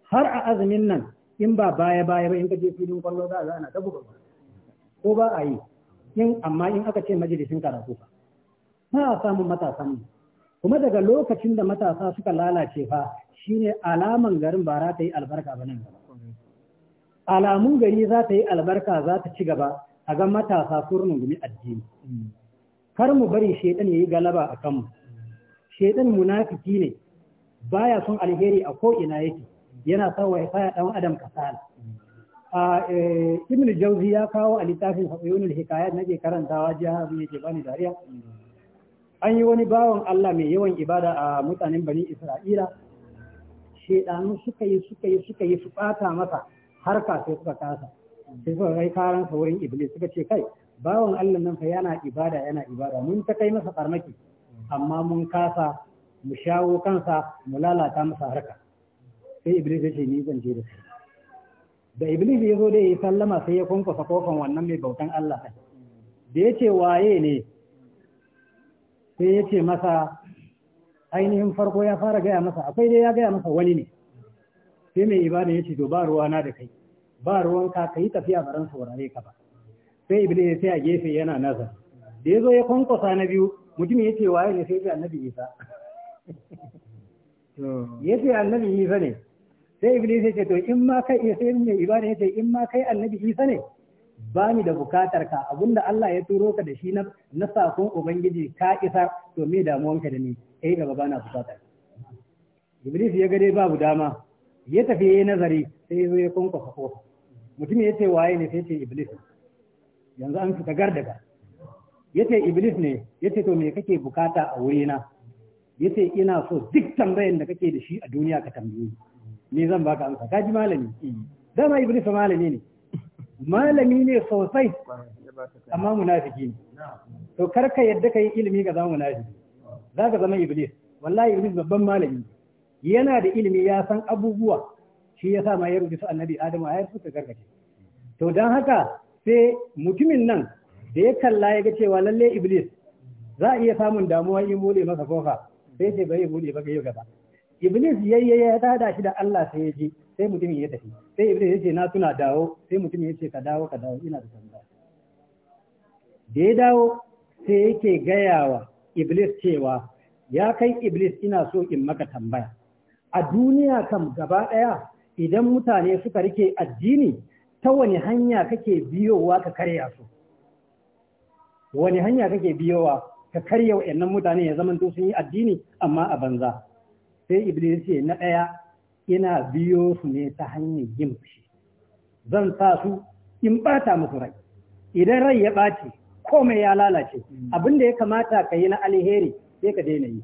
har a azumin nan in ba baya baya ba in ka je filin kwallo za a za ana ta buga ko ba a yi in amma in aka ce majalisin karatu fa ba a samun matasan mu kuma daga lokacin da matasa suka lalace fa shine alaman garin ba za ta yi albarka ba nan alamun gari za ta yi albarka za ta ci gaba a ga matasa kurnin gumi addini kar mu bari shaidan yayi galaba a kanmu shaidan munafiki ne baya son alheri a ko'ina yake yana sa wa ya dan adam kasala a eh, ibnu jauzi ya kawo a littafin hayyunul hikayat nake karantawa jiya abin ke bani dariya an yi wani bawan Allah mai yawan ibada a mutanen bani Isra'ila shaidanu suka yi suka yi suka yi su ɓata masa harka sai suka kasa sai suka kai karan sa wurin iblis suka ce kai bawan Allah nan fa yana ibada yana ibada mun ta kai masa farmaki amma mun kasa mu shawo kansa mu lalata masa harka sai iblis ya ce ni zan je da su. da iblis ya zo da ya sallama sai ya kwankwasa kofan wannan mai bautan Allah da ya ce waye ne sai ya ce masa ainihin farko ya fara gaya masa akwai dai ya gaya masa wani ne sai mai ibada ya ce to ba na da kai ba ruwanka ka yi tafiya baran saurare ka ba sai iblis ya sai a gefe yana nazar da ya zo ya kwankwasa na biyu mutum ya ce waye ne sai ya annabi isa ya ce annabi isa ne sai iblis ya ce to in ma kai sai mai ibada ya ce in ma kai annabi isa ne ba ni da bukatar ka abinda Allah ya turo ka da shi na na sakon ubangiji ka isa to me damuwanka da ni eh gaba bana bukatar Iblis ya gade babu dama ya tafi yayi nazari sai zo ya kunkufa kofa mutum ya ce waye ne sai ce Iblis yanzu an fita gardaga ya ce Iblis ne ya ce to me kake bukata a wurina ya ce ina so duk tambayan da kake da shi a duniya ka tambaye ni zan baka amsa ka ji malami dama Iblis malami ne malami ne sosai amma munafiki ne to karka yadda ka yi ilimi ga zama munafiki za ka zama iblis wallahi iblis babban malami yana da ilimi ya san abubuwa shi ya sa ma ya rubuta annabi adamu a yarsu ka karkace. to don haka sai mutumin nan da ya kalla ya ga cewa lalle iblis za a iya samun damuwa in bude masa kofa sai ce bai bude ba ga yau gaba iblis yayye ya tada shi da Allah sai ya je sai mutumin ya tafi sai iblis ya ce na tuna dawo sai mutumin ya ce ka dawo ka dawo ina da sanda da ya dawo sai yake gayawa iblis cewa ya kai iblis ina so in maka tambaya a duniya kam gaba ɗaya idan mutane suka rike addini ta wani hanya kake biyowa ka karya su wani hanya kake biyowa ka karya wa'annan mutane ya zama sun yi addini amma a banza sai iblis ce na ɗaya ina biyo su ne ta hanyar yin fushi zan sa su in ɓata musu rai idan rai ya ɓaci komai ya lalace hmm. abin da ya kamata ka yi na alheri sai ka daina yi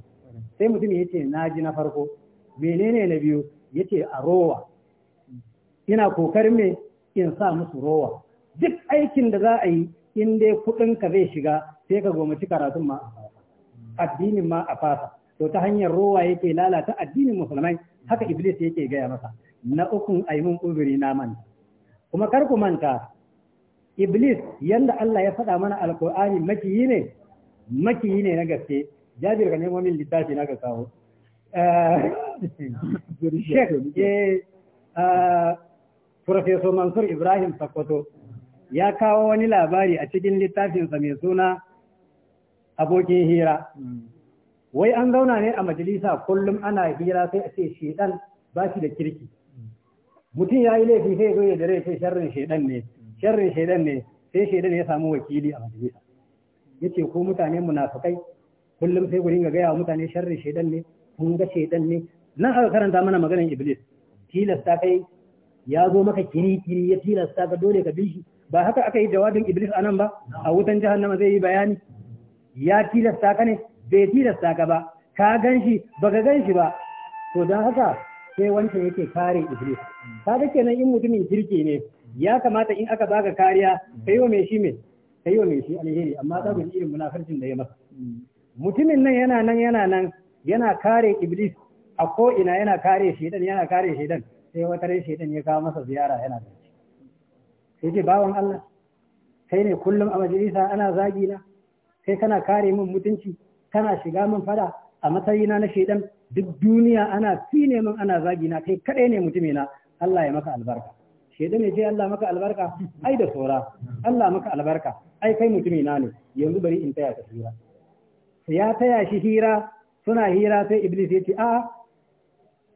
sai mutum ya ce na ji na farko menene na biyu ya ce a rowa ina kokarin me in sa musu rowa duk aikin da za a yi in dai kuɗinka zai shiga sai ka gomaci karatun ma a fasa hmm. addinin ma a fasa to ta hanyar rowa yake lalata addinin musulmai haka iblis yake gaya masa na ukun aimun uzuri na manta kuma kar ku manta iblis yanda Allah ya faɗa mana alkur'ani makiyi ne makiyi ne na gaske jabir ka nemo min littafi na ka kawo eh, Sheikh eh, ah, Professor Mansur Ibrahim Sakkwato ya kawo wani labari a cikin littafinsa mai suna abokin hira hmm. wai an zauna ne a majalisa kullum ana hira sai a ce shedan ba shi da kirki mutum ya yi laifi sai zo da dare sai sharrin shedan ne sai shedan ya samu wakili a majalisa Ya ce ko mutane munafikai kullum sai ku ga gaya wa mutane sharrin shedan ne kun ga shedan ne nan aka karanta mana maganar iblis tilasta kai ya zo maka kiri kiri ya tilasta ka dole ka bi shi ba haka aka yi jawabin iblis anan ba a wutan nama zai yi bayani ya tilasta ka ne bai tilasta ka ba ka gan shi ka gan shi ba to don haka sai wancan yake kare iblis ke kenan in mutumin kirki ne ya kamata in aka baka kariya kai wa mai shi mai kai wa mai shi alheri amma ka guji irin munafarcin da ya masa mutumin nan yana nan yana nan yana kare iblis a ko ina yana kare shedan yana kare shedan sai wata rai shedan ya kawo masa ziyara yana da shi sai ce bawan Allah kai ne kullum a majalisa ana zagi na sai kana kare min mutunci kana shiga min fada a matsayina na shaidan duk duniya ana tsine min ana zagi na kai kadai ne mutumina Allah ya maka albarka shaidan ya ce Allah maka albarka ai da tsora Allah maka albarka ai kai mutumina ne yanzu bari in taya ka hira ya taya shi hira suna hira sai iblis ya ce a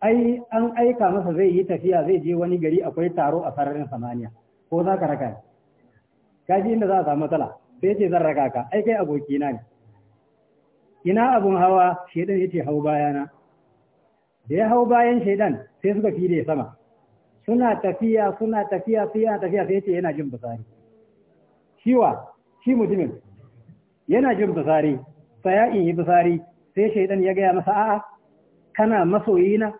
ai an aika masa zai yi tafiya zai je wani gari akwai taro a sararin samaniya ko za ka raka ka ji inda za a samu matsala sai ce zan raka ka ai kai abokina ne ina abun hawa shaidan ya hau bayana da ya hau bayan shaidan sai suka fide sama suna tafiya suna tafiya suna tafiya sai ce yana jin fitsari shiwa shi mutumin yana jin fitsari saya in yi fitsari sai shaidan ya gaya masa a'a kana masoyina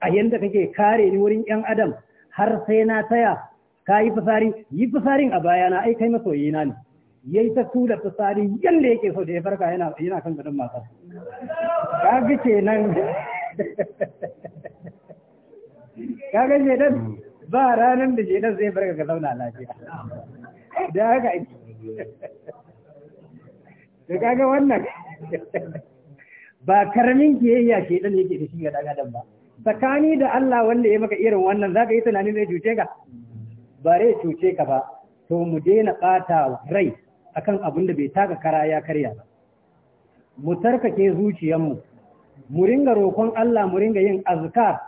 a yanda kake kare ni wurin yan adam har sai na taya ka yi fitsari yi fitsarin a bayana ai kai masoyina ne yayi ta tura tsari yanda yake so da ya farka yana yana kan gadon matar kaga kenan ke nan. ba ranar da kenan zai farka ka zauna lafiya da haka ake da kaga wannan ba karamin kiyayya ke dan yake da shi ga dan adam ba tsakani da Allah wanda ya maka irin wannan zaka yi tunanin zai cuce ka ba zai cuce ka ba to mu daina ɓata rai akan abin da bai taka kara ya karya ba mu tarkake zuciyarmu mu ringa roƙon Allah mu ringa yin azkar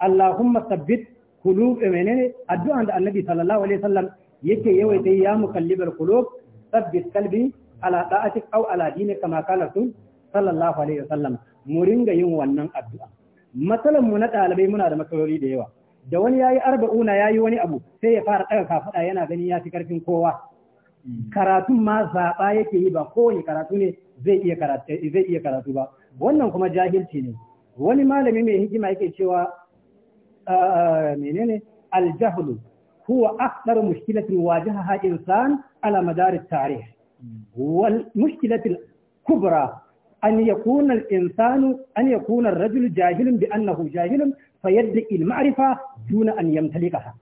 Allahumma sabbit qulub menene addu'an da Annabi sallallahu alaihi wasallam yake yawaita ya mukallibal qulub sabbit qalbi ala ta'atik aw ala dinik kama qala tun. sallallahu alaihi wasallam mu ringa yin wannan addu'a matsalan mu na ɗalibai muna da matsaloli da yawa da wani yayi arba'una yayi wani abu sai ya fara ɗaga kafaɗa yana gani ya fi karfin kowa karatun ma zaɓa yake yi ba kowane karatu ne zai iya karatu ba wannan kuma jahilci ne wani malami mai hikima yake cewa ah, ah, menene al huwa akthar mushkilatin wajahaha insan ala madar at wal mushkilatil kubra أن يكون الإنسان أن يكون الرجل جاهلا بأنه جاهل فيدعي juna دون أن يمتلكها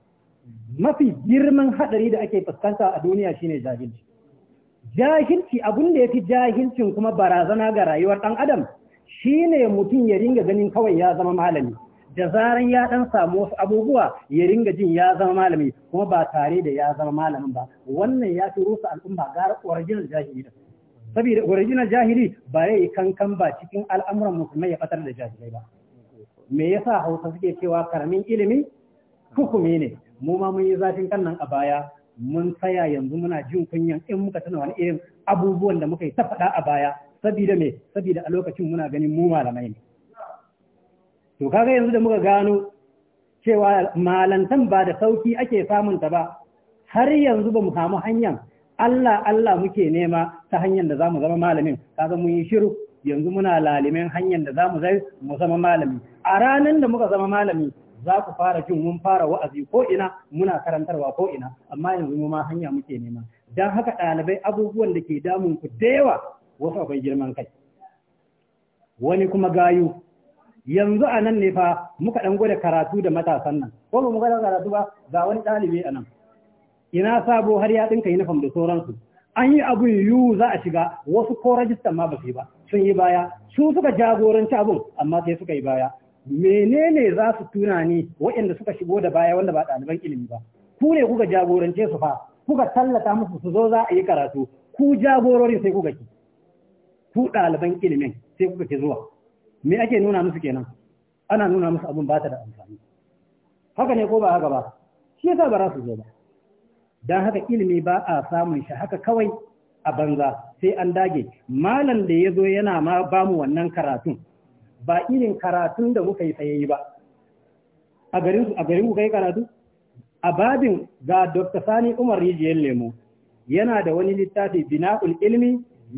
mafi girman hadari da ake fuskanta a duniya shine jahilci jahilci abun da ya fi jahilcin kuma barazana ga rayuwar ɗan adam shine mutum ya ringa ganin kawai ya zama malami da zaran ya dan samu wasu abubuwa ya ringa jin ya zama malami kuma ba tare da ya zama malamin ba wannan ya fi rusa al'umma gara original jahili da saboda original jahili ba yayi kankan ba cikin al'amuran musulmai ya fatar da jahilai ba me yasa Hausa suke cewa karamin ilimi hukumi ne mu ma mun yi zafin kan nan a baya mun tsaya yanzu muna jin kunyan in muka tuna wani irin abubuwan da muka yi ta faɗa a baya sabida me sabida a lokacin muna ganin mu malamai ne to kaga yanzu da muka gano cewa malantan ba da sauki ake samun ta ba har yanzu ba mu samu hanyar Allah Allah muke nema ta hanyar da zamu zama malamin kaga mun yi shiru yanzu muna lalimin hanyar da zamu zai mu zama malami a ranan da muka zama malami za ku fara jin mun fara wa'azi ko ina muna karantarwa ko ina amma yanzu mu ma hanya muke nema dan haka ɗalibai abubuwan da ke damun ku da yawa wasu akwai girman kai wani kuma gayu yanzu a nan ne fa muka ɗan gwada karatu da matasan nan ko mu gwada karatu ba ga wani ɗalibi a nan ina sabo har ya ɗinka yunifam da sauransu an yi abu yiwu za a shiga wasu ko rajistan ma ba su yi ba sun yi baya su suka jagoranci abun, amma sai suka yi baya menene za su tuna ni waɗanda suka shigo da baya wanda ba ɗaliban ilimi ba ku ne kuka jagorance su fa kuka tallata musu su zo za a yi karatu ku jagororin sai kuka ki ku ɗaliban ilimin sai kuka ki zuwa me ake nuna musu kenan ana nuna musu abin ba ta da amfani haka ne ko ba haka ba shi yasa ba za su zo ba dan haka ilimi ba a samun shi haka kawai a banza sai an dage malam da ya zo yana ma bamu wannan karatun ba irin karatun da muka yi tsayayi ba a garin a garin kai karatu a babin ga Dr. Sani Umar Rijiyar Lemo yana da wani littafi bina'ul ilmi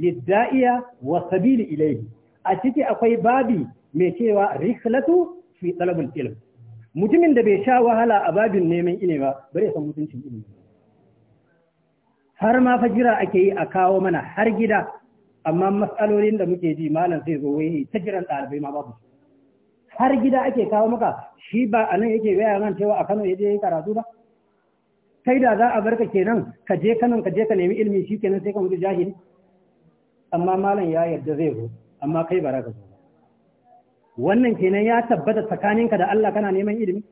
lidda'iya wa sabili ilaihi a ciki akwai babi mai cewa rihlatu fi talabul ilm mutumin da bai sha wahala a babin neman ilimi ba bare san mutuncin ilimi har ma fajira ake yi a kawo mana har gida amma matsalolin da muke ji malam sai zo wai ta jiran ɗalibai ma babu har gida ake kawo maka shi ba a nan yake gaya man cewa a Kano ya ya yi karatu ba kai da za a bar ka kenan ka je Kano ka je ka nemi ilimi shi kenan sai ka mutu jahili amma malam ya yarda zai zo amma kai bara ka zo wannan kenan ya tabbata tsakanin ka da Allah kana neman ilimi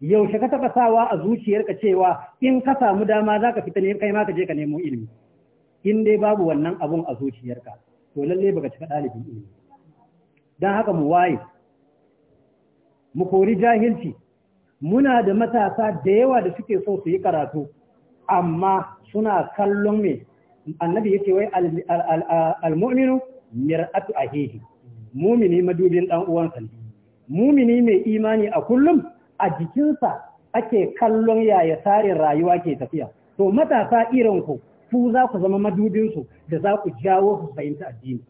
yaushe ka taɓa sawa a zuciyarka cewa in ka samu dama za ka fita ne kai ma ka je ka nemo ilimi in dai babu wannan abun a zuciyarka to lalle baka cika dalibin ilimi dan haka mu waye mu kori jahilci muna da matasa da yawa da suke so su yi karatu amma suna kallon me annabi yake wai al-mu'minu mir'atu ahihi mumini madubin dan uwansa mumini mai imani a kullum a jikinsa ake kallon yaya tsarin rayuwa ke tafiya to matasa irin ku ku za ku zama madubinsu da za ku jawo su fahimci addini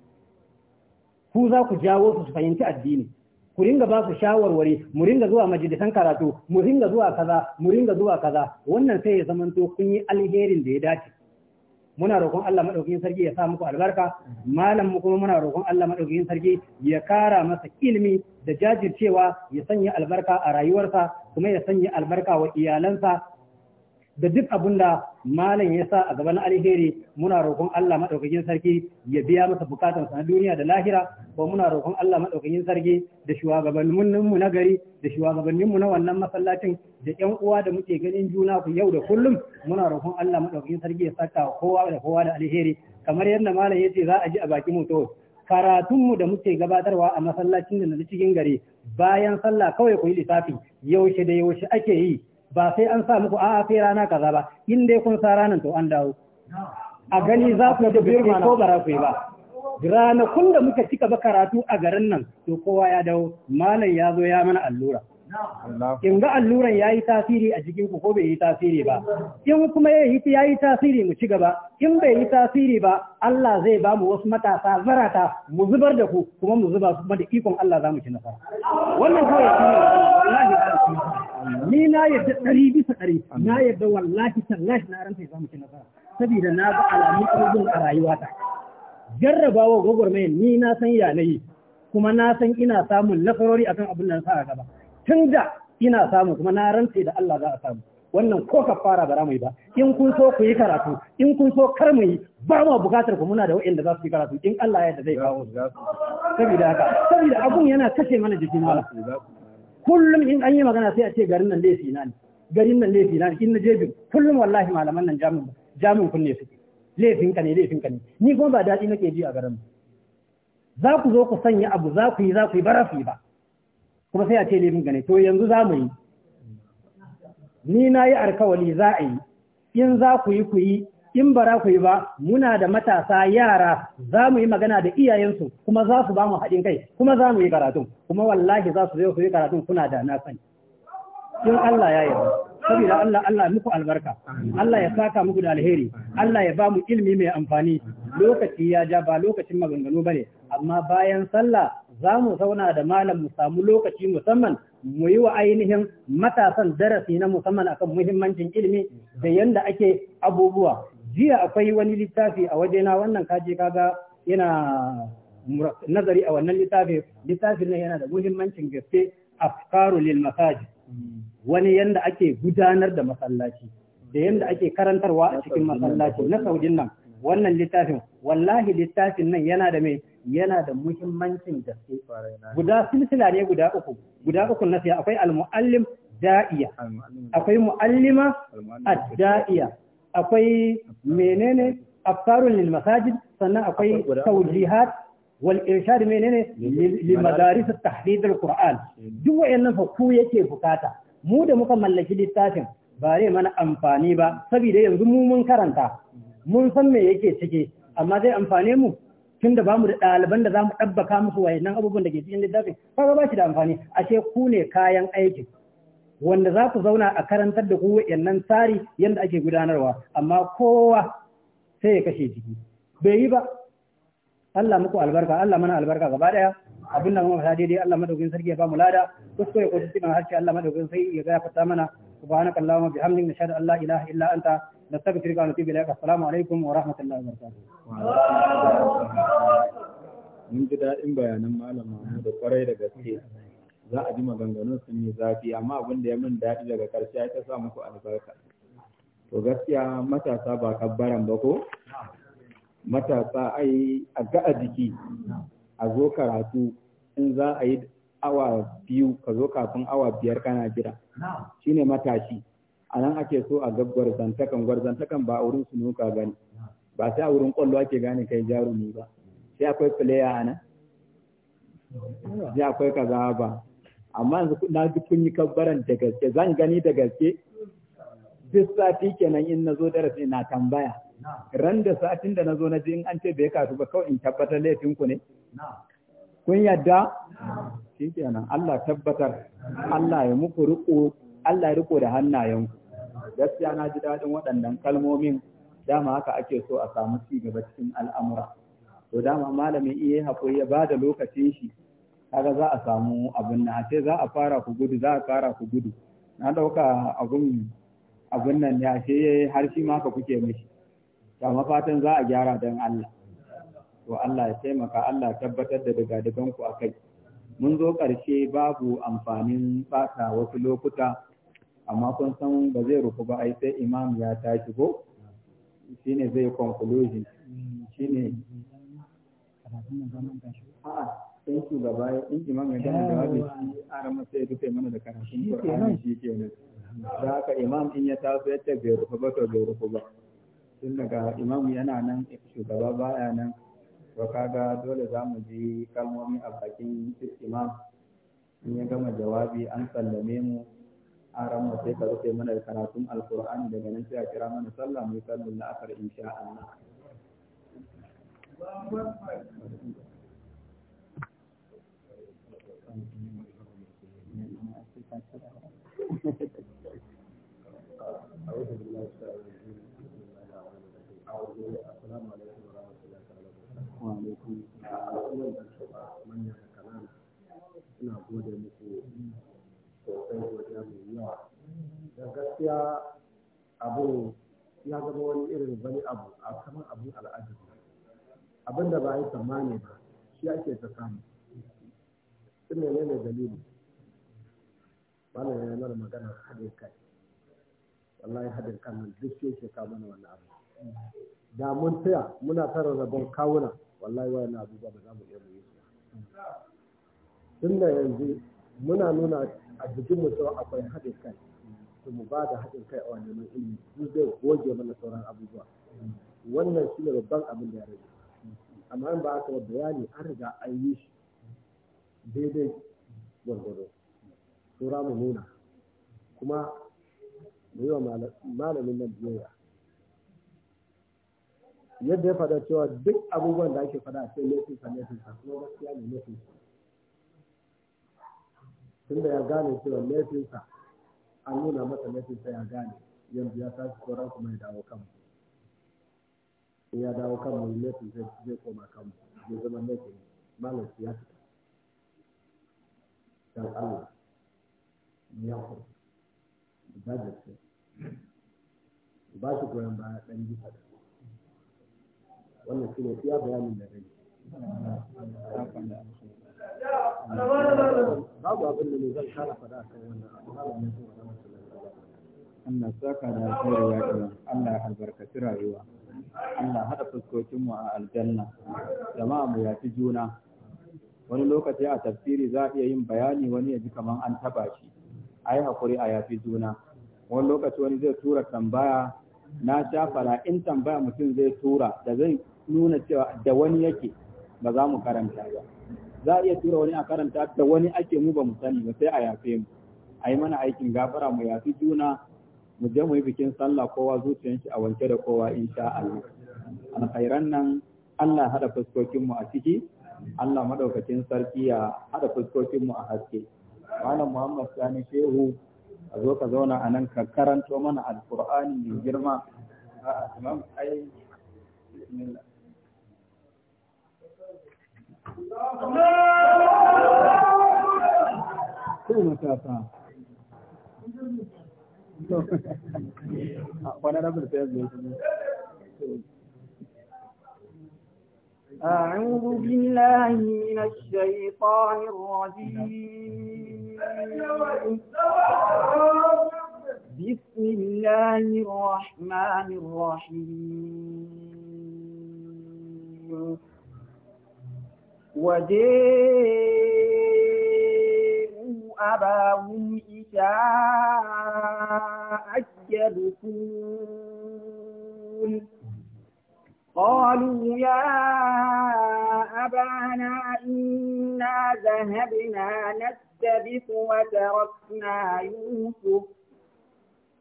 ku za ku jawo su fahimci addini ku ringa ba su shawarwari mu ringa zuwa majalisan karatu mu ringa zuwa kaza mu ringa zuwa kaza wannan sai ya zamanto kun yi alherin da ya dace muna roƙon Allah madaukakin sarki ya sa muku albarka malam mu kuma muna roƙon Allah madaukakin sarki ya kara masa ilimi da jajircewa ya sanya albarka a rayuwarsa kuma ya sanya albarka wa iyalansa da duk abin malam ya sa a gaban alheri muna roƙon Allah maɗaukakin sarki ya biya masa buƙatar sa na duniya da lahira ko muna roƙon Allah maɗaukakin sarki da shugabannin mu na gari da shugabannin mu na wannan masallacin da ƴan uwa da muke ganin juna ku yau da kullum muna roƙon Allah maɗaukakin sarki ya saka kowa da kowa da alheri kamar yadda malam ce za a ji a baki karatun karatunmu da muke gabatarwa a masallacin da na cikin gari bayan sallah kawai ku yi lissafi yaushe da yaushe ake yi ba sai an sa muku a'a sai rana kaza ba in dai kun sa ranan to an dawo a gani za ku da birni ko bara ku ba ranakun da muka cika ba karatu a garin nan to kowa ya dawo malam ya zo ya mana allura in ga alluran ya yi tasiri a jikinku ko bai yi tasiri ba in kuma ya yi tasiri mu ci gaba in bai yi tasiri ba Allah zai ba mu wasu matasa zarata mu zubar da ku kuma mu zuba kuma da ikon Allah za mu ci nasara wannan kawai shi ne ni na yadda ɗari bisa ɗari na yadda wallahi tallahi na ranta ya zamu ci nasara saboda na ga alamun ƙarfin a rayuwata jarrabawa gwagwarmayar ni na san yanayi kuma na san ina samun nasarori akan abin da sa gaba tun da ina samu kuma na rantse da Allah za a samu wannan ko ka fara bara mai ba in kun so ku yi karatu in kun so kar mu yi ba mu bukatar ku muna da wa'anda za su yi karatu in Allah ya yarda zai kawo saboda haka saboda abun yana kashe mana jikin Allah kullum in an yi magana sai a ce garin nan laifi na ne garin nan laifi na ne in na je kullum wallahi malaman nan jami'in jami'in kunne suke laifin ka ne laifin ka ne ni kuma ba daɗi nake ji a garin mu za ku zo ku sanya abu za ku yi za ku yi barafi ba kuma sai a ce laifin ka ne to yanzu za mu yi ni na yi alkawali za a yi in za ku yi ku yi in bara ku yi ba muna da matasa yara za mu yi magana da iyayensu kuma za su ba mu haɗin kai kuma za mu yi karatun kuma wallahi za su zai ku yi karatun kuna da na sani in Allah ya yarda saboda Allah Allah muku albarka Allah ya saka muku da alheri Allah ya ba mu ilimi mai amfani lokaci ya ja ba lokacin maganganu ba ne. amma bayan sallah za mu zauna da malam mu samu lokaci musamman mu yi wa ainihin matasan darasi na musamman akan muhimmancin ilimi da yanda ake abubuwa jiya akwai wani littafi a wajena wannan kaje kaga yana nazari a wannan littafi littafin nan yana da muhimmancin gaske afkaru lil masaji wani yanda ake gudanar da masallaci da yanda ake karantarwa a cikin masallaci na saudin nan wannan littafin wallahi littafin nan yana da mai yana da muhimmancin gaske guda silsila ne guda uku guda uku na sai akwai al-muallim da'iya akwai muallima ad-da'iya akwai menene afkarun lil masajid sannan akwai tawjihat wal irshad menene lil madaris tahdid al qur'an mm. duk wayannan fa ku yake bukata mu da muka mallaki littafin ba zai mana amfani ba saboda yanzu mu mun karanta mun san me yake cike amma zai amfane mu tun da bamu da ɗaliban da za mu ɗabbaka musu wayannan abubuwan da ke cikin littafin kaga ba shi da amfani ashe ku ne kayan aikin wanda za ku zauna a karantar da ku wayannan tsari yadda ake gudanarwa amma kowa sai ya kashe jiki bai yi ba Allah muku albarka Allah mana albarka gaba daya abin da muka daidai Allah madaukakin sarki ya ba mu lada kuskure ko mana harshe Allah madaukakin sarki ya fata mana subhanaka allahumma bihamdika nashhadu an la ilaha illa anta nastaghfiruka wa natubu ilaik assalamu alaikum wa rahmatullahi wa barakatuh mun ji daɗin bayanan malama da kwarai da gaske za a ji maganganun sun yi zafi amma abin da ya min daɗi daga ƙarshe ya ta sa muku albarka to gaskiya matasa ba kabbaran ba ko matasa ai a ga a jiki a zo karatu in za a yi awa biyu ka zo kafin awa biyar kana jira shine matashi a nan ake so a ga gwarzantakan gwarzantakan ba a wurin su ba ne ba sai a wurin kwallo ake gane kai jarumi ba sai akwai player a nan sai akwai kaza ba amma yanzu na ji kun yi kabbaran da gaske zan gani da gaske duk sati kenan in na zo darasi na tambaya ran da satin da na zo na ji in an ce bai kasu ba kawai in tabbata laifin ku ne kun yadda shi kenan Allah tabbatar Allah ya muku riko Allah ya riko da hannayen gaskiya na ji daɗin waɗannan kalmomin dama haka ake so a samu ci gaba cikin al'amura to dama malamin iya haƙuri ya bada lokacin shi kaga za a samu abin nan ce za a fara ku gudu za a fara ku gudu na dauka abin abun nan ya ce har shi ma ka kuke mishi ta mafatan za a gyara don Allah to Allah ya taimaka Allah tabbatar da daga ku a kai mun zo karshe babu amfanin fata wasu lokuta amma kun san ba zai rufu ba ai sai imam ya tashi ko shine zai conclusion shine sai shugaba ya in imam ya gama jawabi shi arama sai ya rufe mana da karatun Qur'ani shi kenan da haka imam in ya taso ya bai rufe ba to bai rufe ba tun daga imam yana nan shugaba baya nan to kaga dole za mu ji kalmomi a bakin imam in ya gama jawabi an sallame mu aran mu sai ka rufe mana da karatun alkur'ani daga nan sai a kira mana sallah mu sallu na asar insha Allah ina gode muku sosai godiya mai yawa da gaskiya abu ya zama wani irin wani abu a kamar abin al'ajabi abin da ba a yi tsammani ba shi ake ta samu ne ne dalili malam ya mana magana haɗin kai wallahi haɗin kan nan duk sai ke kawo mana wannan abu da mun tsaya muna tara rabon kawuna wallahi wayan abubuwa ba za mu iya mu yi tun da yanzu muna nuna a jikin mu cewa akwai haɗin kai to mu ba da haɗin kai a wannan ilimi mu zai goge mana sauran abubuwa wannan shi ne babban abin da ya rage amma in ba aka bayani an riga an yi shi daidai gwargwado sura mu nuna kuma mu yi wa malamin nan biyayya yadda ya faɗa cewa duk abubuwan da ake faɗa a cikin laifin sa laifin sa kuma gaskiya ne laifin sa da ya gane cewa laifin sa an nuna masa laifin sa ya gane yanzu ya tashi tsoron kuma ya dawo kanmu ya dawo kanmu laifin zai koma mu zai zama laifin malam ya fita dan Allah yau ba da su ba su goyon baya ɗan ji wannan shi ne iya bayanin da rai babu abin da ne zan kara faɗa a kan wannan abu har ne kuma Allah saka da alkhairi ya kira Allah ya albarkaci rayuwa Allah hada fuskokin mu a aljanna jama'a mu yafi juna wani lokaci a tafsiri za a iya yin bayani wani ya ji kaman an taba shi Ayi yi haƙuri a yafi juna wani lokaci wani zai tura tambaya na sha fara in tambaya mutum zai tura da zai nuna cewa da wani yake ba za mu karanta ba za a iya tura wani a karanta da wani ake mu ba mu sani ba sai a yafe mu a yi mana aikin gafara mu yafi juna mu je mu yi bikin sallah kowa zuciyar shi a wanke da kowa sha Allah alkhairan nan Allah hada fuskokin mu a ciki Allah madaukakin sarki ya hada fuskokin mu a haske malam muhammad sani shehu a zo ka zauna a nan ka karanto mana alkur'ani mai girma a أعوذ بالله من الشيطان الرجيم بسم الله الرحمن الرحيم وجاءوا أباهم إشاء أجل قالوا يا أبانا إنا ذهبنا نستبق وتركنا يوسف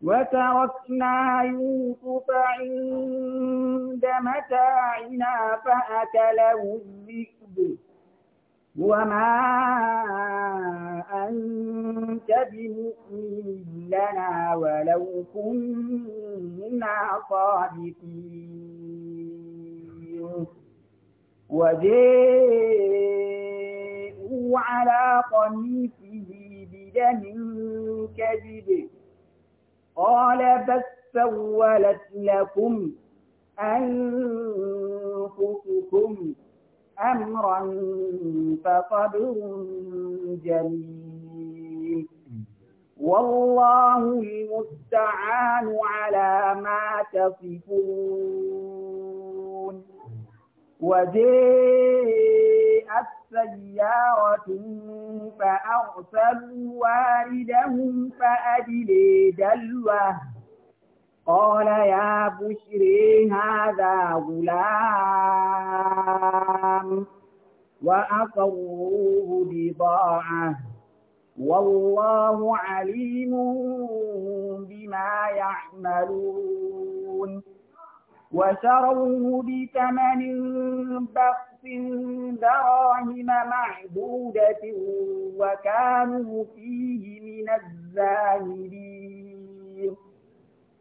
وتركنا يوسف عند متاعنا فأكله الذئب وما أنت بمؤمن لنا ولو كنا صادقين وجاءوا على قميصه بدم كذب قال بس سولت لكم أنفسكم أمرا فصبر جميل والله المستعان على ما تصفون وجاءت سيارة فأرسلوا واردهم فأدلي دلوه قال يا بشري هذا غلام وأقروه بضاعة والله عليم بما يعملون وشروه بثمن بخس دراهم معدودة وكانوا فيه من الزاهدين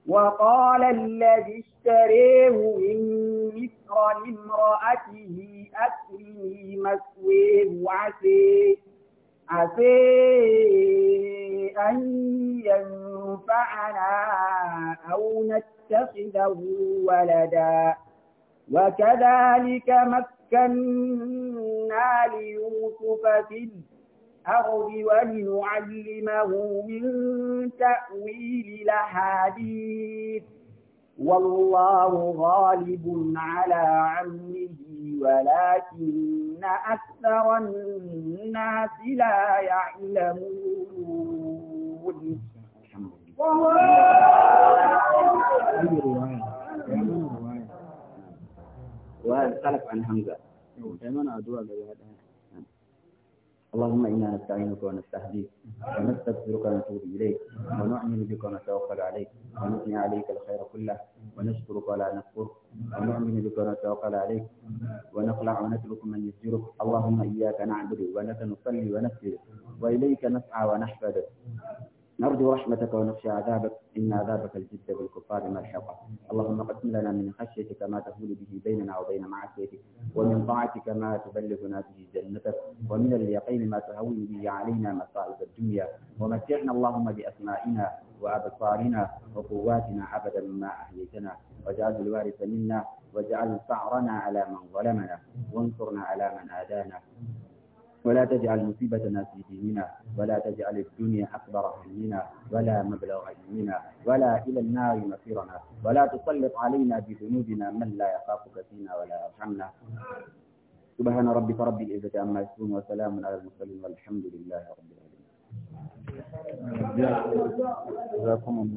وقال الذي اشتريه من مصر لامرأته أكرمي مسويه عسيه عسى أن ينفعنا أو نتخذه ولدا وكذلك مكنا ليوسف في الأرض ولنعلمه من تأويل الأحاديث والله غالب على عمه ولكن أكثر الناس لا يعلمون وهذا خلف عن حمزة. اللهم إنا نستعينك ونستهديك ونستغفرك ونتوب إليك ونؤمن بك ونتوكل عليك ونثني عليك الخير كله ونشكرك ولا نكفرك ونؤمن بك ونتوكل عليك ونخلع ونترك من يسجرك اللهم إياك نعبد ولك نصلي ونسجد وإليك نسعى ونحفد نرجو رحمتك ونخشى عذابك إن عذابك الجد بالكفار ملحقة اللهم اقسم لنا من خشيتك ما تهول به بيننا وبين معصيتك ومن طاعتك ما تبلغنا به جنتك ومن اليقين ما تهون به علينا مصائب الدنيا ومتعنا اللهم بأسمائنا وأبصارنا وقواتنا أبدا ما أحييتنا واجعل الوارث منا واجعل ثأرنا على من ظلمنا وانصرنا على من آذانا ولا تجعل مصيبتنا في ديننا ولا تجعل الدنيا أكبر همنا ولا مبلغ علمنا ولا إلى النار مصيرنا ولا تسلط علينا بذنوبنا من لا يخافك فينا ولا يرحمنا سبحان ربك رب العزة عما يصفون وسلام على المرسلين والحمد لله رب العالمين